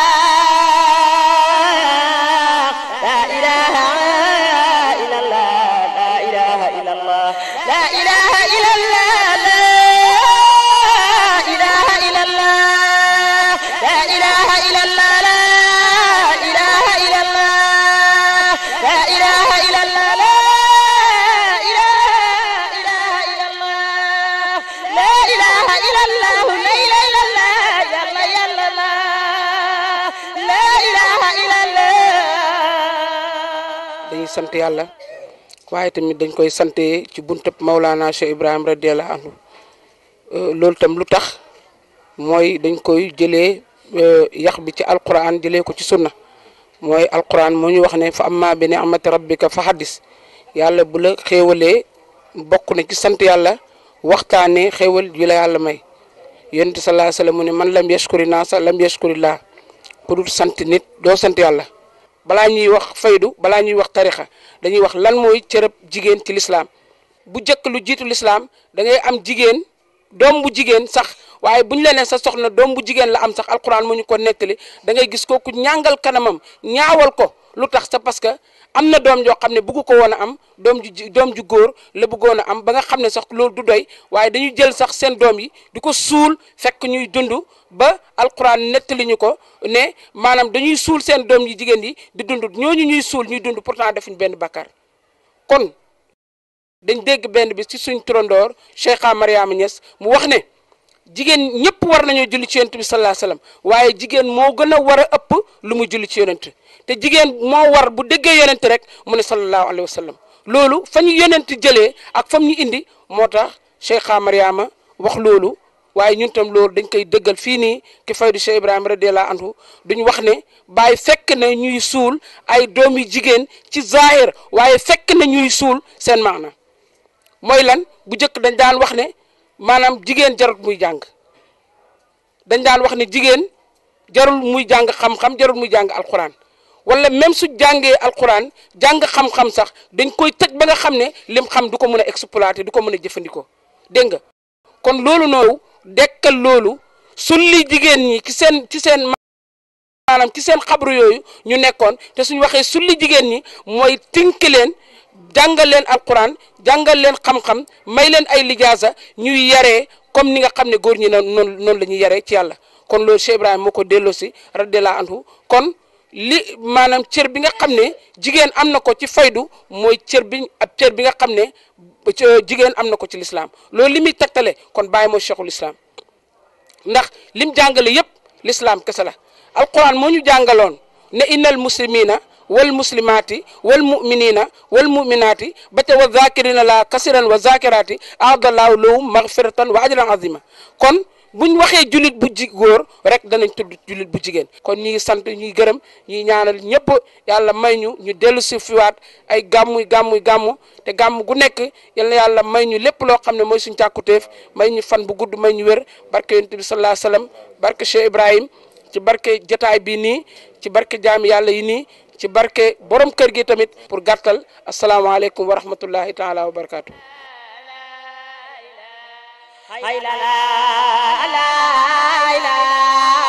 dañuy sant yàlla waaye tamit dañ koy sante ci buntab Maulana Cheikh Ibrahim radiyallahu anhu euh, loolu tam lu tax mooy dañ koy jële euh, yax bi ci alquran jëlee ko ci sunna mooy alquran moo ñu wax ne fa amma bi ni'mati rabbika fa xaddis yàlla bu la xéewalee bokk na ci sant yàlla waxtaanee xéewal ji la yàlla may yonent sallallahu alayhi wa mu ne man lam yashkuri naasa lam yashkuri laa ku dul sant nit doo sant yàlla balaa ñuy wax faydu balaa ñuy wax tarixa dañuy wax lan mooy cërëb jigéen ci lislaam bu jëkk lu jiitu lislaam da ngay am jigéen doom bu jigéen sax waaye bu ñu la nee sa soxna doom bu jigéen la am sax alquran mu ñu ko nettali da ngay gis kooku ñàngal kanamam ñaawal ko lu tax sa parce am na doom joo xam ne bëgg ko woon a am doom ju doom ju góor la buggoon a am ba nga xam ne sax loolu du doy waaye dañuy jël sax seen doom yi di ko suul fekk ñuy dund ba alquran nettali ñu ko ne maanaam dañuy suul seen doom yi jigéen yi di dund ñooñu ñuy suul ñuy dund pourtant defuñu benn bakkaar kon dañ dégg benn bi si suñ turandoor Cheikha Mariama Niass mu wax ne jigéen ñëpp war nañoo julli ci yonent bi sallallahu alayhi waaye jigéen moo gën a war a ëpp lu mu julli ci yonent te jigéen moo war bu déggee yonent rek mu ne sallallahu alayhi wa sallam loolu fa ñu yonent jëlee ak fam ñu indi moo tax Cheikha Mariama wax loolu waaye ñun tam loolu dañ koy dëggal fii nii ki faydu Cheikh Ibrahima radiyallahu anhu duñ wax ne bàyyi fekk na ñuy suul ay doomi jigéen ci zaahir waaye fekk na ñuy suul seen maana mooy lan bu njëkk dañ daan wax ne maanaam jigéen jarut muy jàng dañ daan wax ne jigéen jarul muy jàng xam-xam jarul muy jàng alquran wala même su jàngee al alxuraan jàng xam-xam sax dañ koy tëj ba nga xam ne lem xam du ko mën a exploiter du ko mën a jëfandikoo dégg nga kon loolu noonu dekkal loolu sulli jigéen ñi ci seen ci seen maanaam ci seen xabru yooyu ñu nekkoon te suñu waxee sulli jigéen ñi mooy tinki leen jàngal leen alxuraan jàngal leen xam-xam may leen ay lijaasa ñuy yaree comme ni nga xam ne góor ñi noonu noonu la ñu yaree ci yàlla kon loolu Cheikh moo ko delloosi radiyallahu anhu kon li maanaam cër bi nga xam ne jigéen am na ko ci faydu mooy cër bi ab bi nga xam ne euh, jigéen am na ko ci lislaam loolu li muy tegtale kon bàyyi mooy cheikhul islam ndax lim jàngale yépp lislaam kese la alquran moo ñu jàngaloon ne innal muslimina wal muslimaati wal muminina wal muminaati ba te wa zakirina la kasiran wa a aadallahu lahum magfiratan wa ajran azima kon bu ñu waxee jullit bu ji góor rek danañ tudd jullit bu jigéen kon ñu ngi sant ñuy gërëm ñuy ñaanal ñëpp yàlla may ñu ñu dellu si fiwaat ay gàmmu gàmmu gàmmu te gàmm gu nekk yal yàlla may ñu lépp loo xam ne mooy suñ càkkutéef may ñu fan bu gudd may ñu wér barke yonent bi sallallahu alayhi wasallam barke Cheikh Ibrahim ci barke jotaay bi nii ci barke jaami yàlla yi nii ci barke borom kër gi tamit pour gàttal asalaamaaleykum wa rahmatullahi taala wa barakaatu. hay la la la la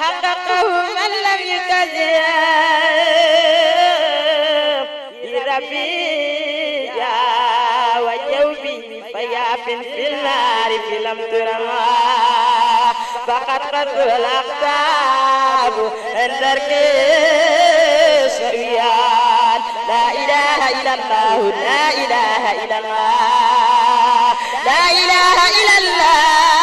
حققه من لم يكذب ربي يا وجوبي فياف في النار لم ترمى فقد قد الأقطاب الدرك سريان لا إله إلا الله لا إله إلا الله لا إله إلا الله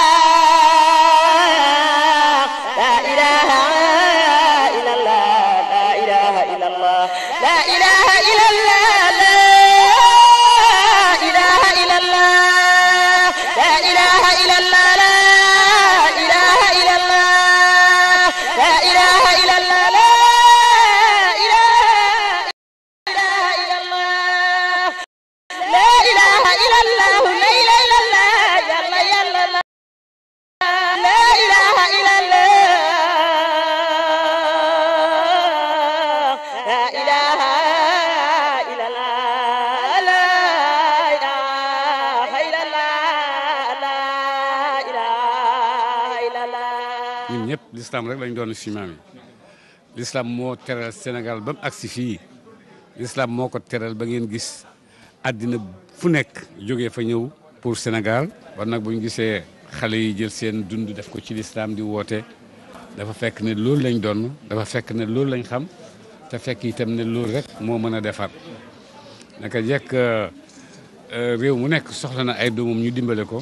ñun ñëpp l'islam rek lañu doon si maam yi l'islam moo teral Sénégal ba mu agsi fii l'islam moo ko teral ba ngeen gis àddina fu nekk jóge fa ñëw pour Sénégal war nag buñ gisee xale yi jël seen dund def ko ci l'islam di woote dafa fekk ne loolu lañ doon dafa fekk ne loolu lañ xam te fekk itam ne loolu rek moo mën a defar naka jekk euh, euh, réew mu nekk soxla na ay doomam ñu dimbale ko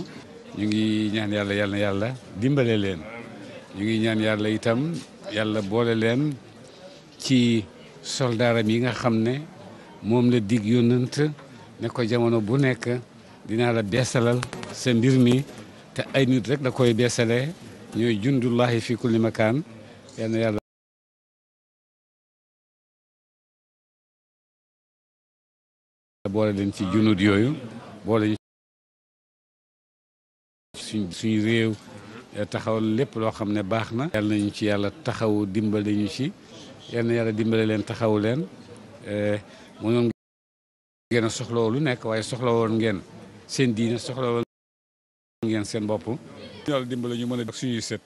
ñu ngi ñaan yàlla yàlla na yàlla dimbale leen ñu ngi ñaan yàlla itam yàlla boole leen ci soldaaram yi nga xam ne moom la dig yónnant ne ko jamono bu nekk dina la beesalal sa mbir mi te ay nit rek la koy beesalee ñooy jundullahi fi kulli makaan yal yàlla boole leen ci junnut yooyu boole suñ suñu réew taxawal lépp loo xam ne baax na yal nañu ci yàlla taxaw dimbale ñu ci yal na yàlla dimbale leen taxaw leen mënoon ngeen a soxla lu nekk waaye soxla woon ngeen seen diine soxla woon ngeen seen bopp yàlla dimbale ñu mën a suñuy set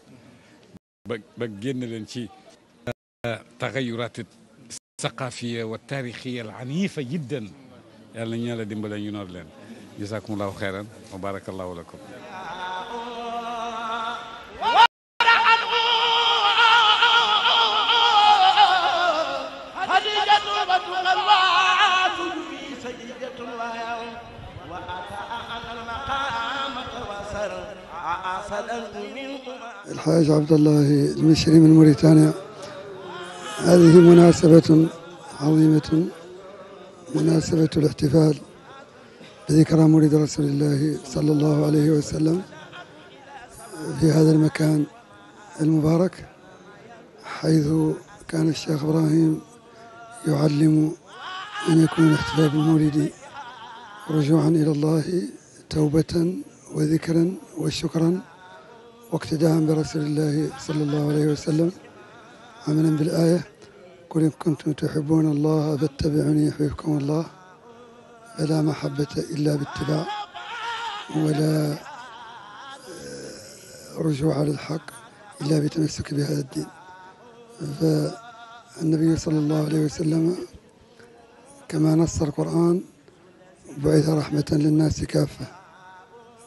ba ba génn leen ci taxayuraat saqaafiya wa taarixiya al anifa jiddan yàlla ñu yàlla dimbale ñu noor leen jazakumullahu xeyran wa barakallahu lakum الحاج عبد الله المشري من موريتانيا هذه مناسبة عظيمة مناسبة الاحتفال بذكرى مولد رسول الله صلى الله عليه وسلم في هذا المكان المبارك حيث كان الشيخ إبراهيم يعلم أن يكون الاحتفال بالمولد رجوعا إلى الله توبة وذكرا وشكرا واقتداء برسول الله صلى الله عليه وسلم عملا بالآية قل إن كنتم تحبون الله فاتبعوني يحببكم الله فلا محبة إلا باتباع ولا آه، رجوع على الحق إلا بتمسك بهذا الدين فالنبي صلى الله عليه وسلم كما نص القرآن بعث رحمة للناس كافة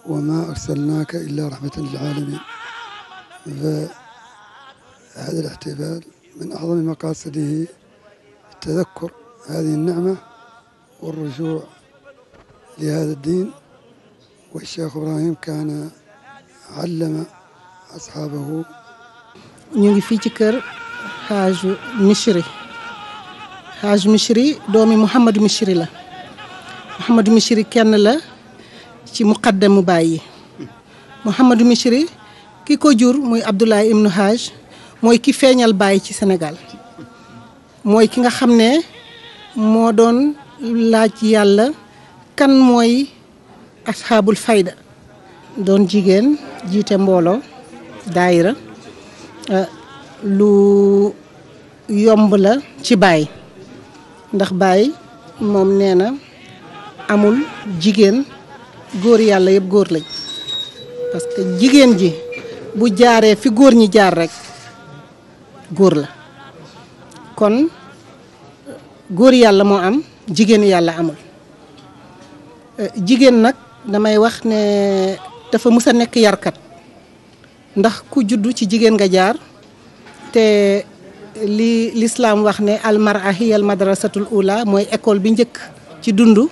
وما أرسلناك إلا رحمة للعالمين فهذا الاحتفال من أعظم مقاصده التذكر هذه النعمة والرجوع لهذا الدين والشيخ إبراهيم كان علم أصحابه نيجي في ci حاج مشري حاج مشري دومي محمد مشري misri محمد مشري كان kenn ci muqaddamu bàyyi Mouhamadou Misri ki ko jur muy Abdoulaye Ibn Haj mooy ki feeñal bàyyi ci senegal mooy ki nga xam ne moo doon laaj yàlla kan mooy asxaabul fayda doon jigéen jiite mbooloo daayira euh, lu yomb la ci baay ndax baay moom nee na amul jigéen góor yalla yeb góor lañ parce que jigen ji bu fi ñi jaar rek la kon góor yalla mo am jigen yalla amul euh, jigen nak damay wax ne dafa nek yar yarkat ndax ku juddu ci jigen nga jaar te li l'islam wax ne mar'a hiya al madrasatul ula moy école bi ci dundu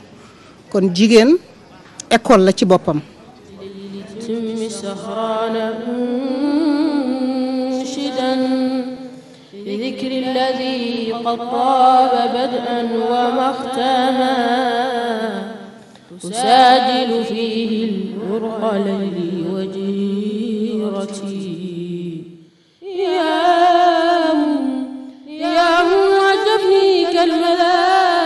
kon jigen école la ci boppam بذكر الذي قد طاب بدءا ومختاما أساجل فيه البرق ليلي وجيرتي يا يا عجبني كالملائكة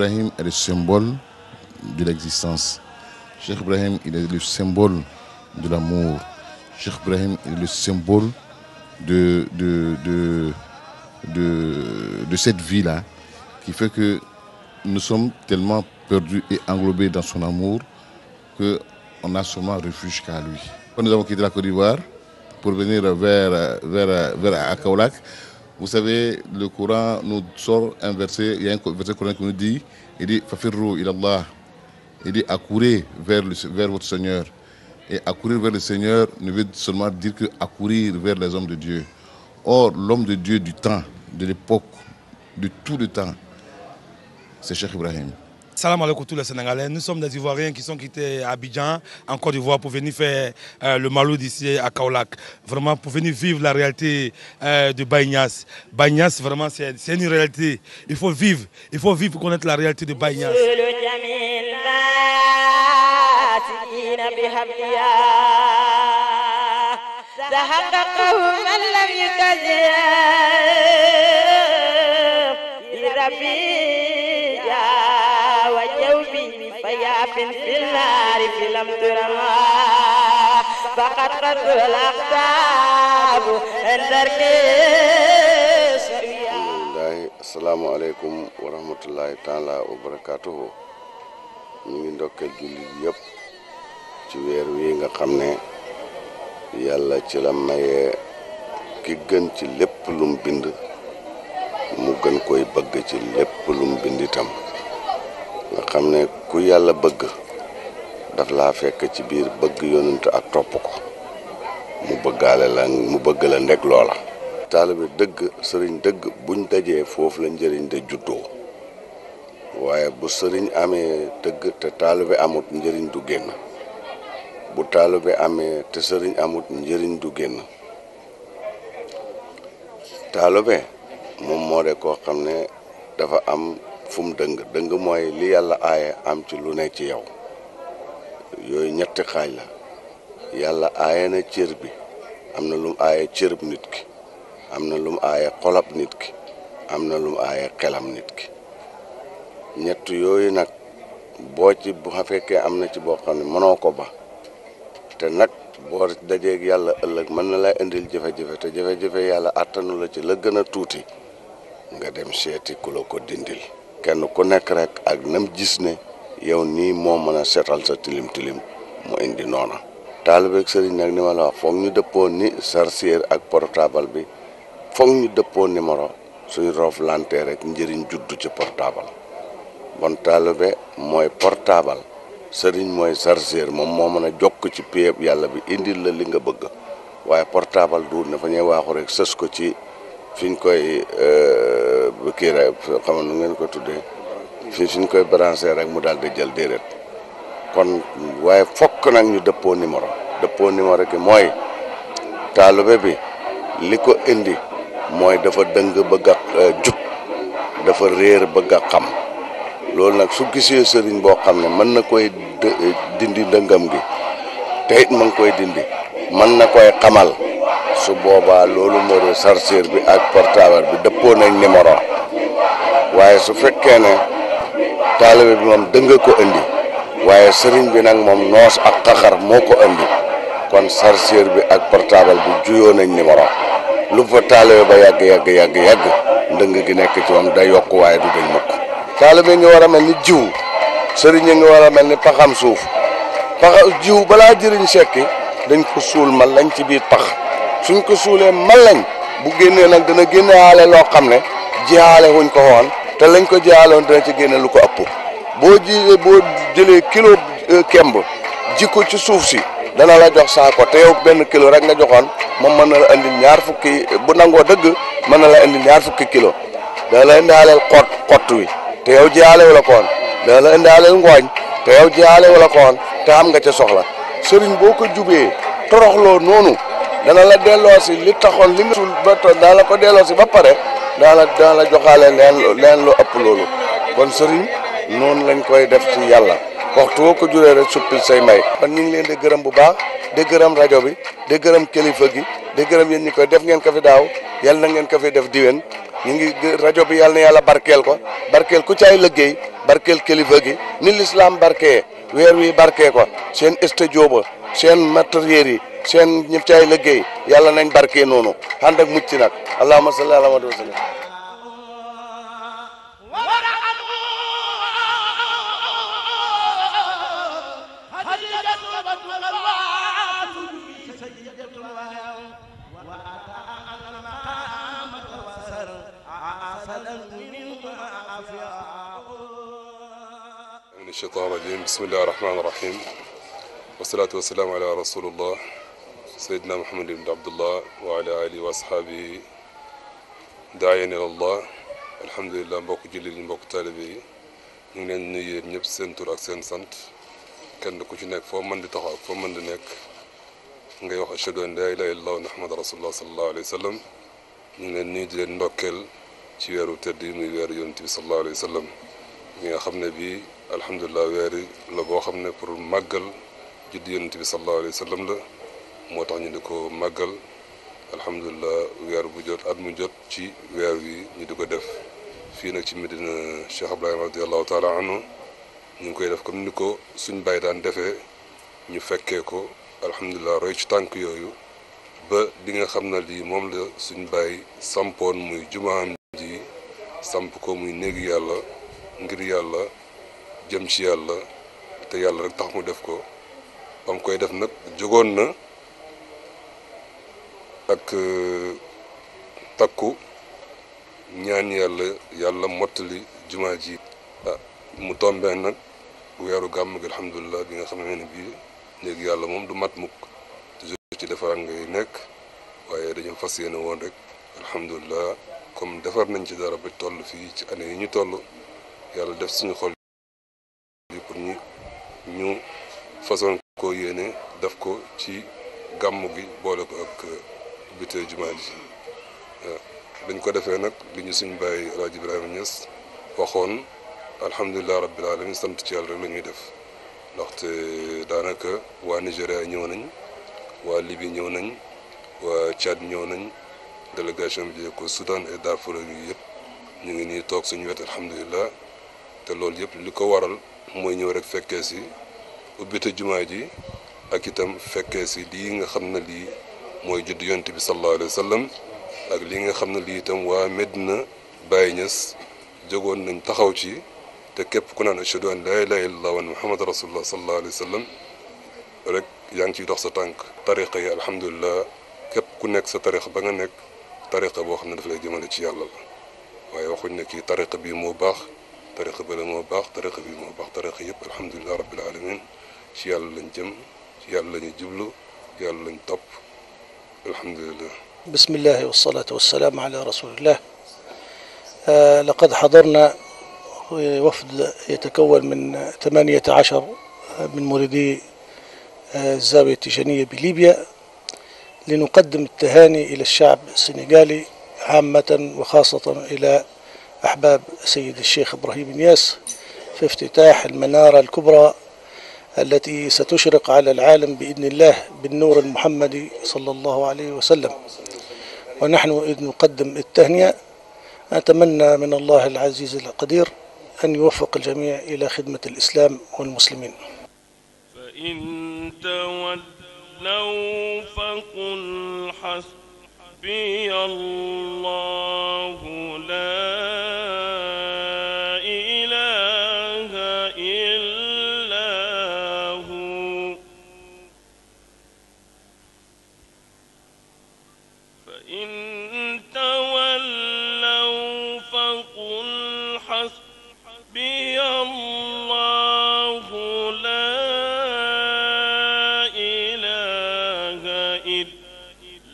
Ibrahim est le symbole de l'existence. Cheikh Ibrahim, il est le symbole de l'amour. Cheikh Ibrahim est le symbole de, de, de, cette vie-là, qui fait que nous sommes tellement perdus et englobés dans son amour qu'on a seulement refuge qu'à lui. Nous avons quitté la Côte d'Ivoire pour venir vers, vers, vous savez, le Coran nous sort un verset, il y a un verset coran qui nous dit, il dit, il Allah, il dit, accourez vers, le, vers votre Seigneur. Et accourir vers le Seigneur ne veut seulement dire que accourir vers les hommes de Dieu. Or, l'homme de Dieu du temps, de l'époque, de tout le temps, c'est Cheikh Ibrahim. Salam alaikum tous les Sénégalais. Nous sommes des Ivoiriens qui sont quittés Abidjan, en Côte d'Ivoire, pour venir faire euh, le malou d'ici à Kaolac. Vraiment, pour venir vivre la réalité euh, de Baïnias. Baïnias, vraiment, c'est une réalité. Il faut vivre. Il faut vivre pour connaître la réalité de Baïnias. في النار في لم ترما فقد قد الأقطاب taala wabarakatuh. ñu ngi ndokkeel jullit yépp ci weer wi nga xam ne ci la maye ki bind mu gën koy bëgg ci lépp mu bind itam nga xam ne ku yàlla bëgg daf laa fekk ci biir bëgg yonent ak topp ko mu bëggaale la mu bëgg la ndeg loola taalibe dëgg sëriñ dëgg buñ dajee foofu la njëriñ de juddoo waaye bu sëriñ amee dëgg te taalibe amut njëriñ du génn bu taalibe amee te sëriñ amut njëriñ du génn taalibe moom moo de koo xam ne dafa am fu mu dëng dëng mooy li yàlla aaye am ci lu ne ci yow yooyu ñetti xaaj la yàlla aaye na cër bi am na lum aaye cërëb nit ki am na lum aaye xolab nit ki am na lum aaye xelam nit ki ñett yooyu nag boo ci bu fekkee am na ci boo xam ne mënoo ko ba te nag boo dajeeg yàlla ëllëg mën na laa indil jafe-jafe te jafe-jafe yàlla attanu la ci la gën a tuuti nga dem seeti ku la ko dindil kenn ku nekk rek ak nam gis ne yow nii moo mën a seetal sa tilim tilim mu indi noona taalibeeg sëriñ nag ni ma foog ñu dëppoon ni chargeur ak portaabal bi foog ñu dëppoon numéro suñu roof lante rek njëriñ juddu ci portaabal bon taalibe mooy portable sëriñ mooy chargeur moom moo mën a jokk ci péeb yàlla bi indil la li nga bëgg waaye portable duur ne fa waaxu rek sës ko ci fiñ koy euh, kii rek xaman nu ngeen ko tuddee fi fiñ koy branché rek mu daal di jël déedéet kon waaye fokk nag ñu dëppoo numéro dëppoo numéro ki mooy taalube bi li ko indi mooy dafa dëng bëgg a euh, jub dafa réer bëgg xam loolu nag su gisee sëriñ boo xam ne mën na koy dindi dëngam gi te it koy dindi mën na koy xamal su boobaa loolu mooy chargeur bi ak portable bi dëppoo nañ numéro waaye su fekkee ne taalibe bi moom dënga ko indi waaye sëriñ bi nag moom noos ak xaxar moo ko indi kon chargeur bi ak portable bi juyoo nañ numéro lu fa taalibe ba yàgg yàgg yàgg yàgg ndëng gi nekk ci moom day yokk waaye du dañ mukk taalibe ngi war mel ni jiw sëriña ngi war mel ni paxam suuf paxa jiw balaa jëriñ sekki dañ ko suul ma lañ ci biir pax suñ ko suulee mal lañ bu génnee nag dana génneaale loo xam ne jihaale wuñ ko woon te lañ ko jihaale woon dana ci génne lu ko ëpp boo ji boo jëlee kilo euh, kemb ji ko ci suuf si dana la jox saako te yow benn kilo rek nga joxoon moom mën na la indil ñaar fukki bu nangoo dëgg mën na la indil ñaar fukki kilo dana la indaaleel xott xott wi te yow jihaale wu la ko woon dana la indaaleel ngooñ te yow jihaale wu la te am nga ca soxla sëriñ boo ko jubee toroxloo noonu dana la delloo si li taxoon li nga suul ba toog dana la ko delloo ba pare dana la dana la joxaale leen leen lu ëpp loolu kon sëriñ noonu lañ koy def ci yàlla waxtu woo ko juree rek suppil say may. kon ñu ngi leen di gërëm bu baax de gërëm rajo bi di gërëm kilifa gi di gërëm yen ñi koy def ngeen ko fi daaw yàlla na ngeen ko fi def diwén ñu ngi rajo bi yàlla na yàlla barkeel ko barkeel ku caay liggéey barkeel kilifa gi ni lislaam barkee weer wi barkee ko seen studio ba seen matériel yi. seen ci ay liggéey yàlla nañ barke noonu ànd ak mucc nag allahumma salli ala muhammad wa sallam الشيطان الرجيم بسم الله الرحمن الرحيم والصلاة والسلام على رسول الله سيدنا محمد بن عبد الله وعلى آله وأصحابه daayen allah alhamdulilah mbokk jullit yi mbokk taalibe yi ñu ngi leen nuyu yéen ñëpp seen tur ak seen sant kenn ku ci nekk foo mën di taxaw ak foo mën di nekk ngay wax ashhadu an laa ilaaha illallah muhammadu rasulullah sallallahu alayhi wa sallam ñu ngi leen nuyu di leen ndokkeel ci weeru tëdd yi muy weeru yonent bi sallallahu alayhi wa sallam ñi nga xam ne bii alhamdulilah weer la boo xam ne pour màggal juddi yonent bi sallallahu alayhi wa sallam la moo tax ñu di ko màggal alhamdulilah weer bu jot at mu jot ci weer wi ñu di ko def fii nag ci Medina Cheikh Ibrahima radiallahu taala anhu ñu ngi koy def comme ni ko suñ bàyyi defee ñu fekkee ko alhamdulilah roy ci tànk yooyu ba dinga xam na lii moom la suñ bay sampoon muy jumaam ji samp ko muy néegi yàlla ngir yàlla jëm ci yàlla te yàlla rek tax mu def ko bam koy def nag jógoon na ak euh, takku ñaan yàlla yàlla mottali jumaa ji ah, mu tombee nag weeru gàmm gi alhamdulilah bi nga xam ne bii léegi yàlla moom du mat mukk toujours ci defaraat ngay nekk waaye dañu fas yéene woon rek alhamdulilah comme defar nañ ci dara bi toll fii ci année yi ñu toll yàlla def suñu xol ñu ñu façon yéene def ko ci gàmm gi boole ko ak buté jumaa ji biñ ko defee nag li ñu suñ bàyyi rajo Ibrahima Niass waxoon alhamdulilah rabbil alamin sant ci yàlla rek la ñuy def ndaxte daanaka waa Nigéria ñëw nañ waa Libi ñëw nañ waa Tchad ñëw nañ délégation bi jëlee ko Soudan et Darfour yi yëpp ñu ngi nii toog suñu wet alhamdulilah te loolu yëpp li ko waral mooy ñëw rek fekkee si ubbite jumaa ji ak itam fekkee si lii nga xam ne lii. mooy judd yonent bi sallallahu alayhi wa sallam ak li nga xam ne lii itam waa Medina Baye Niass jógoon nañ taxaw ci te képp ku naan ashhadu an laa ilaaha illallah wa muhammad rasulullah sallallahu alayhi wa sallam rek yaa ngi ciy dox sa tànk tariqa yi alhamdulilah képp ku nekk sa tariqa ba nga nekk tariqa boo xam ne daf lay jëmale ci yàlla la waaye waxuñ ne kii tariqa bii moo baax tariqa bële moo baax tariqa bii moo baax tariqa yëpp alhamdulilah rabbil alamin ci yàlla lañ jëm ci yàlla lañu jublu yàlla lañ topp الحمد لله بسم الله والصلاة والسلام على رسول الله آه لقد حضرنا وفد يتكون من 18 من مريدي آه الزاوية التيجانية بليبيا لنقدم التهاني إلى الشعب السنغالي عامة وخاصة إلى أحباب سيد الشيخ إبراهيم نياس في افتتاح المنارة الكبرى التي ستشرق على العالم بإذن الله بالنور المحمدي صلى الله عليه وسلم ونحن إذ نقدم التهنئة أتمنى من الله العزيز القدير أن يوفق الجميع إلى خدمة الإسلام والمسلمين فإن تولوا فقل حسبي الله لا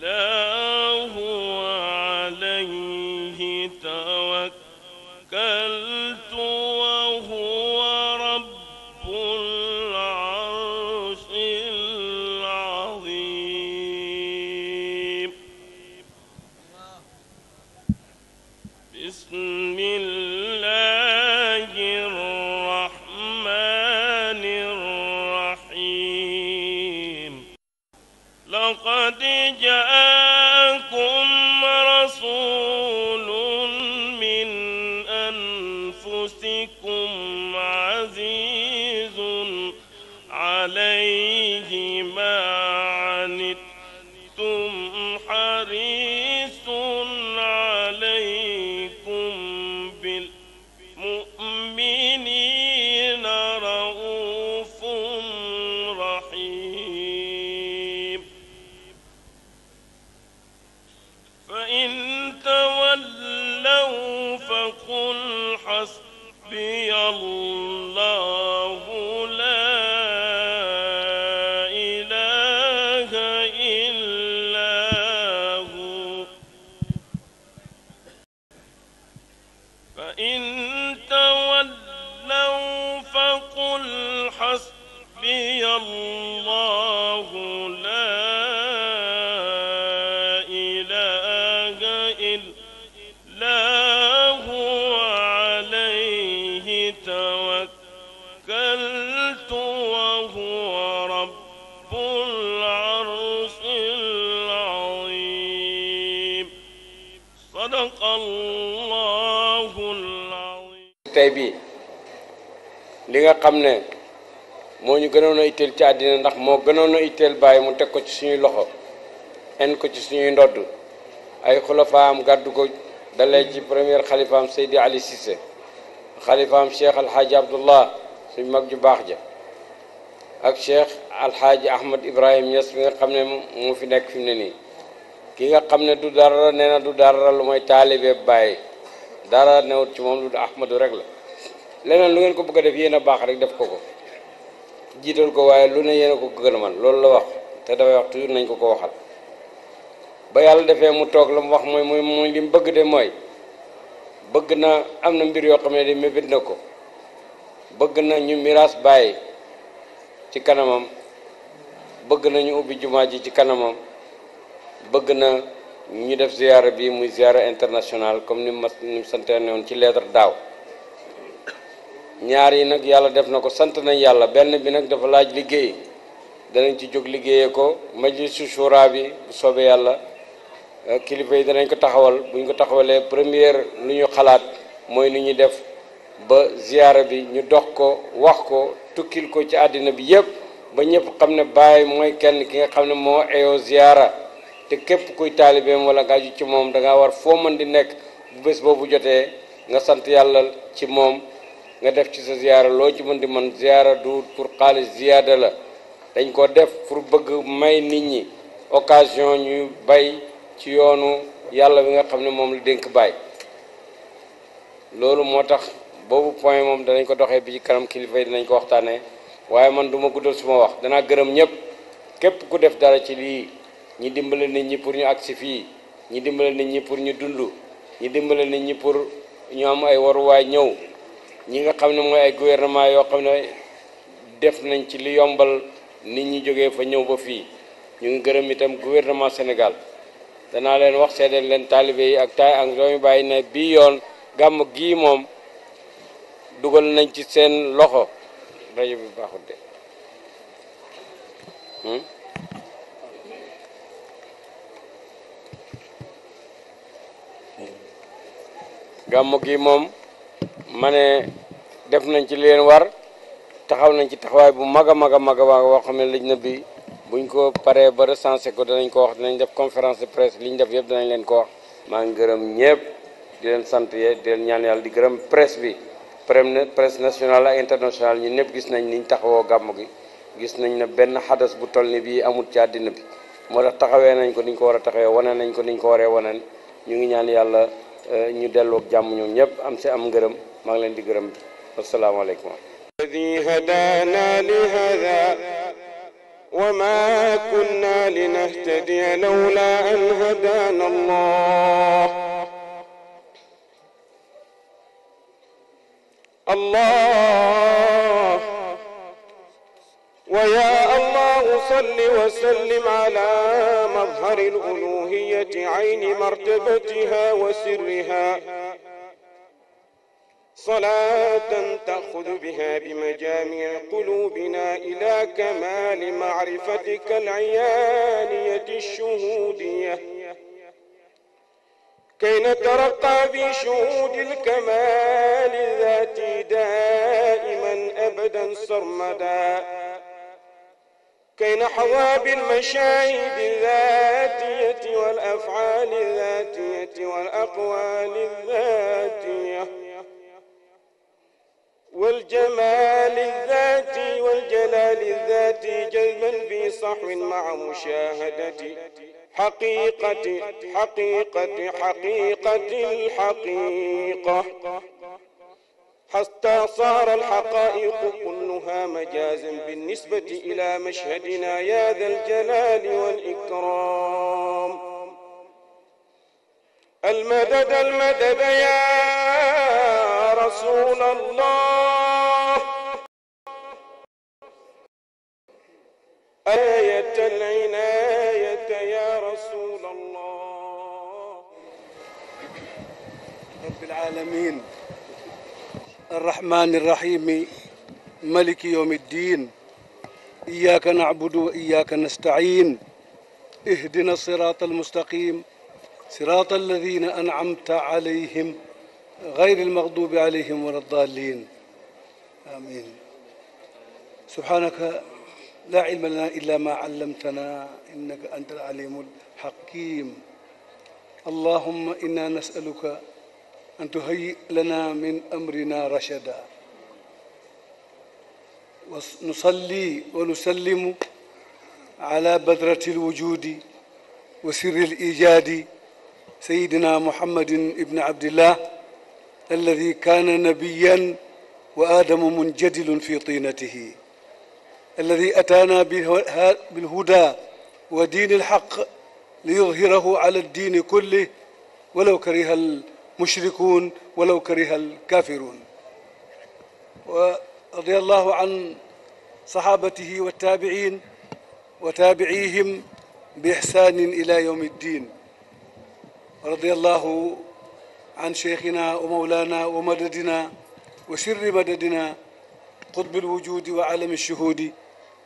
لا nga xam ne moo ñu gënoon a itteel ci àddina ndax moo gënoon a itteel bàyyi mu teg ko ci suñuy loxo en ko ci suñuy ndodd ay xulafaam gàddu ko dalee ci premier xalifaam Seydi Ali Cissé xalifaam cheikh alxaaji abdullah suñ mag ju baax ja ak cheikh alxaaji ahmad ibrahim Niass mi nga xam ne mu fi nekk fi mu ne nii ki nga xam ne du dara nee na du dara lu mooy taalibe bàyyi dara newut ci moom lu du ahmadu rek la leneen lu ngeen ko bëgg def yéen a baax rek def ko ko jiital ko waaye lu ne yéen a ko gën man loolu la wax te dafay wax toujours nañ ko ko waxal ba yàlla defee mu toog la mu wax mooy mooy mooy li bëgg de mooy bëgg na am na mbir yoo xam ne di mébét na ko bëgg na ñu miraas bàyyi ci kanamam bëgg na ñu ubbi jumaa ji ci kanamam bëgg na ñu def ziyaara bi muy ziyaara international comme ni ma ni mu ne woon ci leetar daaw ñaar yi nag yàlla def na ko sant nañ yàlla benn bi nag dafa laaj liggéey danañ ci jóg liggéeyee ko majlisu shura bi bu soobee yàlla eh, kilifa yi danañ ko taxawal buñ ko taxawalee première lu ñu xalaat mooy nu ñuy def ba ziyaara bi ñu dox ko wax ko tukkil ko ci àddina bi yépp ba ñëpp xam ne Baay mooy kenn ki nga xam ne moo eyoo ziyaara te képp kuy taalibeem wala nga aju ci moom da war foo mën di nekk bu bés boobu jotee nga sant yàlla ci moom nga def ci sa ziyaara loo ci mën di mën ziyaara du pour xaalis ziyaada la dañ ko def pour bëgg may nit ñi occasion ñu bay ci yoonu yàlla bi nga xam ne moom la dénk baay loolu moo tax boobu point moom danañ ko doxee bi ci kanam kilifa yi dinañ ko waxtaanee waaye man du ma guddal suma wax danaa gërëm ñëpp képp ku def dara ci lii ñi dimbale nit ñi pour ñu agsi fii ñi dimbale nit ñi pour ñu dund ñi dimbale nit ñi pour ñu am ay waruwaay ñëw ñi nga xam ne mooy ay gouvernement yoo xam ne def nañ ci li yombal nit ñi jógee fa ñëw ba fii ñu ngi gërëm itam gouvernement Sénégal danaa leen wax seedeel leen taalibe yi ak taay ak doomi bàyyi ne bii yoon gàmm gii moom dugal nañ ci seen loxo rajo bi baaxul de hmm? gàmm gi moom ma ne def nañ ci leen war taxaw nañ ci taxawaay bu mag a mag a mag a mag boo xam ne lëj na bi buñ ko paree ba recensé ko danañ ko wax danañ def conférence de presse li ñu def yëpp danañ leen ko wax maa ngi gërëm ñëpp di leen sant yee di leen ñaan yàlla di gërëm presse bi presse nationale ak international ñu ñëpp gis nañ niñ taxawoo gàmm gi gis nañ ne benn xadas bu toll ni bii amul ci àddina bi moo tax taxawee nañ ko niñ ko war a taxawee wane nañ ko niñ ko waree wane ñu ngi ñaan yàlla ñu delloog jàmm ñoom ñëpp am si am ngërëm maa ngi leen di gërëm wasalaamaaleykum الذي هدانا لهذا وما كنا لنهتدي لولا أن هدانا الله الله ويا صل وسلم على مظهر الألوهية عين مرتبتها وسرها صلاة تأخذ بها بمجامع قلوبنا إلى كمال معرفتك العيانية الشهودية كي نترقى بشهود الكمال الذاتي دائما أبدا سرمدا كنحظى بالمشاهد الذاتية والأفعال الذاتية والأقوال الذاتية والجمال الذاتي والجلال الذاتي جذبا في صحو مع مشاهدة حقيقة حقيقة حقيقة الحقيقة حتى صار الحقائق كلها مجازا بالنسبة إلى مشهدنا يا ذا الجلال والإكرام المدد المدد يا رسول الله آية العناية يا رسول الله رب العالمين الرحمن الرحيم ملك يوم الدين إياك نعبد وإياك نستعين اهدنا الصراط المستقيم صراط الذين أنعمت عليهم غير المغضوب عليهم ولا الضالين آمين سبحانك لا علم لنا إلا ما علمتنا إنك أنت العليم الحكيم اللهم إنا نسألك أن تهيئ لنا من أمرنا رشدا ونصلي ونسلم على بذرة الوجود وسر الإيجاد سيدنا محمد بن عبد الله الذي كان نبيا وآدم منجدل في طينته الذي أتانا بالهدى ودين الحق ليظهره على الدين كله ولو كره مشركون ولو كره الكافرون ورضي الله عن صحابته والتابعين وتابعيهم بإحسان إلى يوم الدين رضي الله عن شيخنا ومولانا ومددنا وسر مددنا قطب الوجود وعالم الشهود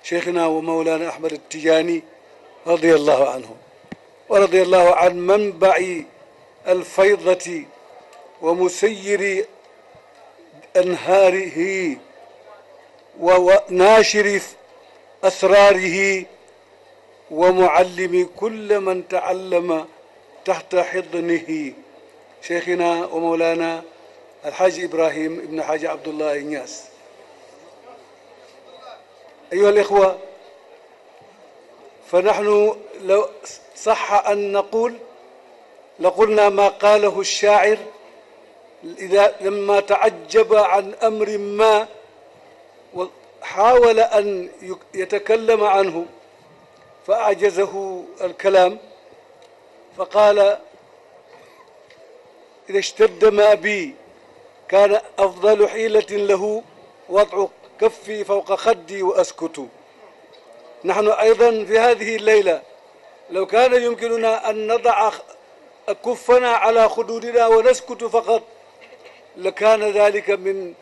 شيخنا ومولانا أحمد التجاني رضي الله عنه ورضي الله عن منبع الفيضة ومسير أنهاره وناشر أسراره ومعلم كل من تعلم تحت حضنه شيخنا ومولانا الحاج إبراهيم ابن حاج عبد الله إنياس أيها الإخوة فنحن لو صح أن نقول لقلنا ما قاله الشاعر إذا لما تعجب عن أمر ما وحاول أن يتكلم عنه فأعجزه الكلام فقال إذا اشتد ما بي كان أفضل حيلة له وضع كفي فوق خدي وأسكت نحن أيضا في هذه الليلة لو كان يمكننا أن نضع كفنا على خدودنا ونسكت فقط لكان ذلك من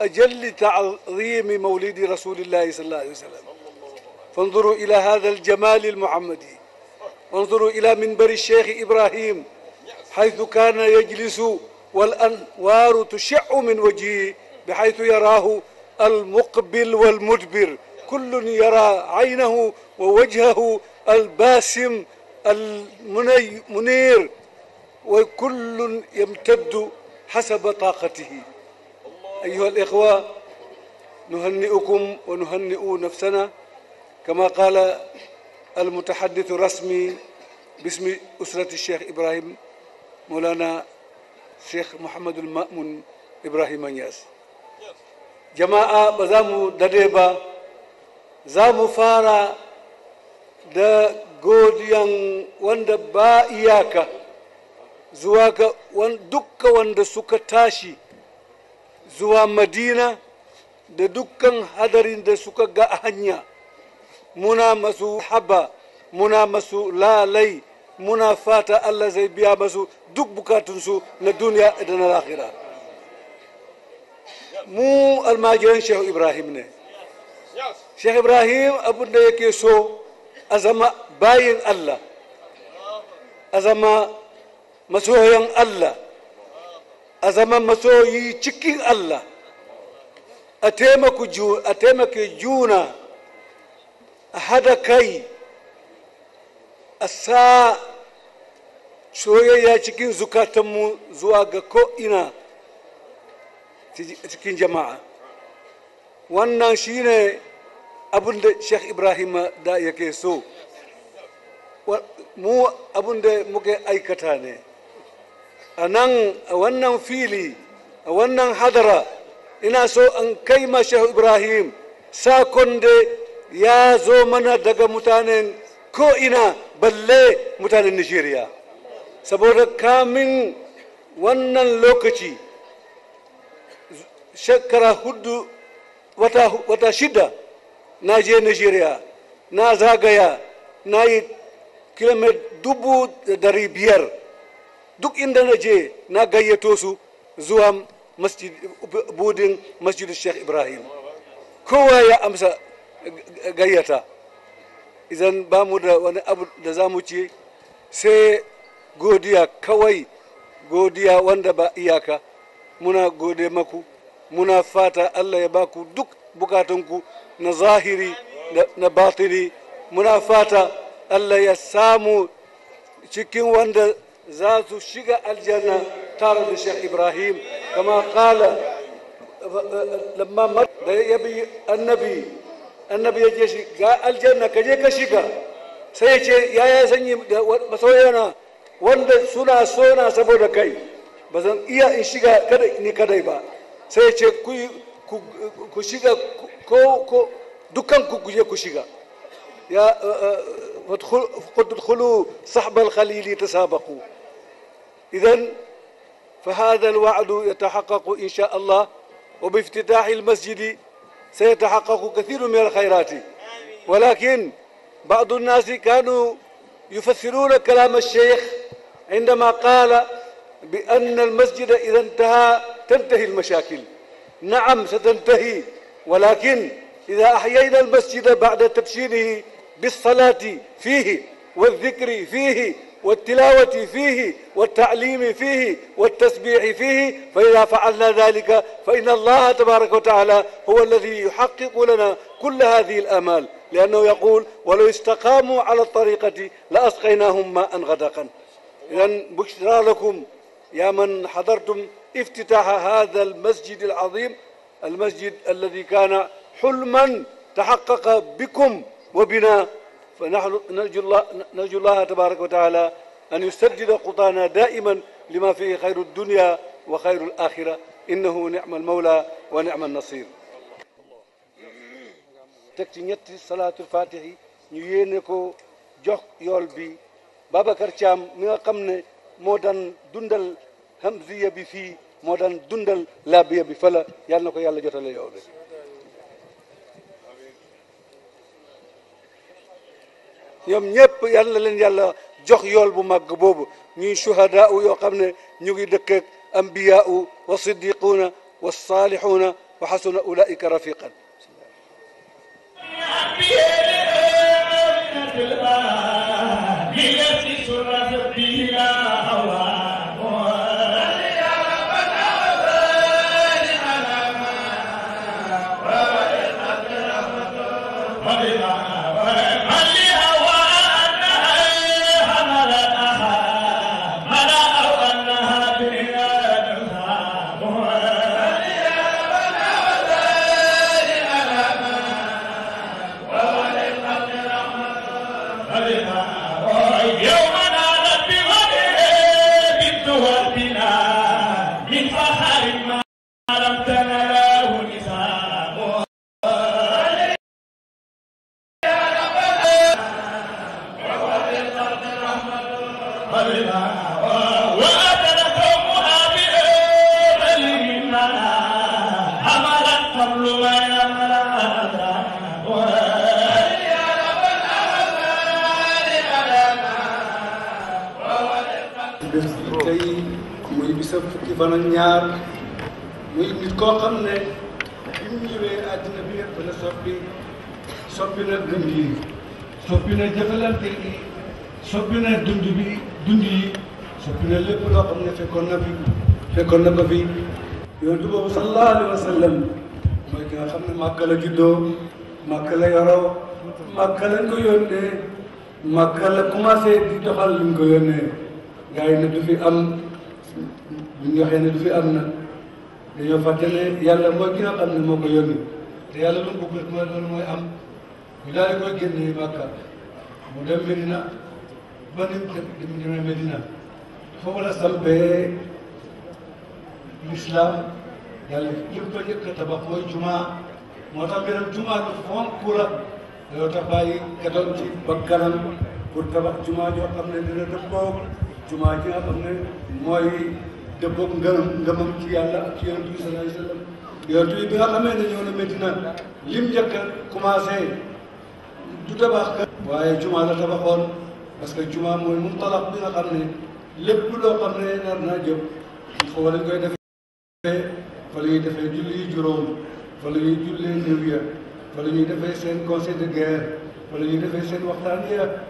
أجل تعظيم مولد رسول الله صلى الله عليه وسلم فانظروا إلى هذا الجمال المحمدي وانظروا إلى منبر الشيخ إبراهيم حيث كان يجلس والأنوار تشع من وجهه بحيث يراه المقبل والمدبر كل يرى عينه ووجهه الباسم المنير وكل يمتد حسب طاقته أيها الإخوة نهنئكم ونهنئ نفسنا كما قال المتحدث الرسمي باسم أسرة الشيخ إبراهيم مولانا الشيخ محمد المأمون إبراهيم ياس جماعة بزامو za زامو فارا دا za وندبا إياكا zuwa ga dukka wanda suka tashi zuwa madina da dukkan hadarin da suka ga a hanya muna masu haba muna masu lalai muna fata allah zai biya masu duk bukatunsu na duniya da na lahira mu almajiran shehu ibrahim ne shehu ibrahim abinda yake so a zama bayin allah a zama masoyan Allah a zaman masoyi cikin Allah a taimaka juna a hada kai a sa soyayya cikin zukatanmu zuwa ga ko'ina cikin jama'a wannan shine ne da sheikh ibrahim da yake so mu abinda da muka aikata ne a nan a wannan fili a wannan hadara ina so an kai masha ibrahim sakon da ya zo mana daga mutanen ko'ina balle mutanen nigeria saboda kamin wannan lokaci shekara hudu wata, wata shida na je nigeria na zagaya na yi kilomita dubu dari biyar duk inda na je na gayyato su zuwa budin masjid sheikh ibrahim kowa ya amsa gayyata idan ba mu da wani abu da za mu ci sai godiya kawai godiya wanda ba iyaka muna gode maku muna fata allah ya baku duk bukatunku na zahiri na batiri muna fata allah ya samu cikin wanda زاز الشقة الجنة تارد الشيخ إبراهيم كما قال لما مر يبي النبي النبي يجي الجنة كجيك شقة سيجي يا يا سني بسوينا wanda سونا sona saboda kai ba zan iya in shiga ni سيجي كوي sai كو كو دكان كو dukkan ku يا ku shiga يا وادخلوا صحب الخليل تسابقوا إذا فهذا الوعد يتحقق إن شاء الله وبافتتاح المسجد سيتحقق كثير من الخيرات ولكن بعض الناس كانوا يفسرون كلام الشيخ عندما قال بأن المسجد إذا انتهى تنتهي المشاكل نعم ستنتهي ولكن إذا أحيينا المسجد بعد تبشيره بالصلاة فيه والذكر فيه والتلاوة فيه والتعليم فيه والتسبيح فيه فإذا فعلنا ذلك فإن الله تبارك وتعالى هو الذي يحقق لنا كل هذه الآمال لأنه يقول ولو استقاموا على الطريقة لأسقيناهم ماء غدقا إذا بشرى لكم يا من حضرتم افتتاح هذا المسجد العظيم المسجد الذي كان حلما تحقق بكم وبنا فنحن نرجو الله نرجو الله تبارك وتعالى ان يسجد خطانا دائما لما فيه خير الدنيا وخير الاخره انه نعم المولى ونعم النصير تكتي نيت صلاه الفاتح ني جوخ يول بي بابا كرتيام ميغا خامني مودان دوندال همزيه بي في مودان دوندال لابيه بي فلا يالنكو يالا جوتال يوبي ñoom ñëpp yal na leen yàlla jox yool bu màgg boobu ñuy shuhadaa u yoo xam ne ñu ngi dëkk ak ambiyaa u wa siddiquuna wa saalixuuna wa xasuna ulaika rafiqan Yeah. commencé di doxal lim ko yone gars yi ne du fi am ñu waxee ne du fi am na dañu faté né yalla mo ki nga xam ne moo ko yónni te lu bëgg mo loolu moy am ñu daal ko koy makka mu dem Medina ba ni mu demee Medina foofu la sampé l'islam yalla ñu ko ñëk a tabax moy juma moo tax juma ko fon ko la loolu tax bàyyi katam ci bakkanam pour tabax jumaa joo xam ne dina dëppoog jumaa ji nga xam ne mooy dëppoog ngërëm ngëmam ci yàlla ci yonent bi sallallahu alayhi wa bi nga xamee ne ñëw na Medina lim njëkk a commencé du tabax ka waaye jumaa la tabaxoon parce que jumaa mooy muntalaq bi nga xam ne lépp loo xam ne nar naa jëm xaw lañ koy defee fa la defee julli juróom fa la ñuy jullee néew ya fa la ñuy defee seen conseil de guerre fa la defee seen waxtaan ya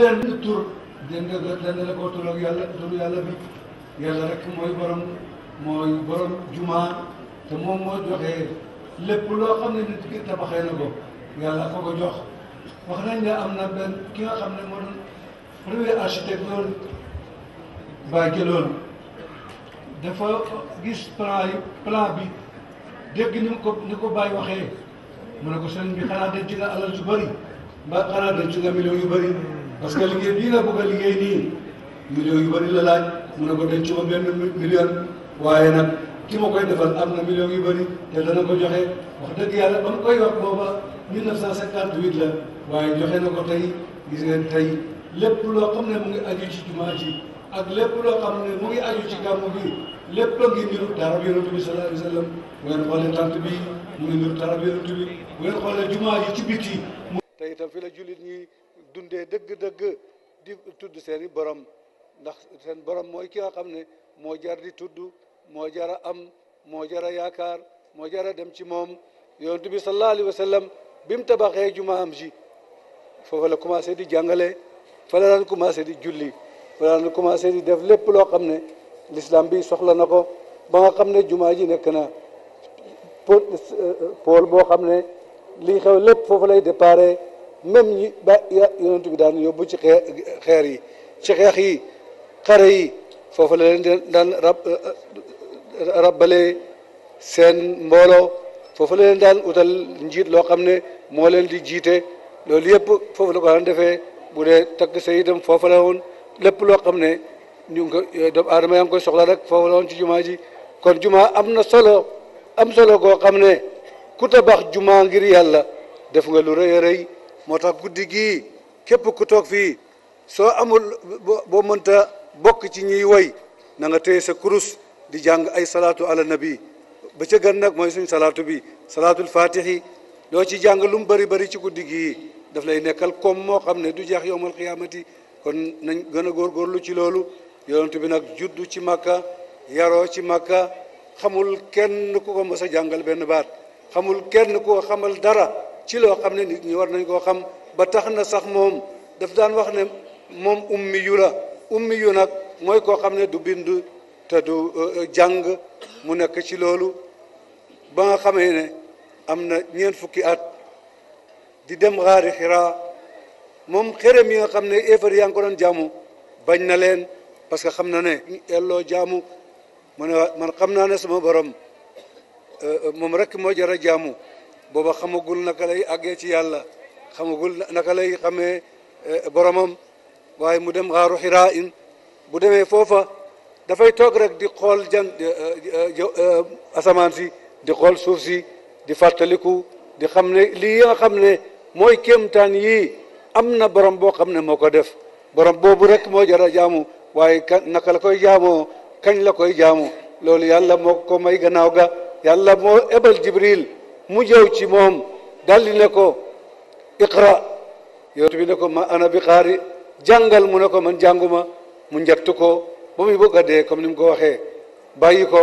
leen di tur dend dendale ko tur ak yàlla turu yàlla bi yàlla rek mooy borom mooy borom jumaa te moom moo joxee lépp loo xam ne nit ki tabaxee na ko yàlla ko jox wax nañ ne am na benn ki nga xam ne moo doon premier architecte gis plan yi plan bi ko ni ko bàyyi waxee mu ne ko sëñ bi xanaa denc nga alal yu bëri mbaa xanaa denc parce que liggéey bii nga bëgg a liggéey nii million yu bëri la laaj mu ne ko denc ma benn million waaye nag ki ma koy defal am na million yu bëri te dana ko joxe wax dëgg yàlla ba nga koy wax booba 1958 la waaye joxe na ko tey gis ngeen tey lépp loo xam ne mu ngi aju ci ne mu ngi aju ci gàmmu bi lépp a ngi niru dara bi yonent bi sallallahu alayhi wa sallam jumaa ji ci biti. tey itam fi la jullit dundee dëgg-dëgg di tudd seeni borom ndax seen borom mooy ki nga xam ne moo jar di tudd moo jar a am moo jar a yaakaar moo jar a dem ci moom yonent bi sallallahu alayhi wa sallam bi mu tabaxee jumaam ji foofu la commencé di jàngale fa la commencé di julli fa commencé di def lépp loo xam ne l'islam bi soxla na ko ba nga xam ne jumaa ji nekk na pôle euh, euh, boo xam ne lii xew lépp foofu lay déparé même ñi ba yonent bi daan ci xee yi ci xeex yi xare yi foofu la leen daan rab eh, eh, rabbale seen mbooloo foofu la leen daan utal njiit loo xam ne moo leen di jiite loolu yëpp foofu la ko daan defee bu dee takk sa itam foofu la woon lépp loo xam ne ñu ngi ko doomu aadama yaa ngi koy soxla rek foofu la woon ci jumaa ji kon jumaa am na solo am solo koo xam ne ku tabax jumaa ngir yàlla def nga lu rëy a moo tax guddi gii képp ku toog fii soo amul boo mënta bokk ci ñiy woy na nga téye sa kurus di jàng ay salaatu ala nabi ba ca gën nag mooy suñ salaatu bi salaatul fatihi loo ci jàng lu mu bëri ci guddi gii daf lay nekkal koom moo xam ne du jeex yowmal xiyaamati kon nañ gën a góorgóorlu ci loolu yonent bi nag juddu ci màkka yaroo ci màkka xamul kenn ku ko mës a jàngal benn baat xamul kenn ku ko xamal dara ci loo xam ne nit ñi war nañ koo xam ba tax na sax moom daf daan wax ne mom ummi yura la ummi yu nag mooy koo xam ne du bind te du euh, jàng mu nekk ci loolu ba nga xamee ne am na ñeent fukki at di dem xaari xiraa moom xerem yi nga xam ne ever yaa ngi ko doon jaamu bañ na leen parce que xam na ne elloo jamu, mu ne man xam ne sama borom euh, euh, moom rek moo jar a jaamu booba xamagul naka lay àggee ci yàlla xamagul naka lay xamee eh, boromam waaye mu dem xaaru xiraa in bu demee foofa dafay toog rek di xool jan eh, eh, asamaan si di xool suuf si di fàttaliku di xam ne lii nga xam ne mooy kéemtaan yii am na borom boo xam ne moo ko def borom boobu rek moo jara jaamu waaye kan naka la koy jaamoo kañ la koy jaamu loolu yàlla moo ko may gannaaw ga yàlla moo ebal jibril mu ñëw ci moom daldi ne ko iqra yonent bi ne ko ma ana bi qaari jàngal mu ne ko man jànguma mu njett ko ba muy bëgg a dee comme ni mu ko waxee bàyyi ko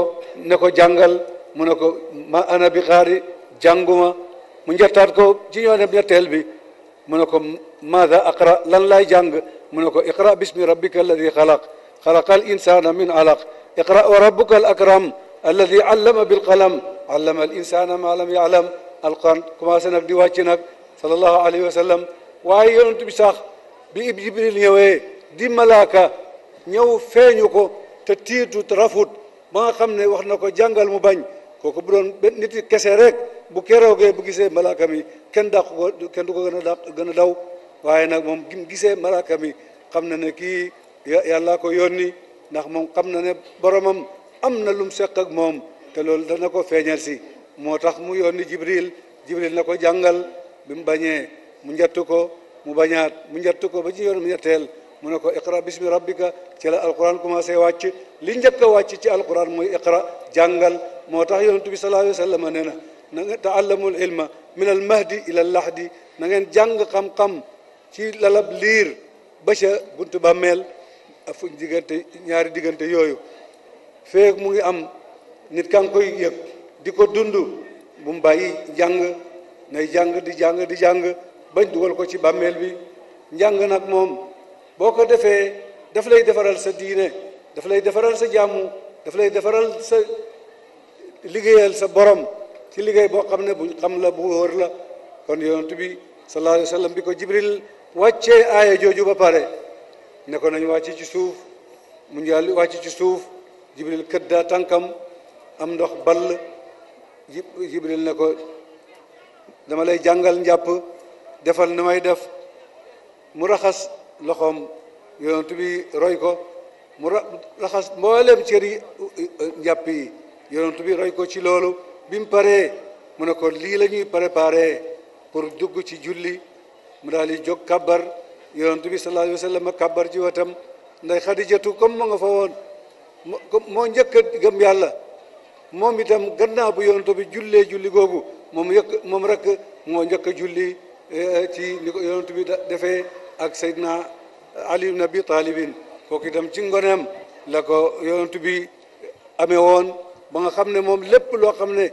ne ko jàngal mu ne ko ma ana bi qaari jànguma mu njettaat ko ci ñoo dem ñetteel bi mu ne ko maada aqra lan laay jàng mu ne ko iqra bismi rabbika alladi xalaq xalaqa al insana min alaq iqra wa rabbuka al akram الذي علم بالقلم علم الإنسان ما لم يعلم القرن كما سنك ديواتشنك صلى الله عليه وسلم waaye yonent bi sax bi ib jibril ñëwee di malaaka ñëw feeñu ko te tiitu te rafut ba nga xam ne wax na ko jàngal mu bañ kooku bu doon nit yi kese rek bu keroogee bu gisee malaaka mi kenn dàq ko kenn du ko gën a dàq gën a daw waaye nag moom gisee malaaka mi xam na ne kii yàlla ko yónni ndax moom xam na ne boromam am na lum sekk ak mom te loolu dana ko feñal ci motax mu yoni jibril jibril na ko bim bi mu ñett ko mu bañaat mu ñett ko ba ci yoon mu ñettel mu nako iqra bismi rabbika ci la alquran commencé wacc li njëkk ko wàcc ci alquran moy iqra jangal motax yoni tubi sallallahu alayhi wasallam neena na nga taallamul ilma min al mahdi ila al lahdi na ngeen jang xam-xam ci lalab liir ba ca buntu bammel afu digante ñaari digante yoyu feek mu ngi am nit kan koy di ko dund bu mu bàyyi jàng nay jàng di jàng di jàng bañ dugal ko ci bàmmeel bi njàng nag moom boo ko defee daf lay defaral sa diine daf lay defaral sa jàmmu daf lay defaral sa liggéeyal sa borom ci liggéey boo xam ne bu xam la bu wóor la kon yonent bi sallallahu alayhi wa sallam bi ko jibril wàccee aaya jooju ba pare ne ko nañ wàcc ci suuf mu njaal wàcc ci suuf jibril këddaa tànkam am ndox ball jibril ne ko dama lay jàngal njàpp defal na may def mu raxas loxoom yonent bi roy ko mu raxas mbooleem cëri njàpp yi yonent bi roy ko ci loolu bi mu paree mu ne ko lii la ñuy préparé pour dugg ci julli mu daal di jóg kàbbar yonent bi sallallahu alayhi wa sallam kàbbar ji watam nday xadijatu comme ma nga moo njëkk a gëm yàlla moom itam gannaaw bu yonent bi julli googu moom yëkk moom rek moo njëkk a julli eh, ci ni ko yonent bi defee ak seydna Ali ibn Abi Talibin kooku itam ci ngoneem la ko yonent bi amee woon ba nga xam ne moom lépp loo xam ne